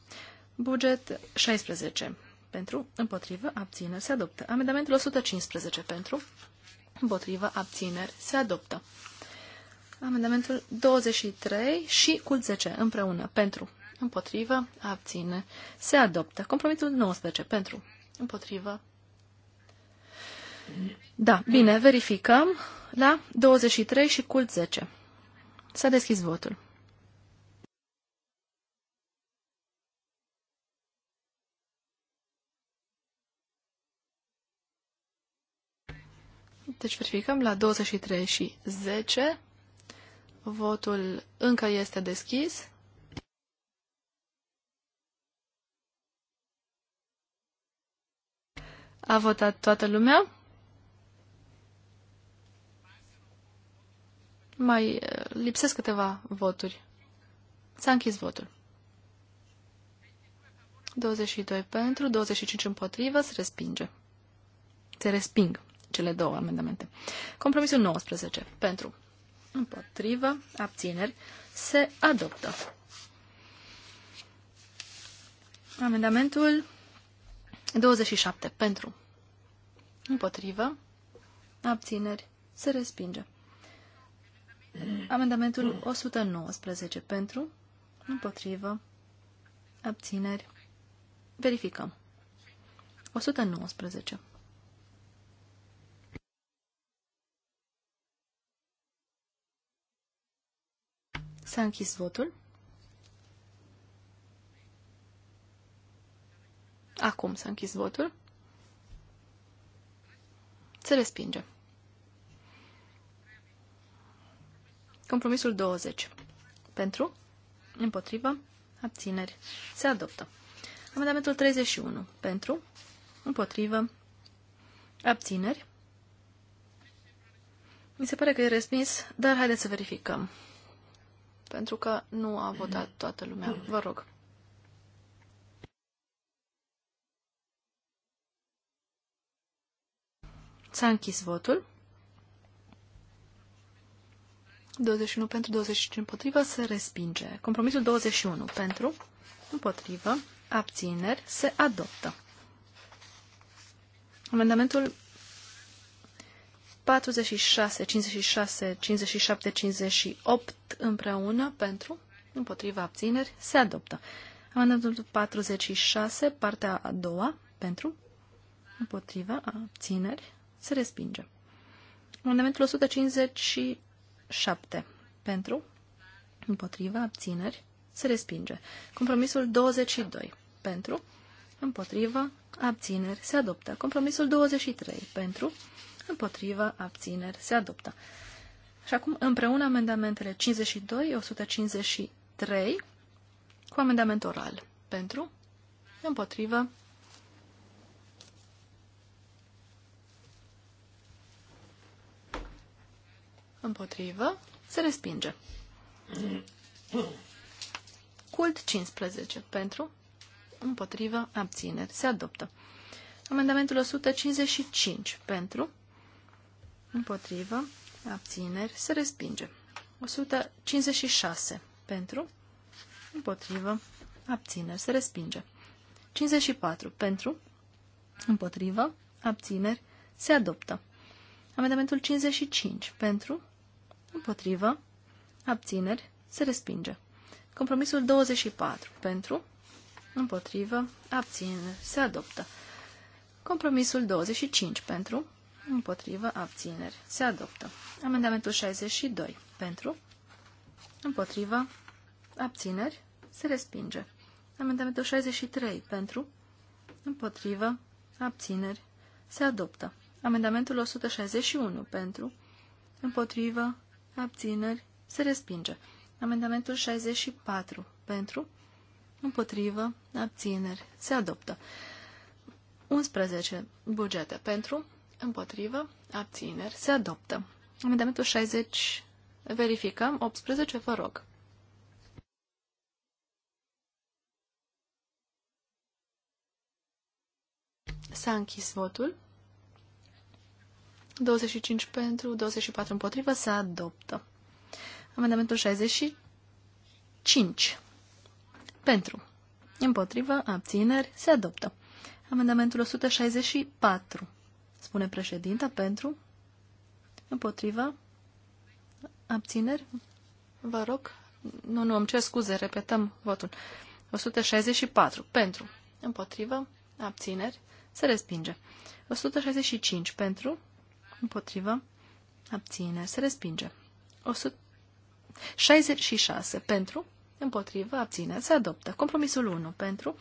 Buget 16, pentru, împotrivă, abțineri, se adoptă. Amendamentul 115 pentru, împotrivă, abțineri, se adoptă. Amendamentul 23 și cu 10 împreună pentru, împotrivă, abține, se adoptă. Compromisul 19 pentru, împotrivă. Da, bine, verificăm la 23 și cult 10. S-a deschis votul. Deci verificăm la 23 și 10. Votul încă este deschis. A votat toată lumea? Mai eh, lipsesc câteva voturi. S-a închis votul. 22 pentru, 25 împotrivă, se respinge. Se resping cele două amendamente. Compromisul 19. Pentru. Împotrivă. Abțineri. Se adoptă. Amendamentul 27. Pentru. Împotrivă. Abțineri. Se respinge. Amendamentul 119. Pentru. Împotrivă. Abțineri. Verificăm. 119. S-a închis votul. Acum s-a închis votul. Se respinge. Compromisul 20. Pentru, împotrivă, abțineri. Se adoptă. Amendamentul 31. Pentru, împotrivă, abțineri. Mi se pare că e respins, dar haideți să verificăm pentru că nu a votat toată lumea. Vă rog. S-a închis votul. 21 pentru, 25 împotrivă, se respinge. Compromisul 21 pentru, împotrivă, abțineri, se adoptă. Amendamentul 46, 56, 57, 58 împreună pentru, împotriva abțineri, se adoptă. Amendamentul 46, partea a doua, pentru, împotriva abțineri, se respinge. Amendamentul 157, pentru, împotriva abțineri, se respinge. Compromisul 22, pentru, împotriva abțineri, se adoptă. Compromisul 23, pentru, împotrivă, abțineri, se adoptă. Și acum, împreună amendamentele 52, 153, cu amendament oral. Pentru, împotrivă, împotrivă, se respinge. Cult 15. Pentru, împotrivă, abțineri, se adoptă. Amendamentul 155. Pentru, împotrivă, abțineri, se respinge. 156 pentru, împotrivă, abțineri, se respinge. 54 pentru, împotrivă, abțineri, se adoptă. Amendamentul 55 pentru, împotrivă, abțineri, se respinge. Compromisul 24 pentru, împotrivă, abțineri, se adoptă. Compromisul 25 pentru, Împotrivă. Abțineri. Se adoptă. Amendamentul 62. Pentru. Împotrivă. Abțineri. Se respinge. Amendamentul 63. Pentru. Împotrivă. Abțineri. Se adoptă. Amendamentul 161. Pentru. Împotrivă. Abțineri. Se respinge. Amendamentul 64. Pentru. Împotrivă. Abțineri. Se adoptă. 11. Bugete. Pentru. Împotrivă. Abțineri. Se adoptă. Amendamentul 60. Verificăm. 18. Vă rog. S-a închis votul. 25 pentru, 24 împotrivă. Se adoptă. Amendamentul 65. Pentru. Împotrivă. Abțineri. Se adoptă. Amendamentul 164 spune președinta, pentru, împotriva, abțineri. Vă rog, nu, nu, îmi cer scuze, repetăm votul. 164, pentru, împotriva, abțineri, se respinge. 165, pentru, împotriva, abțineri, se respinge. 166, pentru, împotriva, abțineri, se adoptă. Compromisul 1, pentru,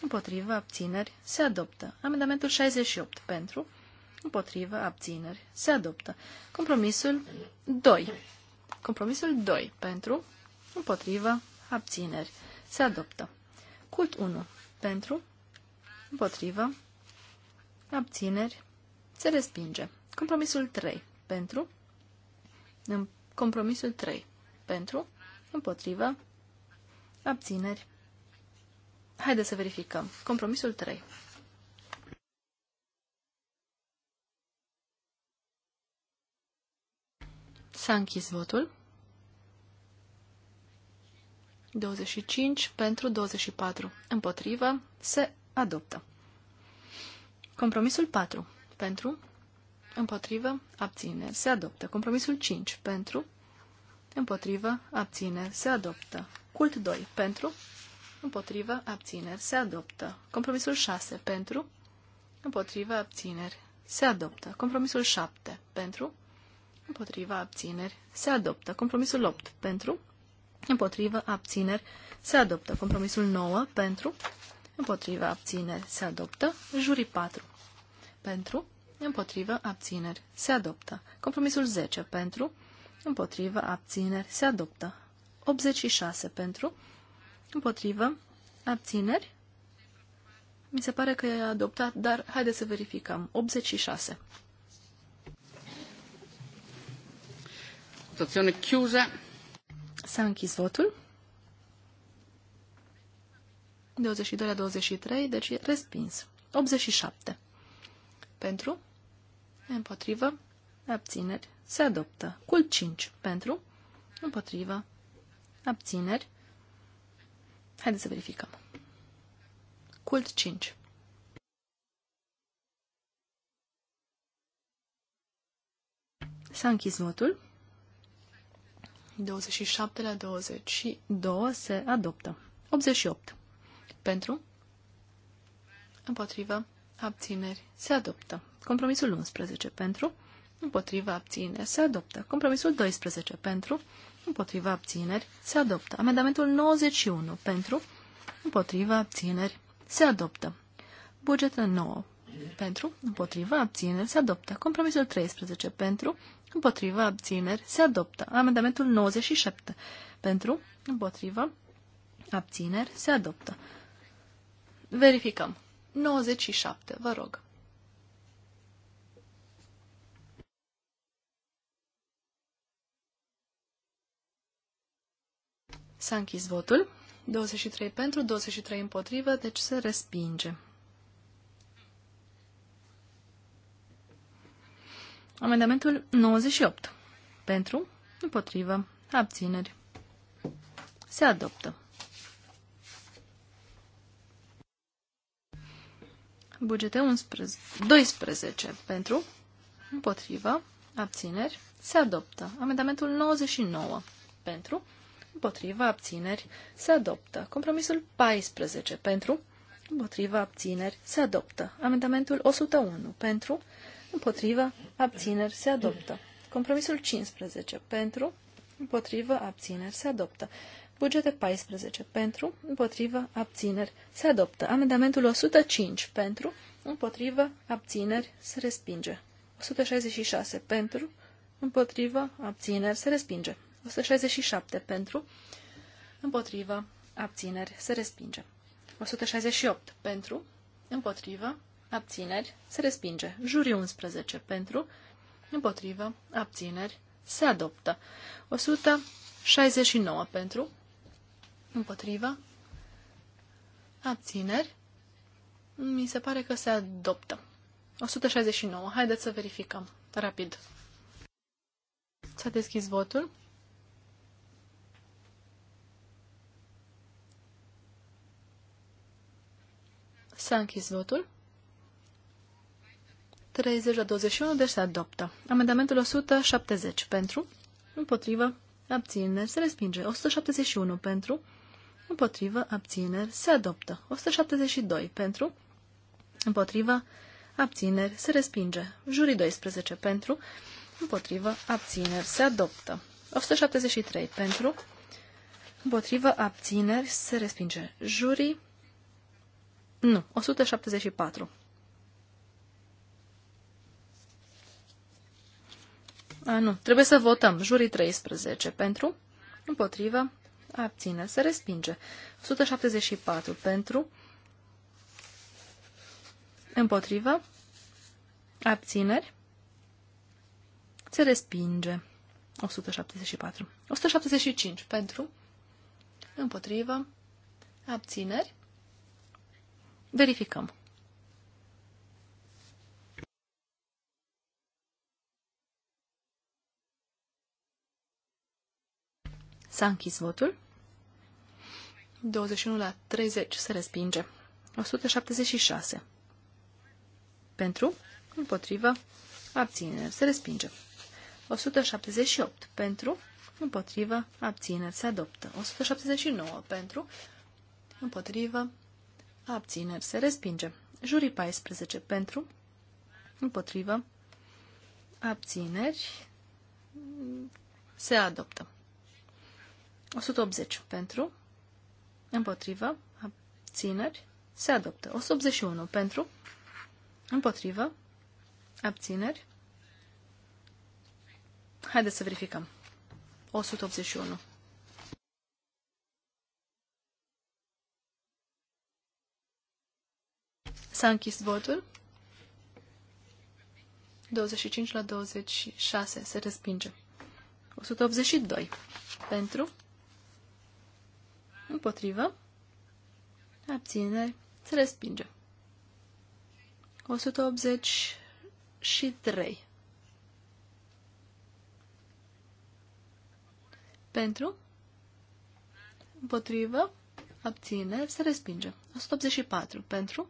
împotriva abțineri, se adoptă. Amendamentul 68 pentru, împotrivă, abțineri, se adoptă. Compromisul 2. Compromisul 2 pentru, împotrivă, abțineri, se adoptă. Cult 1 pentru, împotrivă, abțineri, se respinge. Compromisul 3 pentru, în compromisul 3 pentru, împotrivă, abțineri. Haideți să verificăm. Compromisul 3. S-a închis votul. 25 pentru 24 împotrivă se adoptă. Compromisul 4 pentru împotrivă abține se adoptă. Compromisul 5 pentru împotrivă abține se adoptă. Cult 2 pentru împotrivă abține se adoptă. Compromisul 6 pentru împotrivă abține se adoptă. Compromisul 7 pentru împotriva abțineri, se adoptă. Compromisul 8 pentru, împotriva abțineri, se adoptă. Compromisul 9 pentru, împotriva abțineri, se adoptă. Jurii 4 pentru, împotriva abțineri, se adoptă. Compromisul 10 pentru, împotriva abțineri, se adoptă. 86 pentru, Împotriva abțineri. Mi se pare că e adoptat, dar haideți să verificăm. 86. Votazione chiusa. S-a închis votul. 22 la 23, deci respins. 87. Pentru, împotrivă, abțineri, se adoptă. Cult 5. Pentru, împotrivă, abțineri. Haideți să verificăm. Cult 5. S-a închis votul. 27 la 22 se adoptă. 88. Pentru? Împotrivă. Abțineri. Se adoptă. Compromisul 11. Pentru? Împotrivă. Abțineri. Se adoptă. Compromisul 12. Pentru? Împotrivă. Abțineri. Se adoptă. Amendamentul 91. Pentru? Împotrivă. Abțineri. Se adoptă. Bugetă 9. Pentru? Împotrivă. Abțineri. Se adoptă. Compromisul 13. Pentru? Împotriva abțineri, se adoptă. Amendamentul 97. Pentru, împotriva, abțineri, se adoptă. Verificăm. 97, vă rog. S-a închis votul. 23 pentru, 23 împotrivă, deci se respinge. Amendamentul 98. Pentru, împotrivă, abțineri. Se adoptă. Bugete 11, 12 pentru, împotrivă, abțineri, se adoptă. Amendamentul 99 pentru, împotrivă, abțineri, se adoptă. Compromisul 14 pentru, împotrivă, abțineri, se adoptă. Amendamentul 101 pentru, împotrivă, abțineri, se adoptă. Compromisul 15, pentru, împotrivă, abțineri, se adoptă. Bugete 14, pentru, împotrivă, abțineri, se adoptă. Amendamentul 105, pentru, împotrivă, abțineri, se respinge. 166, pentru, împotrivă, abțineri, se respinge. 167, pentru, împotrivă, abțineri, se respinge. 168, pentru, împotrivă, abțineri, se respinge. Juri 11 pentru, împotrivă, abțineri, se adoptă. 169 pentru, împotrivă, abțineri, mi se pare că se adoptă. 169. Haideți să verificăm. Rapid. S-a deschis votul. S-a închis votul. 30 la 21, deci se adoptă. Amendamentul 170 pentru, împotrivă, abțineri, se respinge. 171 pentru, împotrivă, abțineri, se adoptă. 172 pentru, împotrivă, abțineri, se respinge. Jurii 12 pentru, împotrivă, abțineri, se adoptă. 173 pentru, împotrivă, abțineri, se respinge. Jurii, nu, 174 A, nu. Trebuie să votăm. Jurii 13. Pentru? Împotrivă? Abține. Se respinge. 174. Pentru? Împotrivă? Abțineri? Se respinge. 174. 175. Pentru? Împotrivă? Abțineri? Verificăm. S-a închis votul. 21 la 30 se respinge. 176. Pentru, împotrivă, abțineri, se respinge. 178. Pentru, împotrivă, abțineri, se adoptă. 179. Pentru, împotrivă, abțineri, se respinge. Jurii 14. Pentru, împotrivă, abțineri, se adoptă. 180 pentru, împotrivă, abțineri, se adoptă. 181 pentru, împotrivă, abțineri. Haideți să verificăm. 181. S-a închis votul. 25 la 26 se respinge. 182 pentru, Împotrivă. abține, Se respinge. 183. Pentru. Împotrivă. abține, Se respinge. 184. Pentru.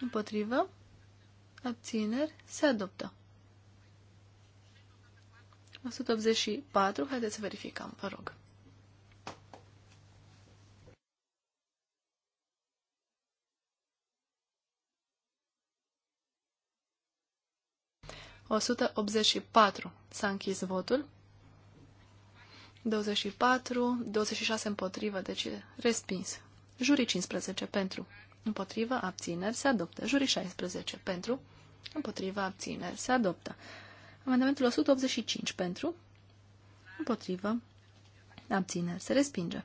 Împotrivă. Abțineri. Se adoptă. 184. Haideți să verificăm, vă rog. 184. S-a închis votul. 24, 26 împotrivă, deci respins. Jurii 15 pentru, împotrivă, abțineri, se adoptă. Jurii 16 pentru, împotrivă, abțineri, se adoptă. Amendamentul 185 pentru, împotrivă, abțineri, se respinge.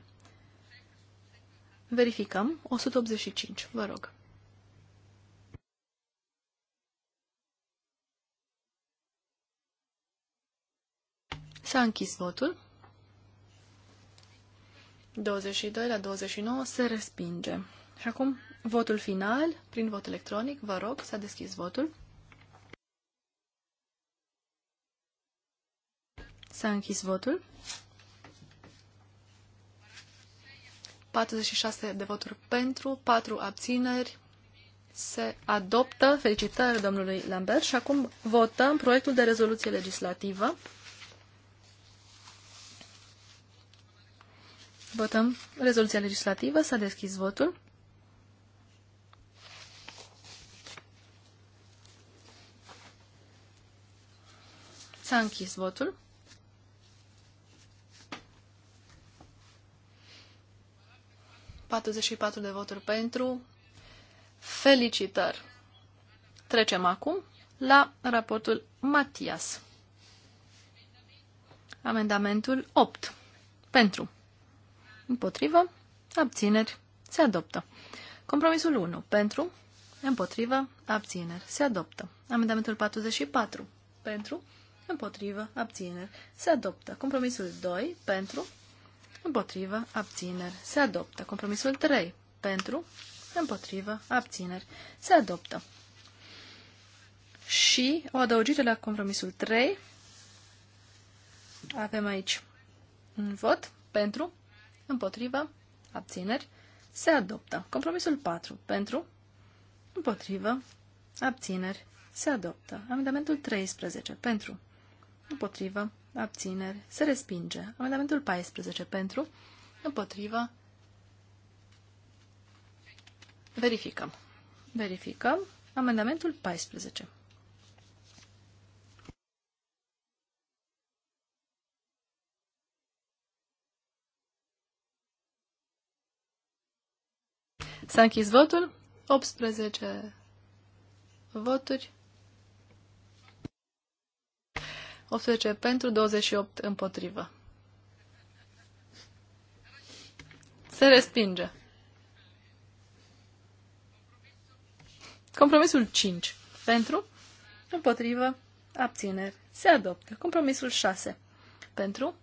Verificăm 185, vă rog. S-a închis votul. 22 la 29 se respinge. Și acum votul final, prin vot electronic, vă rog, s-a deschis votul. S-a închis votul. 46 de voturi pentru, 4 abțineri. Se adoptă. Felicitări domnului Lambert. Și acum votăm proiectul de rezoluție legislativă. Votăm rezoluția legislativă. S-a deschis votul. S-a închis votul. Patruzeci și patru de voturi pentru. Felicitări! Trecem acum la raportul Matias. Amendamentul 8. Pentru. Împotrivă. Abțineri. Se adoptă. Compromisul 1. Pentru. Împotrivă. Abțineri. Se adoptă. Amendamentul 44. Pentru. Împotrivă. Abțineri. Se adoptă. Compromisul 2. Pentru. Împotrivă. Abțineri. Se adoptă. Compromisul 3. Pentru. Împotrivă. Abțineri. Se adoptă. Și o adăugire la compromisul 3. Avem aici un vot pentru împotrivă, abțineri, se adoptă. Compromisul 4 pentru, împotrivă, abțineri, se adoptă. Amendamentul 13 pentru, împotrivă, abțineri, se respinge. Amendamentul 14 pentru, împotrivă, verificăm. Verificăm amendamentul 14. S-a închis votul. 18 voturi. 18 pentru, 28 împotrivă. Se respinge. Compromisul 5. Pentru, împotrivă, abțineri. Se adoptă. Compromisul 6. Pentru,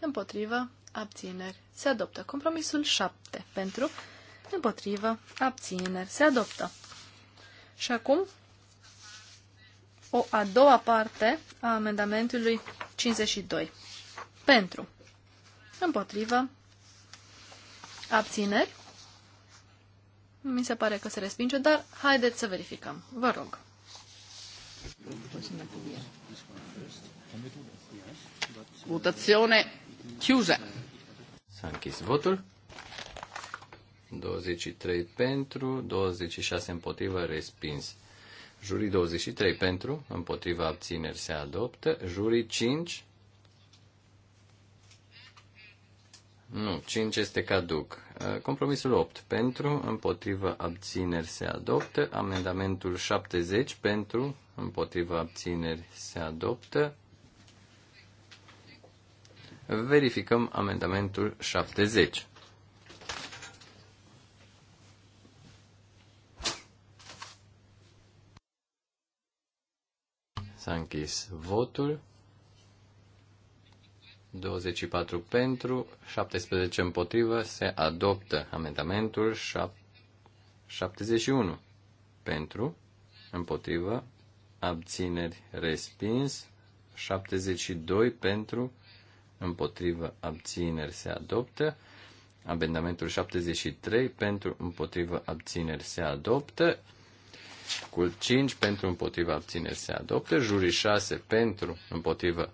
împotrivă, abțineri. Se adoptă. Compromisul 7. Pentru, împotrivă, abțineri, se adoptă. Și acum, o a doua parte a amendamentului 52. Pentru, împotrivă, abțineri, mi se pare că se respinge, dar haideți să verificăm. Vă rog. Votazione chiusa. S-a închis votul. 23 pentru, 26 împotrivă, respins. Jurii 23 pentru, împotriva abțineri se adoptă. Jurii 5. Nu, 5 este caduc. Uh, compromisul 8 pentru, împotriva abțineri se adoptă. Amendamentul 70 pentru, împotriva abțineri se adoptă. Verificăm amendamentul 70. S-a închis votul. 24 pentru, 17 împotrivă, se adoptă amendamentul 71 pentru, împotrivă, abțineri respins, 72 pentru, împotrivă, abțineri se adoptă, amendamentul 73 pentru, împotrivă, abțineri se adoptă, Cult 5 pentru împotriva abțineri se adoptă. Jurii 6 pentru împotriva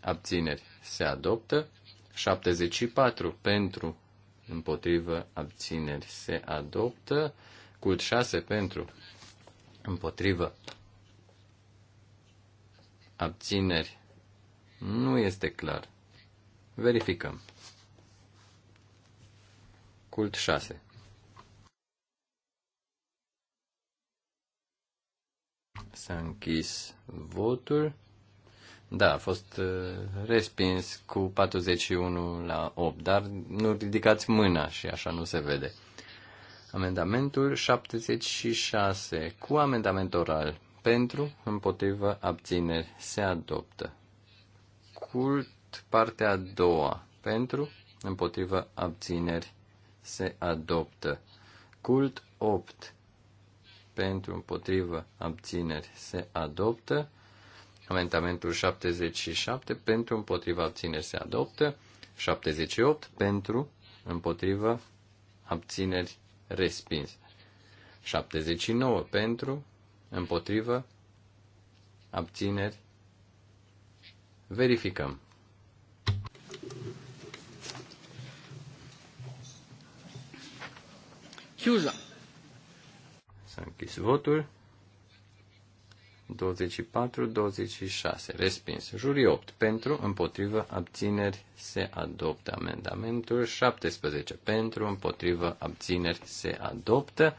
abțineri se adoptă. 74 pentru împotriva abțineri se adoptă. Cult 6 pentru împotriva abțineri nu este clar. Verificăm. Cult 6. S-a închis votul. Da, a fost uh, respins cu 41 la 8, dar nu ridicați mâna și așa nu se vede. Amendamentul 76 cu amendament oral pentru, împotrivă, abțineri se adoptă. Cult partea a doua pentru, împotrivă, abțineri se adoptă. Cult 8 pentru împotrivă abțineri se adoptă. Amendamentul 77 pentru împotriva abțineri se adoptă. 78 pentru împotriva abțineri respins. 79 pentru împotriva abțineri verificăm. Chiuza. S-a închis votul. 24, 26. Respins. Juri 8. Pentru, împotrivă, abțineri, se adoptă amendamentul. 17. Pentru, împotrivă, abțineri, se adoptă.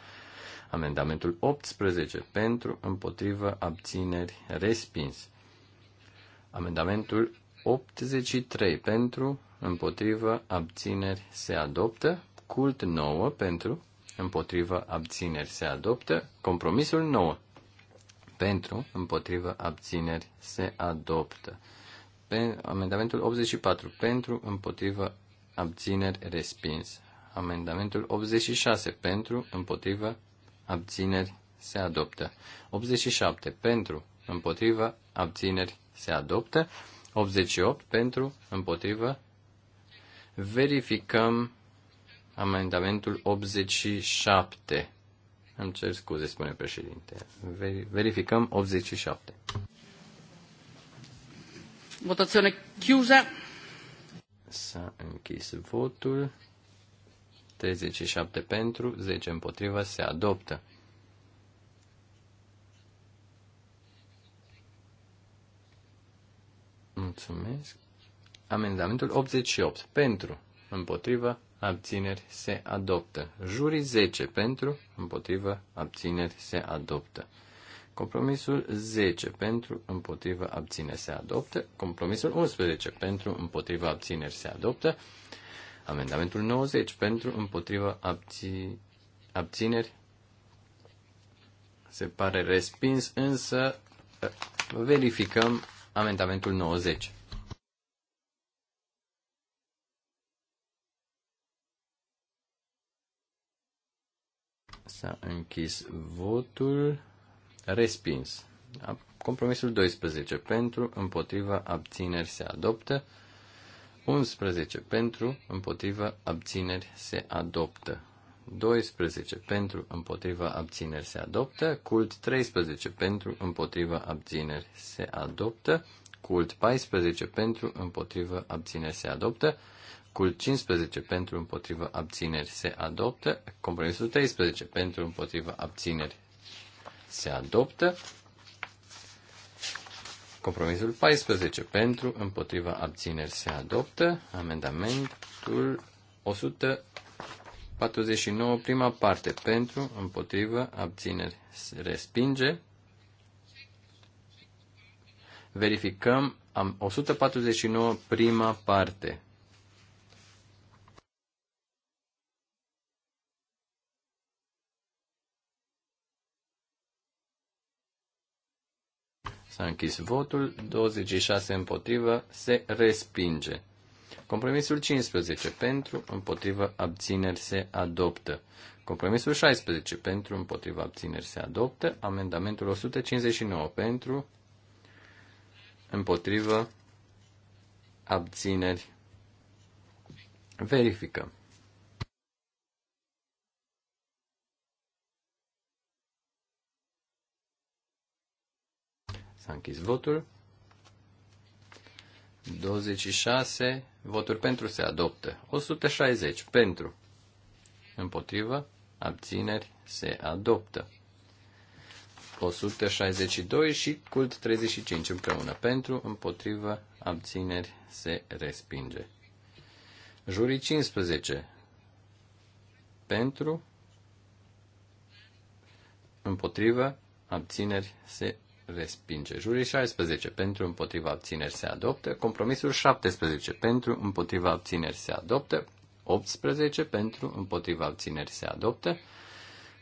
Amendamentul 18. Pentru, împotrivă, abțineri, respins. Amendamentul 83. Pentru, împotrivă, abțineri, se adoptă. Cult 9. Pentru, împotrivă, abțineri se adoptă. Compromisul nou. Pentru, împotrivă, abțineri se adoptă. Pe, amendamentul 84. Pentru, împotrivă, abțineri respins. Amendamentul 86. Pentru, împotrivă, abțineri se adoptă. 87. Pentru, împotrivă, abțineri se adoptă. 88. Pentru, împotrivă, verificăm amendamentul 87. Îmi cer scuze, spune președinte. Verificăm 87. Votazione chiusa. S-a închis votul. 37 pentru, 10 împotriva, se adoptă. Mulțumesc. Amendamentul 88 pentru, împotriva, abțineri se adoptă. Jurii 10 pentru, împotrivă, abțineri se adoptă. Compromisul 10 pentru, împotrivă, abțineri se adoptă. Compromisul 11 pentru, împotrivă, abțineri se adoptă. Amendamentul 90 pentru, împotrivă, abții, abțineri se pare respins, însă eh, verificăm amendamentul 90. S-a închis votul. Respins. Compromisul 12 pentru, împotriva, abțineri se adoptă. 11 pentru, împotriva, abțineri se adoptă. 12 pentru, împotriva, abțineri se adoptă. Cult 13 pentru, împotriva, abțineri se adoptă. Cult 14 pentru, împotriva, abțineri se adoptă. Cul 15 pentru împotriva abțineri se adoptă. Compromisul 13 pentru împotriva abțineri se adoptă. Compromisul 14 pentru împotriva abțineri se adoptă. Amendamentul 149 prima parte pentru împotriva abțineri se respinge. Verificăm am 149 prima parte. S-a închis votul, 26 împotrivă, se respinge. Compromisul 15 pentru, împotrivă, abțineri se adoptă. Compromisul 16 pentru, împotrivă, abțineri se adoptă. Amendamentul 159 pentru, împotrivă, abțineri. Verificăm. S-a închis votul. 26 voturi pentru se adoptă. 160 pentru. Împotrivă. Abțineri se adoptă. 162 și cult 35 împreună. Pentru, împotrivă, abțineri se respinge. Jurii 15. Pentru, împotrivă, abțineri se respinge. Jurii 16 pentru împotriva abțineri se adoptă. Compromisul 17 pentru împotriva abțineri se adoptă. 18 pentru împotriva abțineri se adoptă.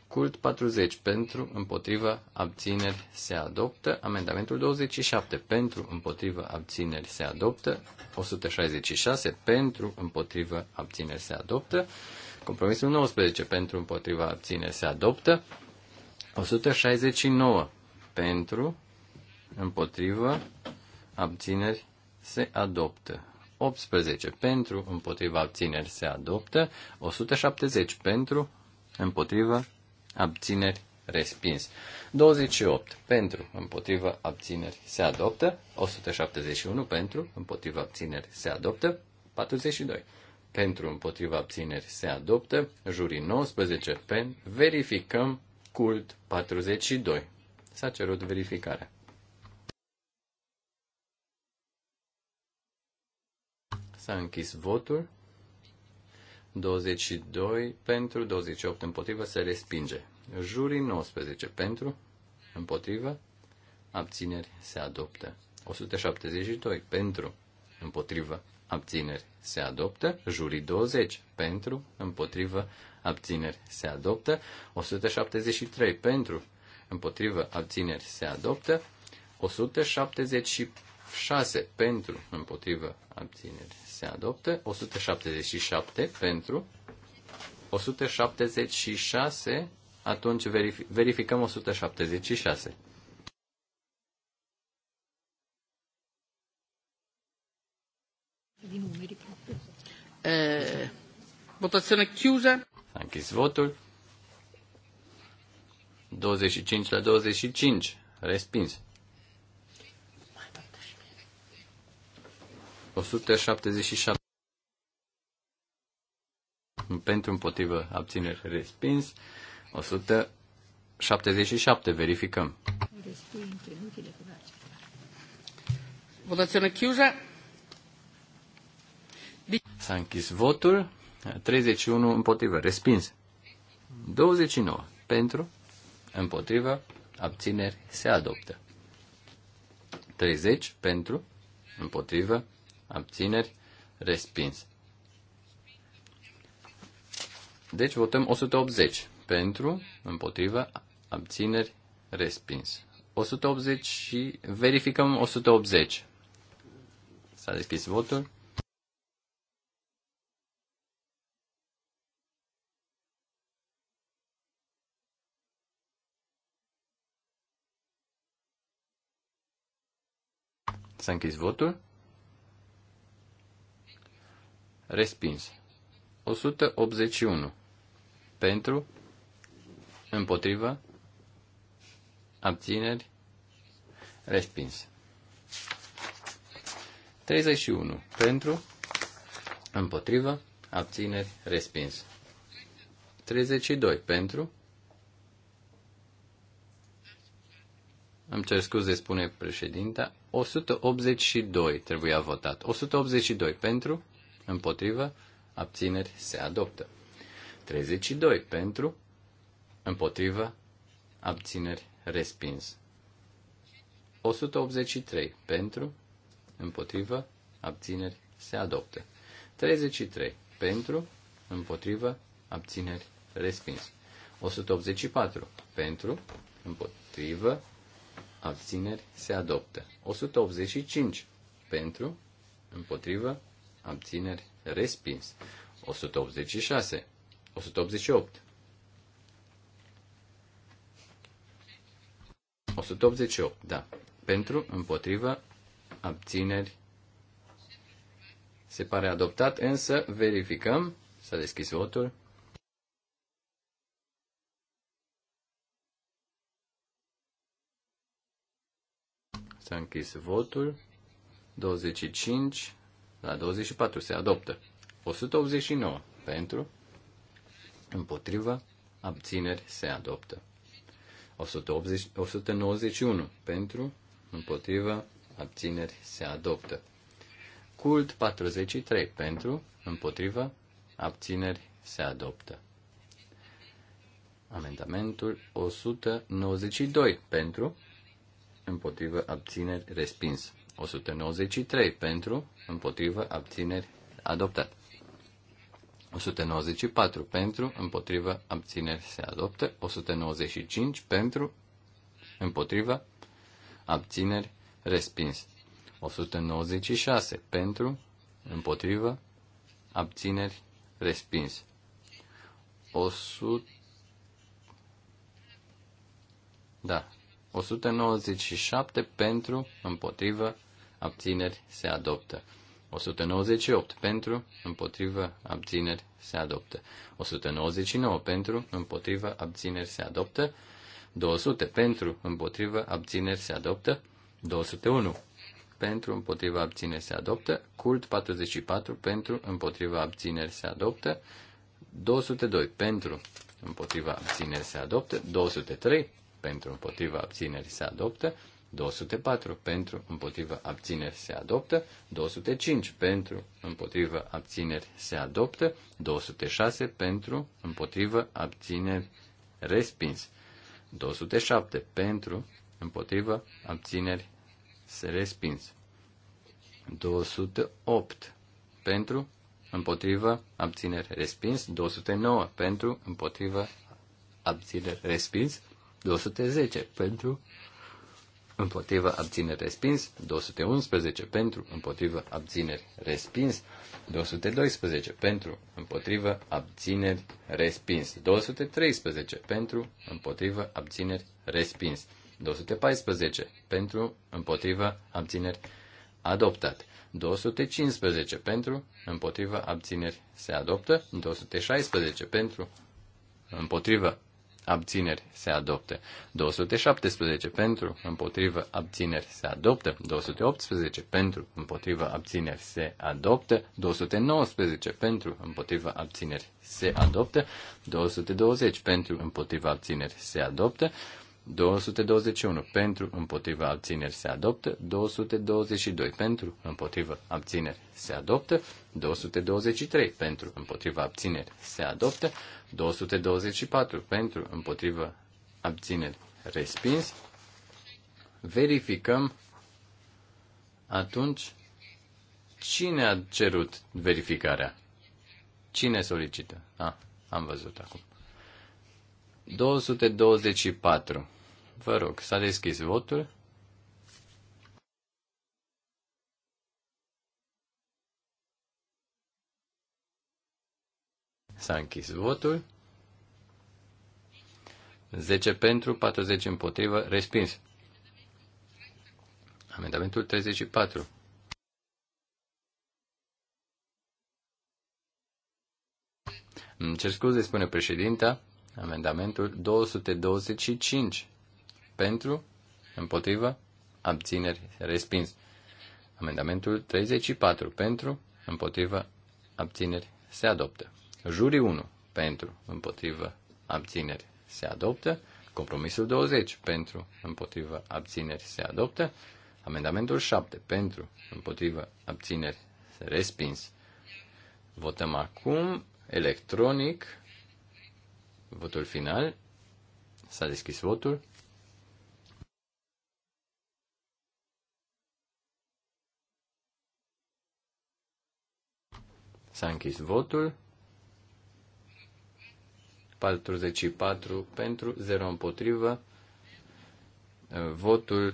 Cult 40 pentru împotriva abțineri se adoptă. Amendamentul 27 pentru împotriva abțineri se adoptă. 166 pentru împotriva abțineri se adoptă. Compromisul 19 pentru împotriva abțineri se adoptă. 169 pentru, împotrivă, abțineri, se adoptă. 18 pentru, împotriva abțineri se adoptă, 170 pentru, împotrivă, abțineri respins. 28 pentru, împotriva abțineri se adoptă, 171 pentru, împotriva abțineri se adoptă, 42 pentru, împotriva abțineri se adoptă, jurii 19 pentru, verificăm cult 42. S-a cerut verificarea. S-a închis votul. 22 pentru, 28 împotrivă, se respinge. Jurii 19 pentru, împotrivă, abțineri, se adoptă. 172 pentru, împotrivă, abțineri, se adoptă. Jurii 20 pentru, împotrivă, abțineri, se adoptă. 173 pentru, împotrivă, abțineri se adoptă. 176 pentru, împotrivă, abțineri se adoptă. 177 pentru, 176, atunci verific- verificăm 176. Eh, votazione chiusa. Anche il voto. 25 la 25. Respins. 177 pentru împotrivă abțineri respins. 177 verificăm. Votazione chiusa. S-a închis votul. 31 împotrivă. Respins. 29 pentru Împotrivă. Abțineri. Se adoptă. 30 pentru. Împotrivă. Abțineri. Respins. Deci votăm 180 pentru, împotrivă, abțineri, respins. 180 și verificăm 180. S-a deschis votul. S-a închis votul. Respins. 181. Pentru. Împotrivă. Abțineri. Respins. 31. Pentru. Împotrivă. Abțineri. Respins. 32. Pentru. Îmi cer scuze, spune președinta. 182 trebuia votat. 182 pentru, împotrivă, abțineri se adoptă. 32 pentru, împotrivă, abțineri respins. 183 pentru, împotrivă, abțineri se adoptă. 33 pentru, împotrivă, abțineri respins. 184 pentru, împotrivă, abțineri, se adoptă. 185 pentru, împotrivă, abțineri, respins. 186, 188. 188, da. Pentru, împotrivă, abțineri, se pare adoptat, însă verificăm. S-a deschis votul. S-a închis votul. 25 la 24 se adoptă. 189 pentru, împotrivă, abțineri se adoptă. 180, 191 pentru, împotrivă, abțineri se adoptă. Cult 43 pentru, împotrivă, abțineri se adoptă. Amendamentul 192 pentru, împotrivă, abțineri, respins. 193 pentru, împotrivă, abțineri, adoptat. 194 pentru, împotrivă, abțineri, se adoptă. 195 pentru, împotrivă, abțineri, respins. 196 pentru, împotrivă, abțineri, respins. 100 da, 197 pentru, împotrivă, abțineri se adoptă. 198 pentru, împotrivă, abțineri se adoptă. 199 pentru, împotrivă, abțineri se adoptă. 200 pentru, împotrivă, abțineri se adoptă. 201 pentru, împotriva abțineri se adoptă, cult 44 pentru, împotriva abțineri se adoptă, 202 pentru, împotriva abțineri se adoptă, 203 pentru împotriva abțineri se adoptă, 204 pentru împotriva abțineri se adoptă, 205 pentru împotriva abțineri se adoptă, 206 pentru împotriva abțineri respins, 207 pentru împotriva abțineri se respins, 208 pentru împotriva abțineri respins, 209 pentru împotriva abțineri respins, 210 pentru, împotrivă, abțineri, respins. 211 pentru, împotrivă, abțineri, respins. 212 pentru, împotrivă, abțineri, respins. 213 pentru, împotrivă, abțineri, respins. 214 pentru, împotrivă, abțineri, adoptat. 215 pentru, împotrivă, abțineri, se adoptă. 216 pentru, împotrivă, abțineri se adoptă. 217 pentru, împotrivă, abțineri se adoptă. 218 pentru, împotrivă, abțineri se adoptă. 219 pentru, împotrivă, abțineri se adoptă. 220 pentru, împotrivă, abțineri se adoptă. 221 pentru, împotriva abțineri se adoptă, 222 pentru, împotriva abțineri se adoptă, 223 pentru, împotriva abțineri se adoptă, 224 pentru, împotriva abțineri respins. Verificăm atunci cine a cerut verificarea. Cine solicită? Ah, am văzut acum. 224. Vă rog, s-a deschis votul. S-a închis votul. 10 pentru, 40 împotrivă, respins. Amendamentul 34. Îmi cer scuze, spune președinta, amendamentul 225 pentru, împotrivă, abțineri, respins. Amendamentul 34 pentru, împotrivă, abțineri, se adoptă. Jurii 1 pentru, împotrivă, abțineri, se adoptă. Compromisul 20 pentru, împotrivă, abțineri, se adoptă. Amendamentul 7 pentru, împotrivă, abțineri, respins. Votăm acum electronic votul final. S-a deschis votul. S-a închis votul. 44 pentru, 0 împotrivă. Votul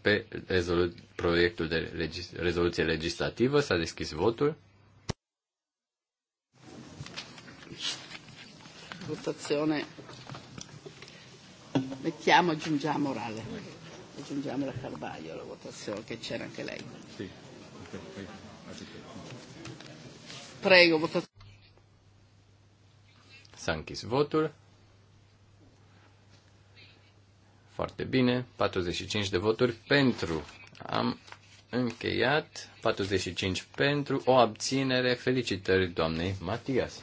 pe rezolu- proiectul de legis- rezoluție legislativă s-a deschis votul. Votazione. Mettiamo, aggiungiamo orale. Aggiungiamo la Carvaglio, la votazione che c'era anche lei. Sì. Okay. Prego, S-a închis votul. Foarte bine. 45 de voturi pentru. Am încheiat. 45 pentru. O abținere. Felicitări doamnei Matias.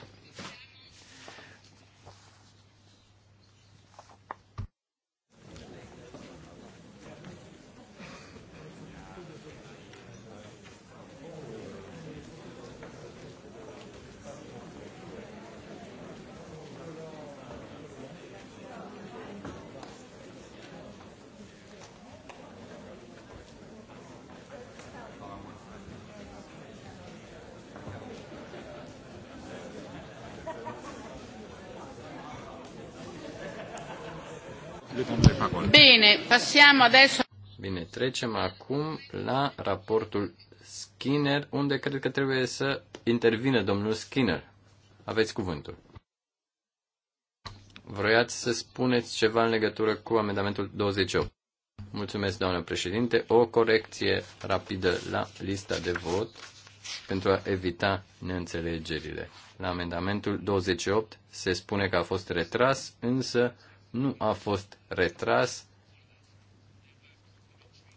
adesso... Bine, trecem acum la raportul Skinner, unde cred că trebuie să intervine domnul Skinner. Aveți cuvântul. Vroiați să spuneți ceva în legătură cu amendamentul 28. Mulțumesc, doamnă președinte. O corecție rapidă la lista de vot pentru a evita neînțelegerile. La amendamentul 28 se spune că a fost retras, însă nu a fost retras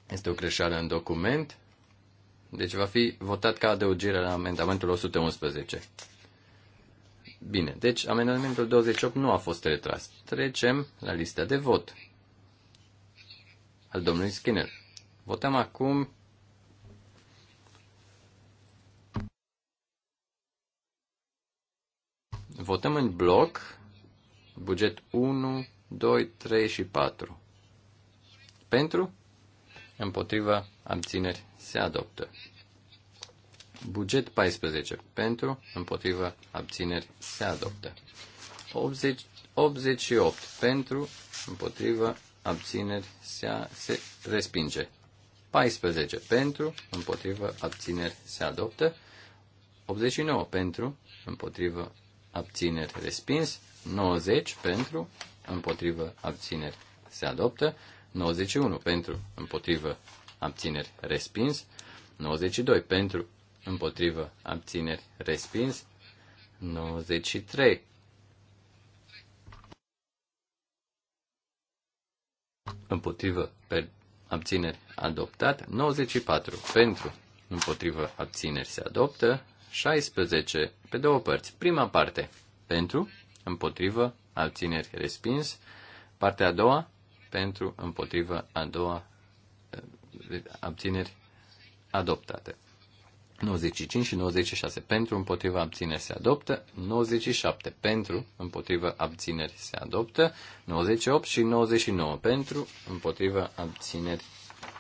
este o greșeală în document. Deci va fi votat ca adăugire la amendamentul 111. Bine, deci amendamentul 28 nu a fost retras. Trecem la lista de vot al domnului Skinner. Votăm acum Votăm în bloc buget 1, 2, 3 și 4. Pentru? împotriva, abțineri, se adoptă. Buget 14, pentru, împotriva, abțineri, se adoptă. 80, 88, pentru, împotriva, abțineri, se, se respinge. 14, pentru, împotriva, abțineri, se adoptă. 89, pentru, împotriva, abțineri, respins. 90, pentru, împotriva, abțineri, se adoptă. 91 pentru, împotrivă, abțineri, respins. 92 pentru, împotrivă, abțineri, respins. 93 împotrivă, per, abțineri, adoptat. 94 pentru, împotrivă, abțineri, se adoptă. 16 pe două părți. Prima parte pentru, împotrivă, abțineri, respins. Partea a doua pentru, împotrivă, a doua, abțineri, adoptate. 95 și 96 pentru, împotriva abțineri se adoptă, 97 pentru, împotriva abțineri se adoptă, 98 și 99 pentru, împotriva abțineri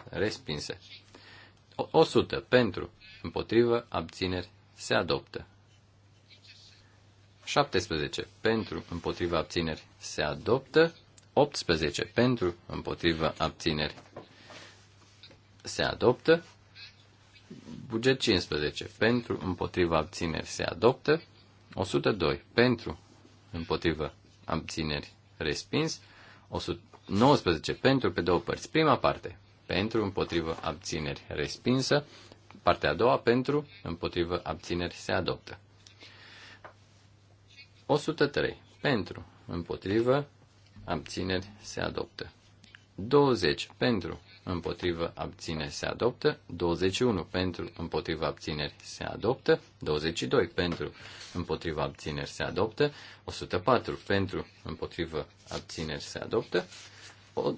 respinse. 100 pentru, împotriva abțineri se adoptă. 17 pentru, împotriva abțineri se adoptă, 18 pentru, împotrivă, abțineri. Se adoptă. Buget 15 pentru, împotrivă, abțineri. Se adoptă. 102 pentru, împotrivă, abțineri. Respins. 119 pentru, pe două părți. Prima parte, pentru, împotrivă, abțineri. Respinsă. Partea a doua, pentru, împotrivă, abțineri. Se adoptă. 103. Pentru, împotrivă, abțineri, se adoptă. 20 pentru, împotrivă, abțineri, se adoptă. 21 pentru, împotrivă, abțineri, se adoptă. 22 pentru, împotrivă, abțineri, se adoptă. 104 pentru, împotrivă, abțineri, se adoptă.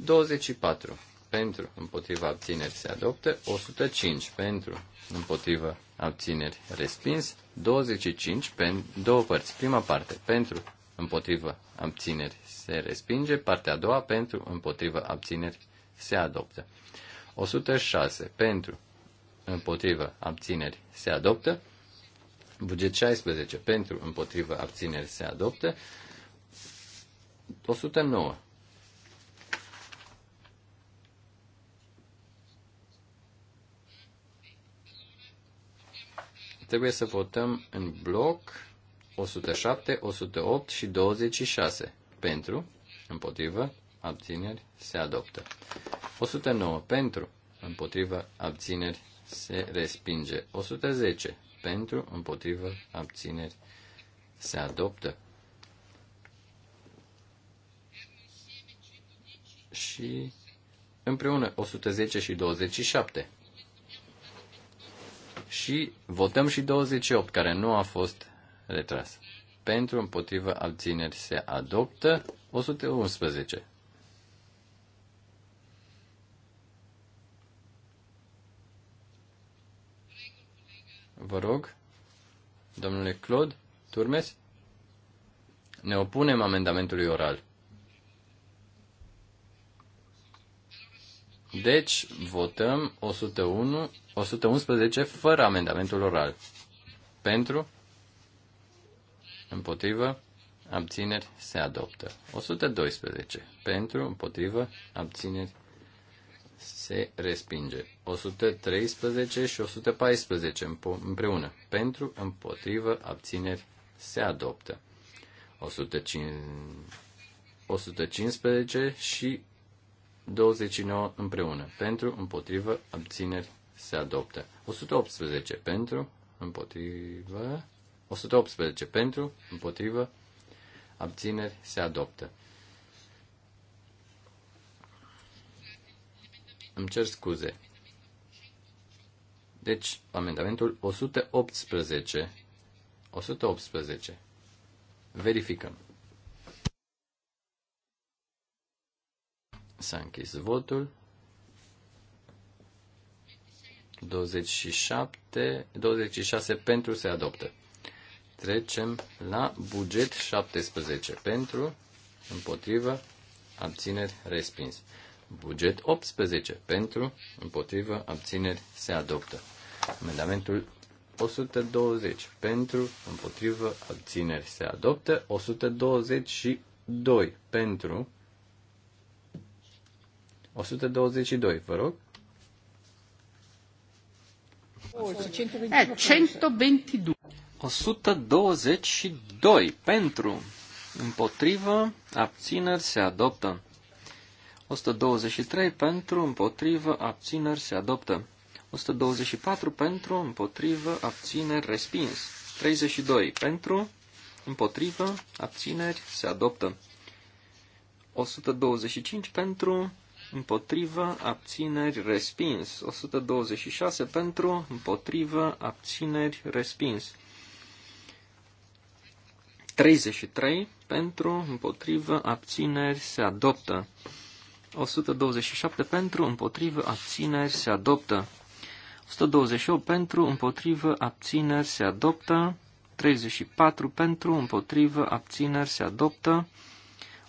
24 pentru, împotriva abțineri se adoptă, 105 pentru, împotriva abțineri respins, 25 pentru două părți. Prima parte pentru, împotrivă abțineri se respinge, partea a doua pentru împotrivă abțineri se adoptă. 106 pentru împotrivă abțineri se adoptă. Buget 16 pentru împotrivă abțineri se adoptă. 109 trebuie să votăm în bloc 107, 108 și 26 pentru, împotrivă, abțineri, se adoptă. 109 pentru, împotrivă, abțineri, se respinge. 110 pentru, împotrivă, abțineri, se adoptă. Și împreună 110 și 27. Și votăm și 28, care nu a fost retras. Pentru, împotrivă, abțineri se adoptă 111. Vă rog, domnule Claude, turmes, ne opunem amendamentului oral. Deci, votăm 101, 111 fără amendamentul oral. Pentru, împotrivă, abțineri, se adoptă. 112. Pentru, împotrivă, abțineri, se respinge. 113 și 114 împreună. Pentru, împotrivă, abțineri, se adoptă. 115 și 29 împreună. Pentru, împotrivă, abțineri, se adoptă. 118 pentru, împotrivă, 118 pentru, împotrivă, abțineri, se adoptă. Îmi cer scuze. Deci, amendamentul 118. 118. Verificăm. S-a închis votul. 27, 26 pentru se adoptă. Trecem la buget 17 pentru, împotrivă, abțineri, respins. Buget 18 pentru, împotrivă, abțineri, se adoptă. Amendamentul 120 pentru, împotrivă, abțineri, se adoptă. 122 pentru, 122, vă rog. 122. Eh, 122 pentru, împotrivă, abțineri se adoptă. 123 pentru, împotrivă, abțineri se adoptă. 124 pentru, împotrivă, abțineri respins. 32 pentru, împotrivă, abțineri se adoptă. 125 pentru, împotrivă, abțineri, respins. 126 pentru, împotrivă, abțineri, respins. 33 pentru, împotrivă, abțineri, se adoptă. 127 pentru, împotrivă, abțineri, se adoptă. 128 pentru, împotrivă, abțineri, se adoptă. 34 pentru, împotrivă, abțineri, se adoptă.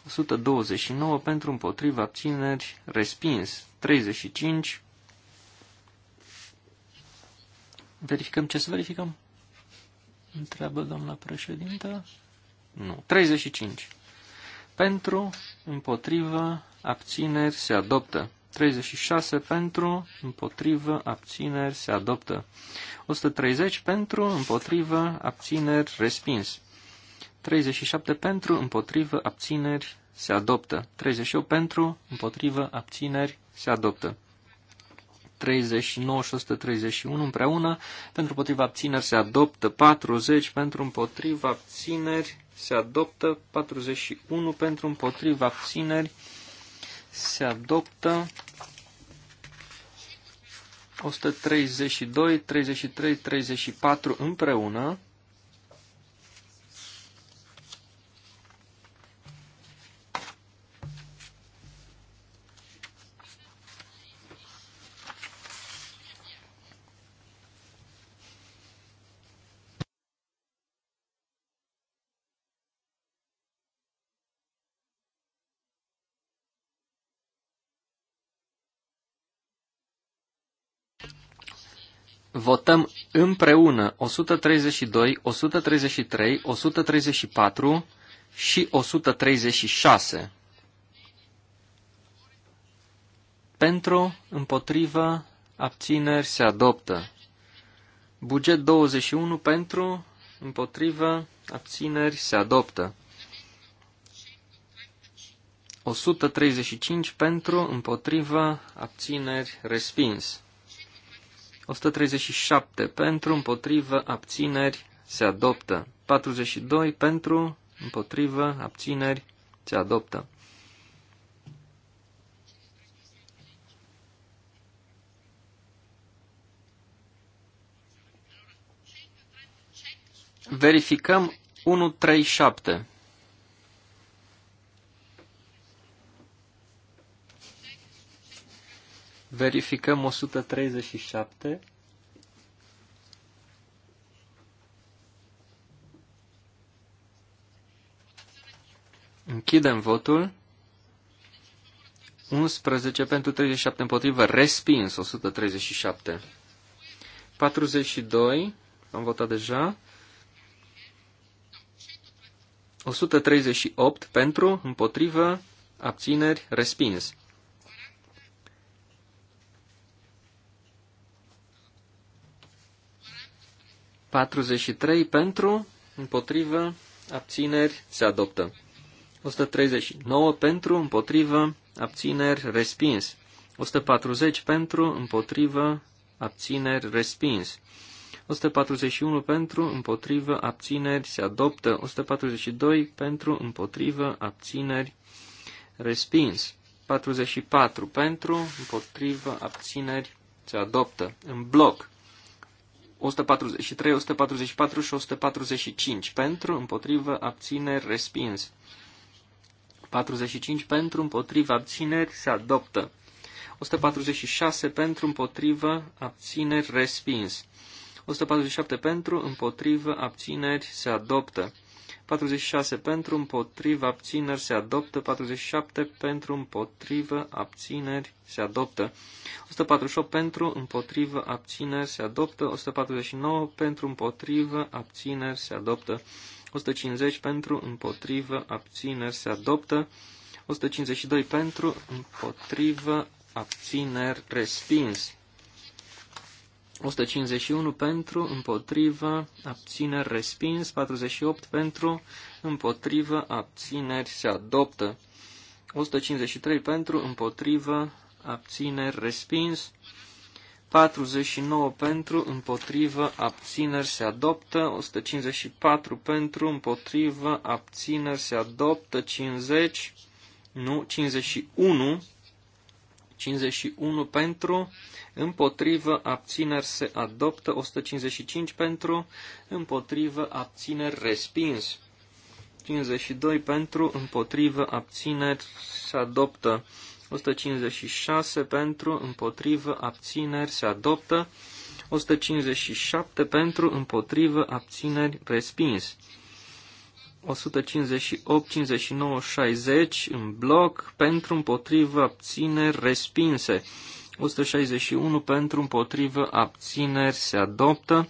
129 pentru, împotrivă, abțineri, respins. 35. Verificăm ce să verificăm? Întreabă doamna președintă. Nu. 35. Pentru, împotrivă, abțineri, se adoptă. 36 pentru, împotrivă, abțineri, se adoptă. 130 pentru, împotrivă, abțineri, respins. 37 pentru, împotrivă, abțineri, se adoptă. 38 pentru, împotrivă, abțineri, se adoptă. 39 131 împreună, pentru potriva abțineri se adoptă 40, pentru împotriva abțineri se adoptă 41, pentru împotriva abțineri se adoptă 132, 33, 34 împreună, Votăm împreună 132, 133, 134 și 136. Pentru, împotriva, abțineri se adoptă. Buget 21 pentru, împotriva, abțineri se adoptă. 135 pentru, împotriva, abțineri, respins. 137 pentru, împotrivă, abțineri, se adoptă. 42 pentru, împotrivă, abțineri, se adoptă. Verificăm 137. Verificăm 137. Închidem votul. 11 pentru 37 împotrivă, respins 137. 42, am votat deja. 138 pentru, împotrivă, abțineri, respins. 43 pentru, împotrivă, abțineri, se adoptă. 139 pentru, împotrivă, abțineri, respins. 140 pentru, împotrivă, abțineri, respins. 141 pentru, împotrivă, abțineri, se adoptă. 142 pentru, împotrivă, abțineri, respins. 44 pentru, împotrivă, abțineri, se adoptă. În bloc. 143, 144 și 145 pentru, împotrivă, abțineri, respins. 45 pentru, împotrivă, abțineri, se adoptă. 146 pentru, împotrivă, abțineri, respins. 147 pentru, împotrivă, abțineri, se adoptă. 46 pentru, împotrivă, abțineri, se adoptă. 47 pentru, împotrivă, abțineri, se adoptă. 148 pentru, împotrivă, abțineri, se adoptă. 149 pentru, împotrivă, abțineri, se adoptă. 150 pentru, împotrivă, abțineri, se adoptă. 152 pentru, împotrivă, abțineri, respins. 151 pentru, împotrivă, abțineri, respins, 48 pentru, împotrivă, abțineri, se adoptă. 153 pentru, împotrivă, abțineri, respins, 49 pentru, împotrivă, abțineri, se adoptă, 154 pentru, împotrivă, abțineri, se adoptă, 50, nu, 51 51 pentru, împotrivă, abțineri se adoptă, 155 pentru, împotrivă, abțineri respins. 52 pentru, împotrivă, abțineri se adoptă. 156 pentru, împotrivă, abțineri se adoptă. 157 pentru, împotrivă, abțineri respins. 158, 59, 60 în bloc, pentru, împotrivă, abțineri, respinse. 161 pentru, împotrivă, abțineri, se adoptă.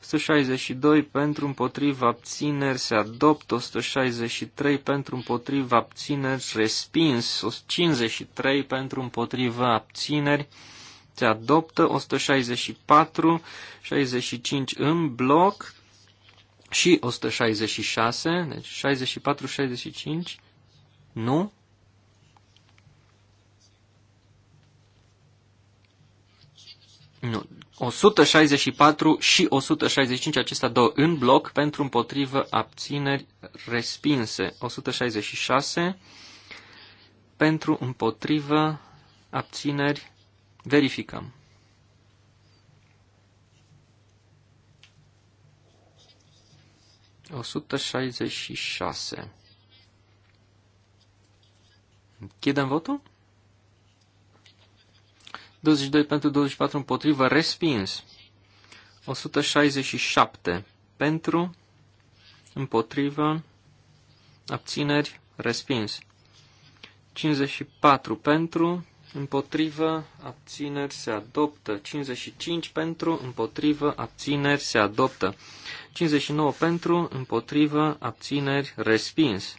162 pentru, împotrivă, abțineri, se adoptă. 163 pentru, împotrivă, abțineri, respins. 153 pentru, împotrivă, abțineri, se adoptă. 164, 65 în bloc și 166, deci 64, 65, nu. Nu. 164 și 165, acestea două în bloc, pentru împotrivă abțineri respinse. 166 pentru împotrivă abțineri verificăm. 166. Închidem votul? 22 pentru 24 împotrivă, respins. 167 pentru, împotrivă, abțineri, respins. 54 pentru, împotrivă, abțineri, se adoptă. 55 pentru, împotrivă, abțineri, se adoptă. 59 pentru, împotrivă, abțineri, respins.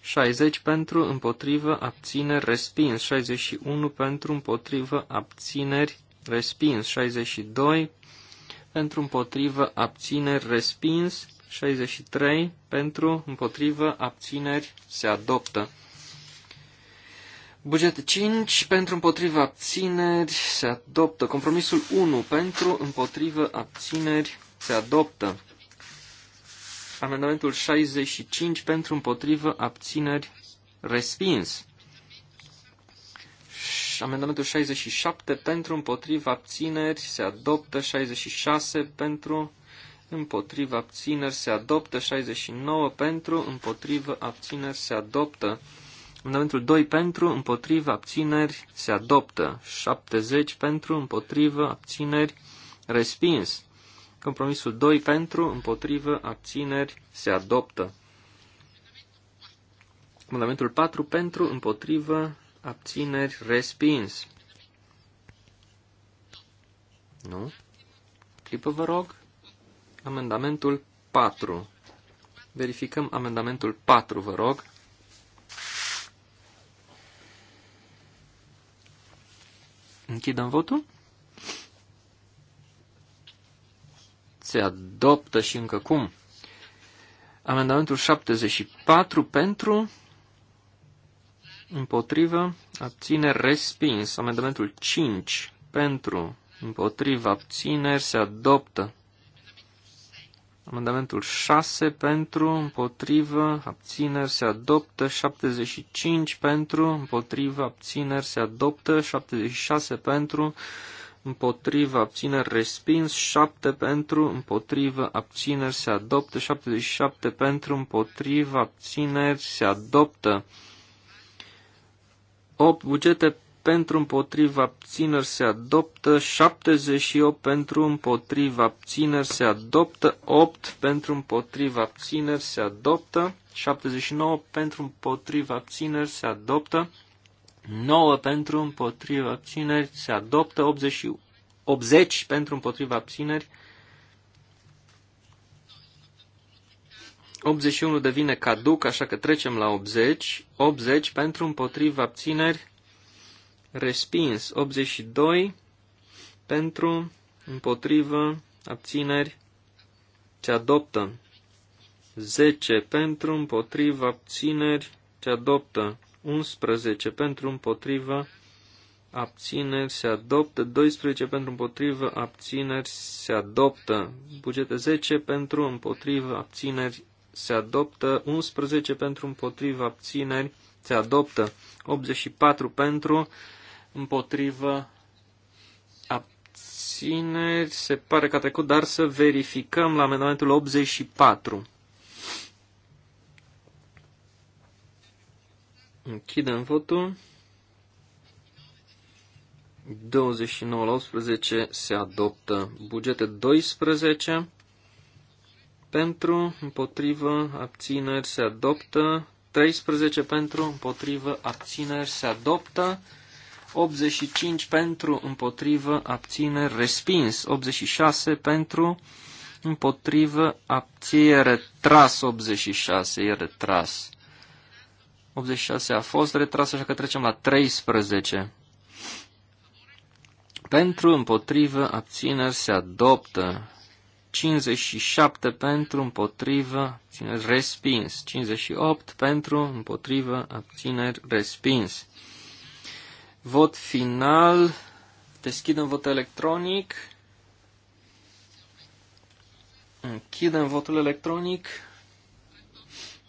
60 pentru, împotrivă, abțineri, respins. 61 pentru, împotrivă, abțineri, respins. 62 pentru, împotrivă, abțineri, respins. 63 pentru, împotrivă, abțineri, se adoptă. Buget 5 pentru împotriva abțineri se adoptă. Compromisul 1 pentru împotriva abțineri se adoptă. Amendamentul 65 pentru împotriva abțineri respins. Amendamentul 67 pentru împotriva abțineri se adoptă. 66 pentru împotriva abțineri se adoptă. 69 pentru împotriva abțineri se adoptă. Amendamentul 2 pentru, împotrivă, abțineri, se adoptă. 70 pentru, împotrivă, abțineri, respins. Compromisul 2 pentru, împotrivă, abțineri, se adoptă. Amendamentul 4 pentru, împotrivă, abțineri, respins. Nu? Clipă, vă rog. Amendamentul 4. Verificăm amendamentul 4, vă rog. Închidem votul. Se adoptă și încă cum. Amendamentul 74 pentru, împotrivă, abține, respins. Amendamentul 5 pentru, împotrivă, abțineri, se adoptă. Amendamentul 6 pentru, împotrivă, abțineri se adoptă, 75 pentru, împotrivă, abțineri se adoptă, 76 pentru, împotrivă, abțineri respins, 7 pentru, împotrivă, abțineri se adoptă, 77 pentru, împotrivă, abțineri se adoptă. 8 bugete pentru împotriva abțineri se adoptă, 78 pentru împotriva abțineri se adoptă, 8 pentru împotriva abțineri se adoptă, 79 pentru împotriva abțineri se adoptă, 9 pentru împotriva abțineri se adoptă, 80, 80 pentru împotriva abțineri 81 devine caduc, așa că trecem la 80. 80 pentru împotriva abțineri respins. 82 pentru, împotrivă, abțineri, se adoptă. 10 pentru, împotrivă, abțineri, se adoptă. 11 pentru, împotrivă, abțineri, se adoptă. 12 pentru, împotrivă, abțineri, se adoptă. Bugete 10 pentru, împotrivă, abțineri, se adoptă. 11 pentru, împotrivă, abțineri, se adoptă. 84 pentru, împotrivă, abțineri, se pare că a trecut, dar să verificăm la amendamentul 84. Închidem votul. 29 la 18 se adoptă. Bugete 12 pentru, împotrivă, abțineri se adoptă. 13 pentru, împotrivă, abțineri se adoptă. 85 pentru, împotrivă, abține, respins. 86 pentru, împotrivă, abție, retras. 86 e retras. 86 a fost retras, așa că trecem la 13. Pentru, împotrivă, abțineri se adoptă. 57 pentru, împotrivă, abțineri respins. 58 pentru, împotrivă, abțineri respins. Vot final. Deschidem vot electronic. Închidem votul electronic.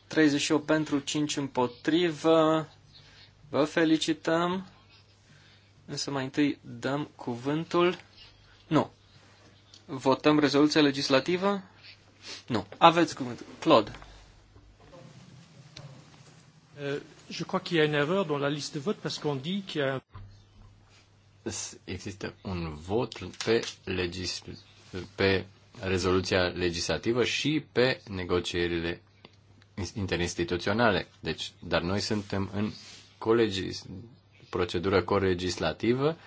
38 pentru, 5 împotrivă. Vă felicităm. Însă mai întâi dăm cuvântul. Nu. Votăm rezoluția legislativă? Nu. Aveți cuvântul. Claude. Euh, je crois qu'il y a une erreur dans la liste de vote parce qu'on dit qu'il y a există un vot pe, legis, pe rezoluția legislativă și pe negocierile interinstituționale. Deci, dar noi suntem în colegis, procedură colegislativă,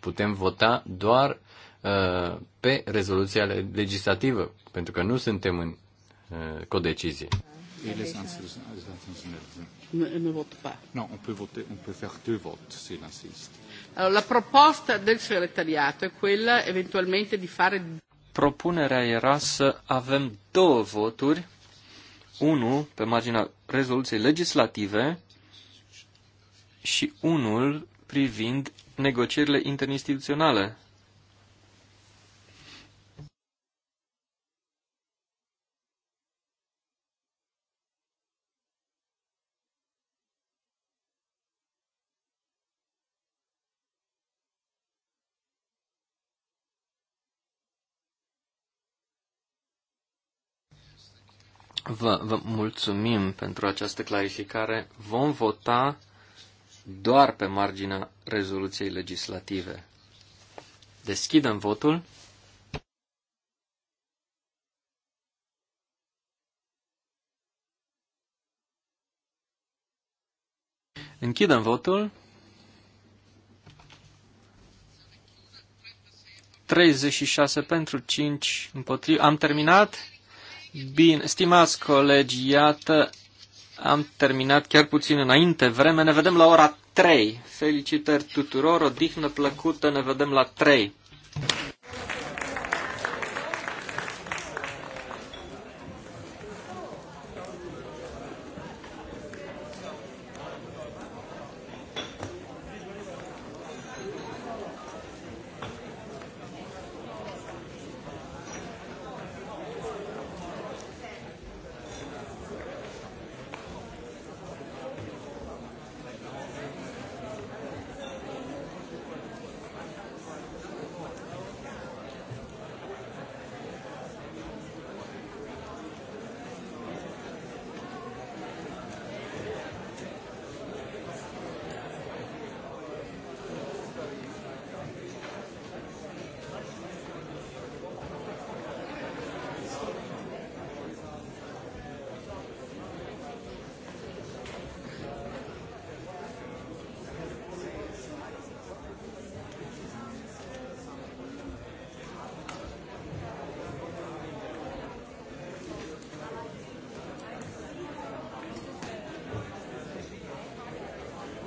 putem vota doar uh, pe rezoluția legislativă, pentru că nu suntem în uh, codecizie. Et les institutions. Ne, ne vote pas. Non, on peut, voter, on peut faire deux votes s'il insiste. Alors, la proposta del segretariato è quella eventualmente di fare... Propunerea era să avem două voturi, unul pe marginea rezoluției legislative și unul privind negocierile interinstituționale Vă, vă mulțumim pentru această clarificare. Vom vota doar pe marginea rezoluției legislative. Deschidem votul. Închidem votul. 36 pentru 5 împotriva. Am terminat. Bine, stimați colegi, iată, am terminat chiar puțin înainte vreme. Ne vedem la ora 3. Felicitări tuturor, odihnă plăcută, ne vedem la 3.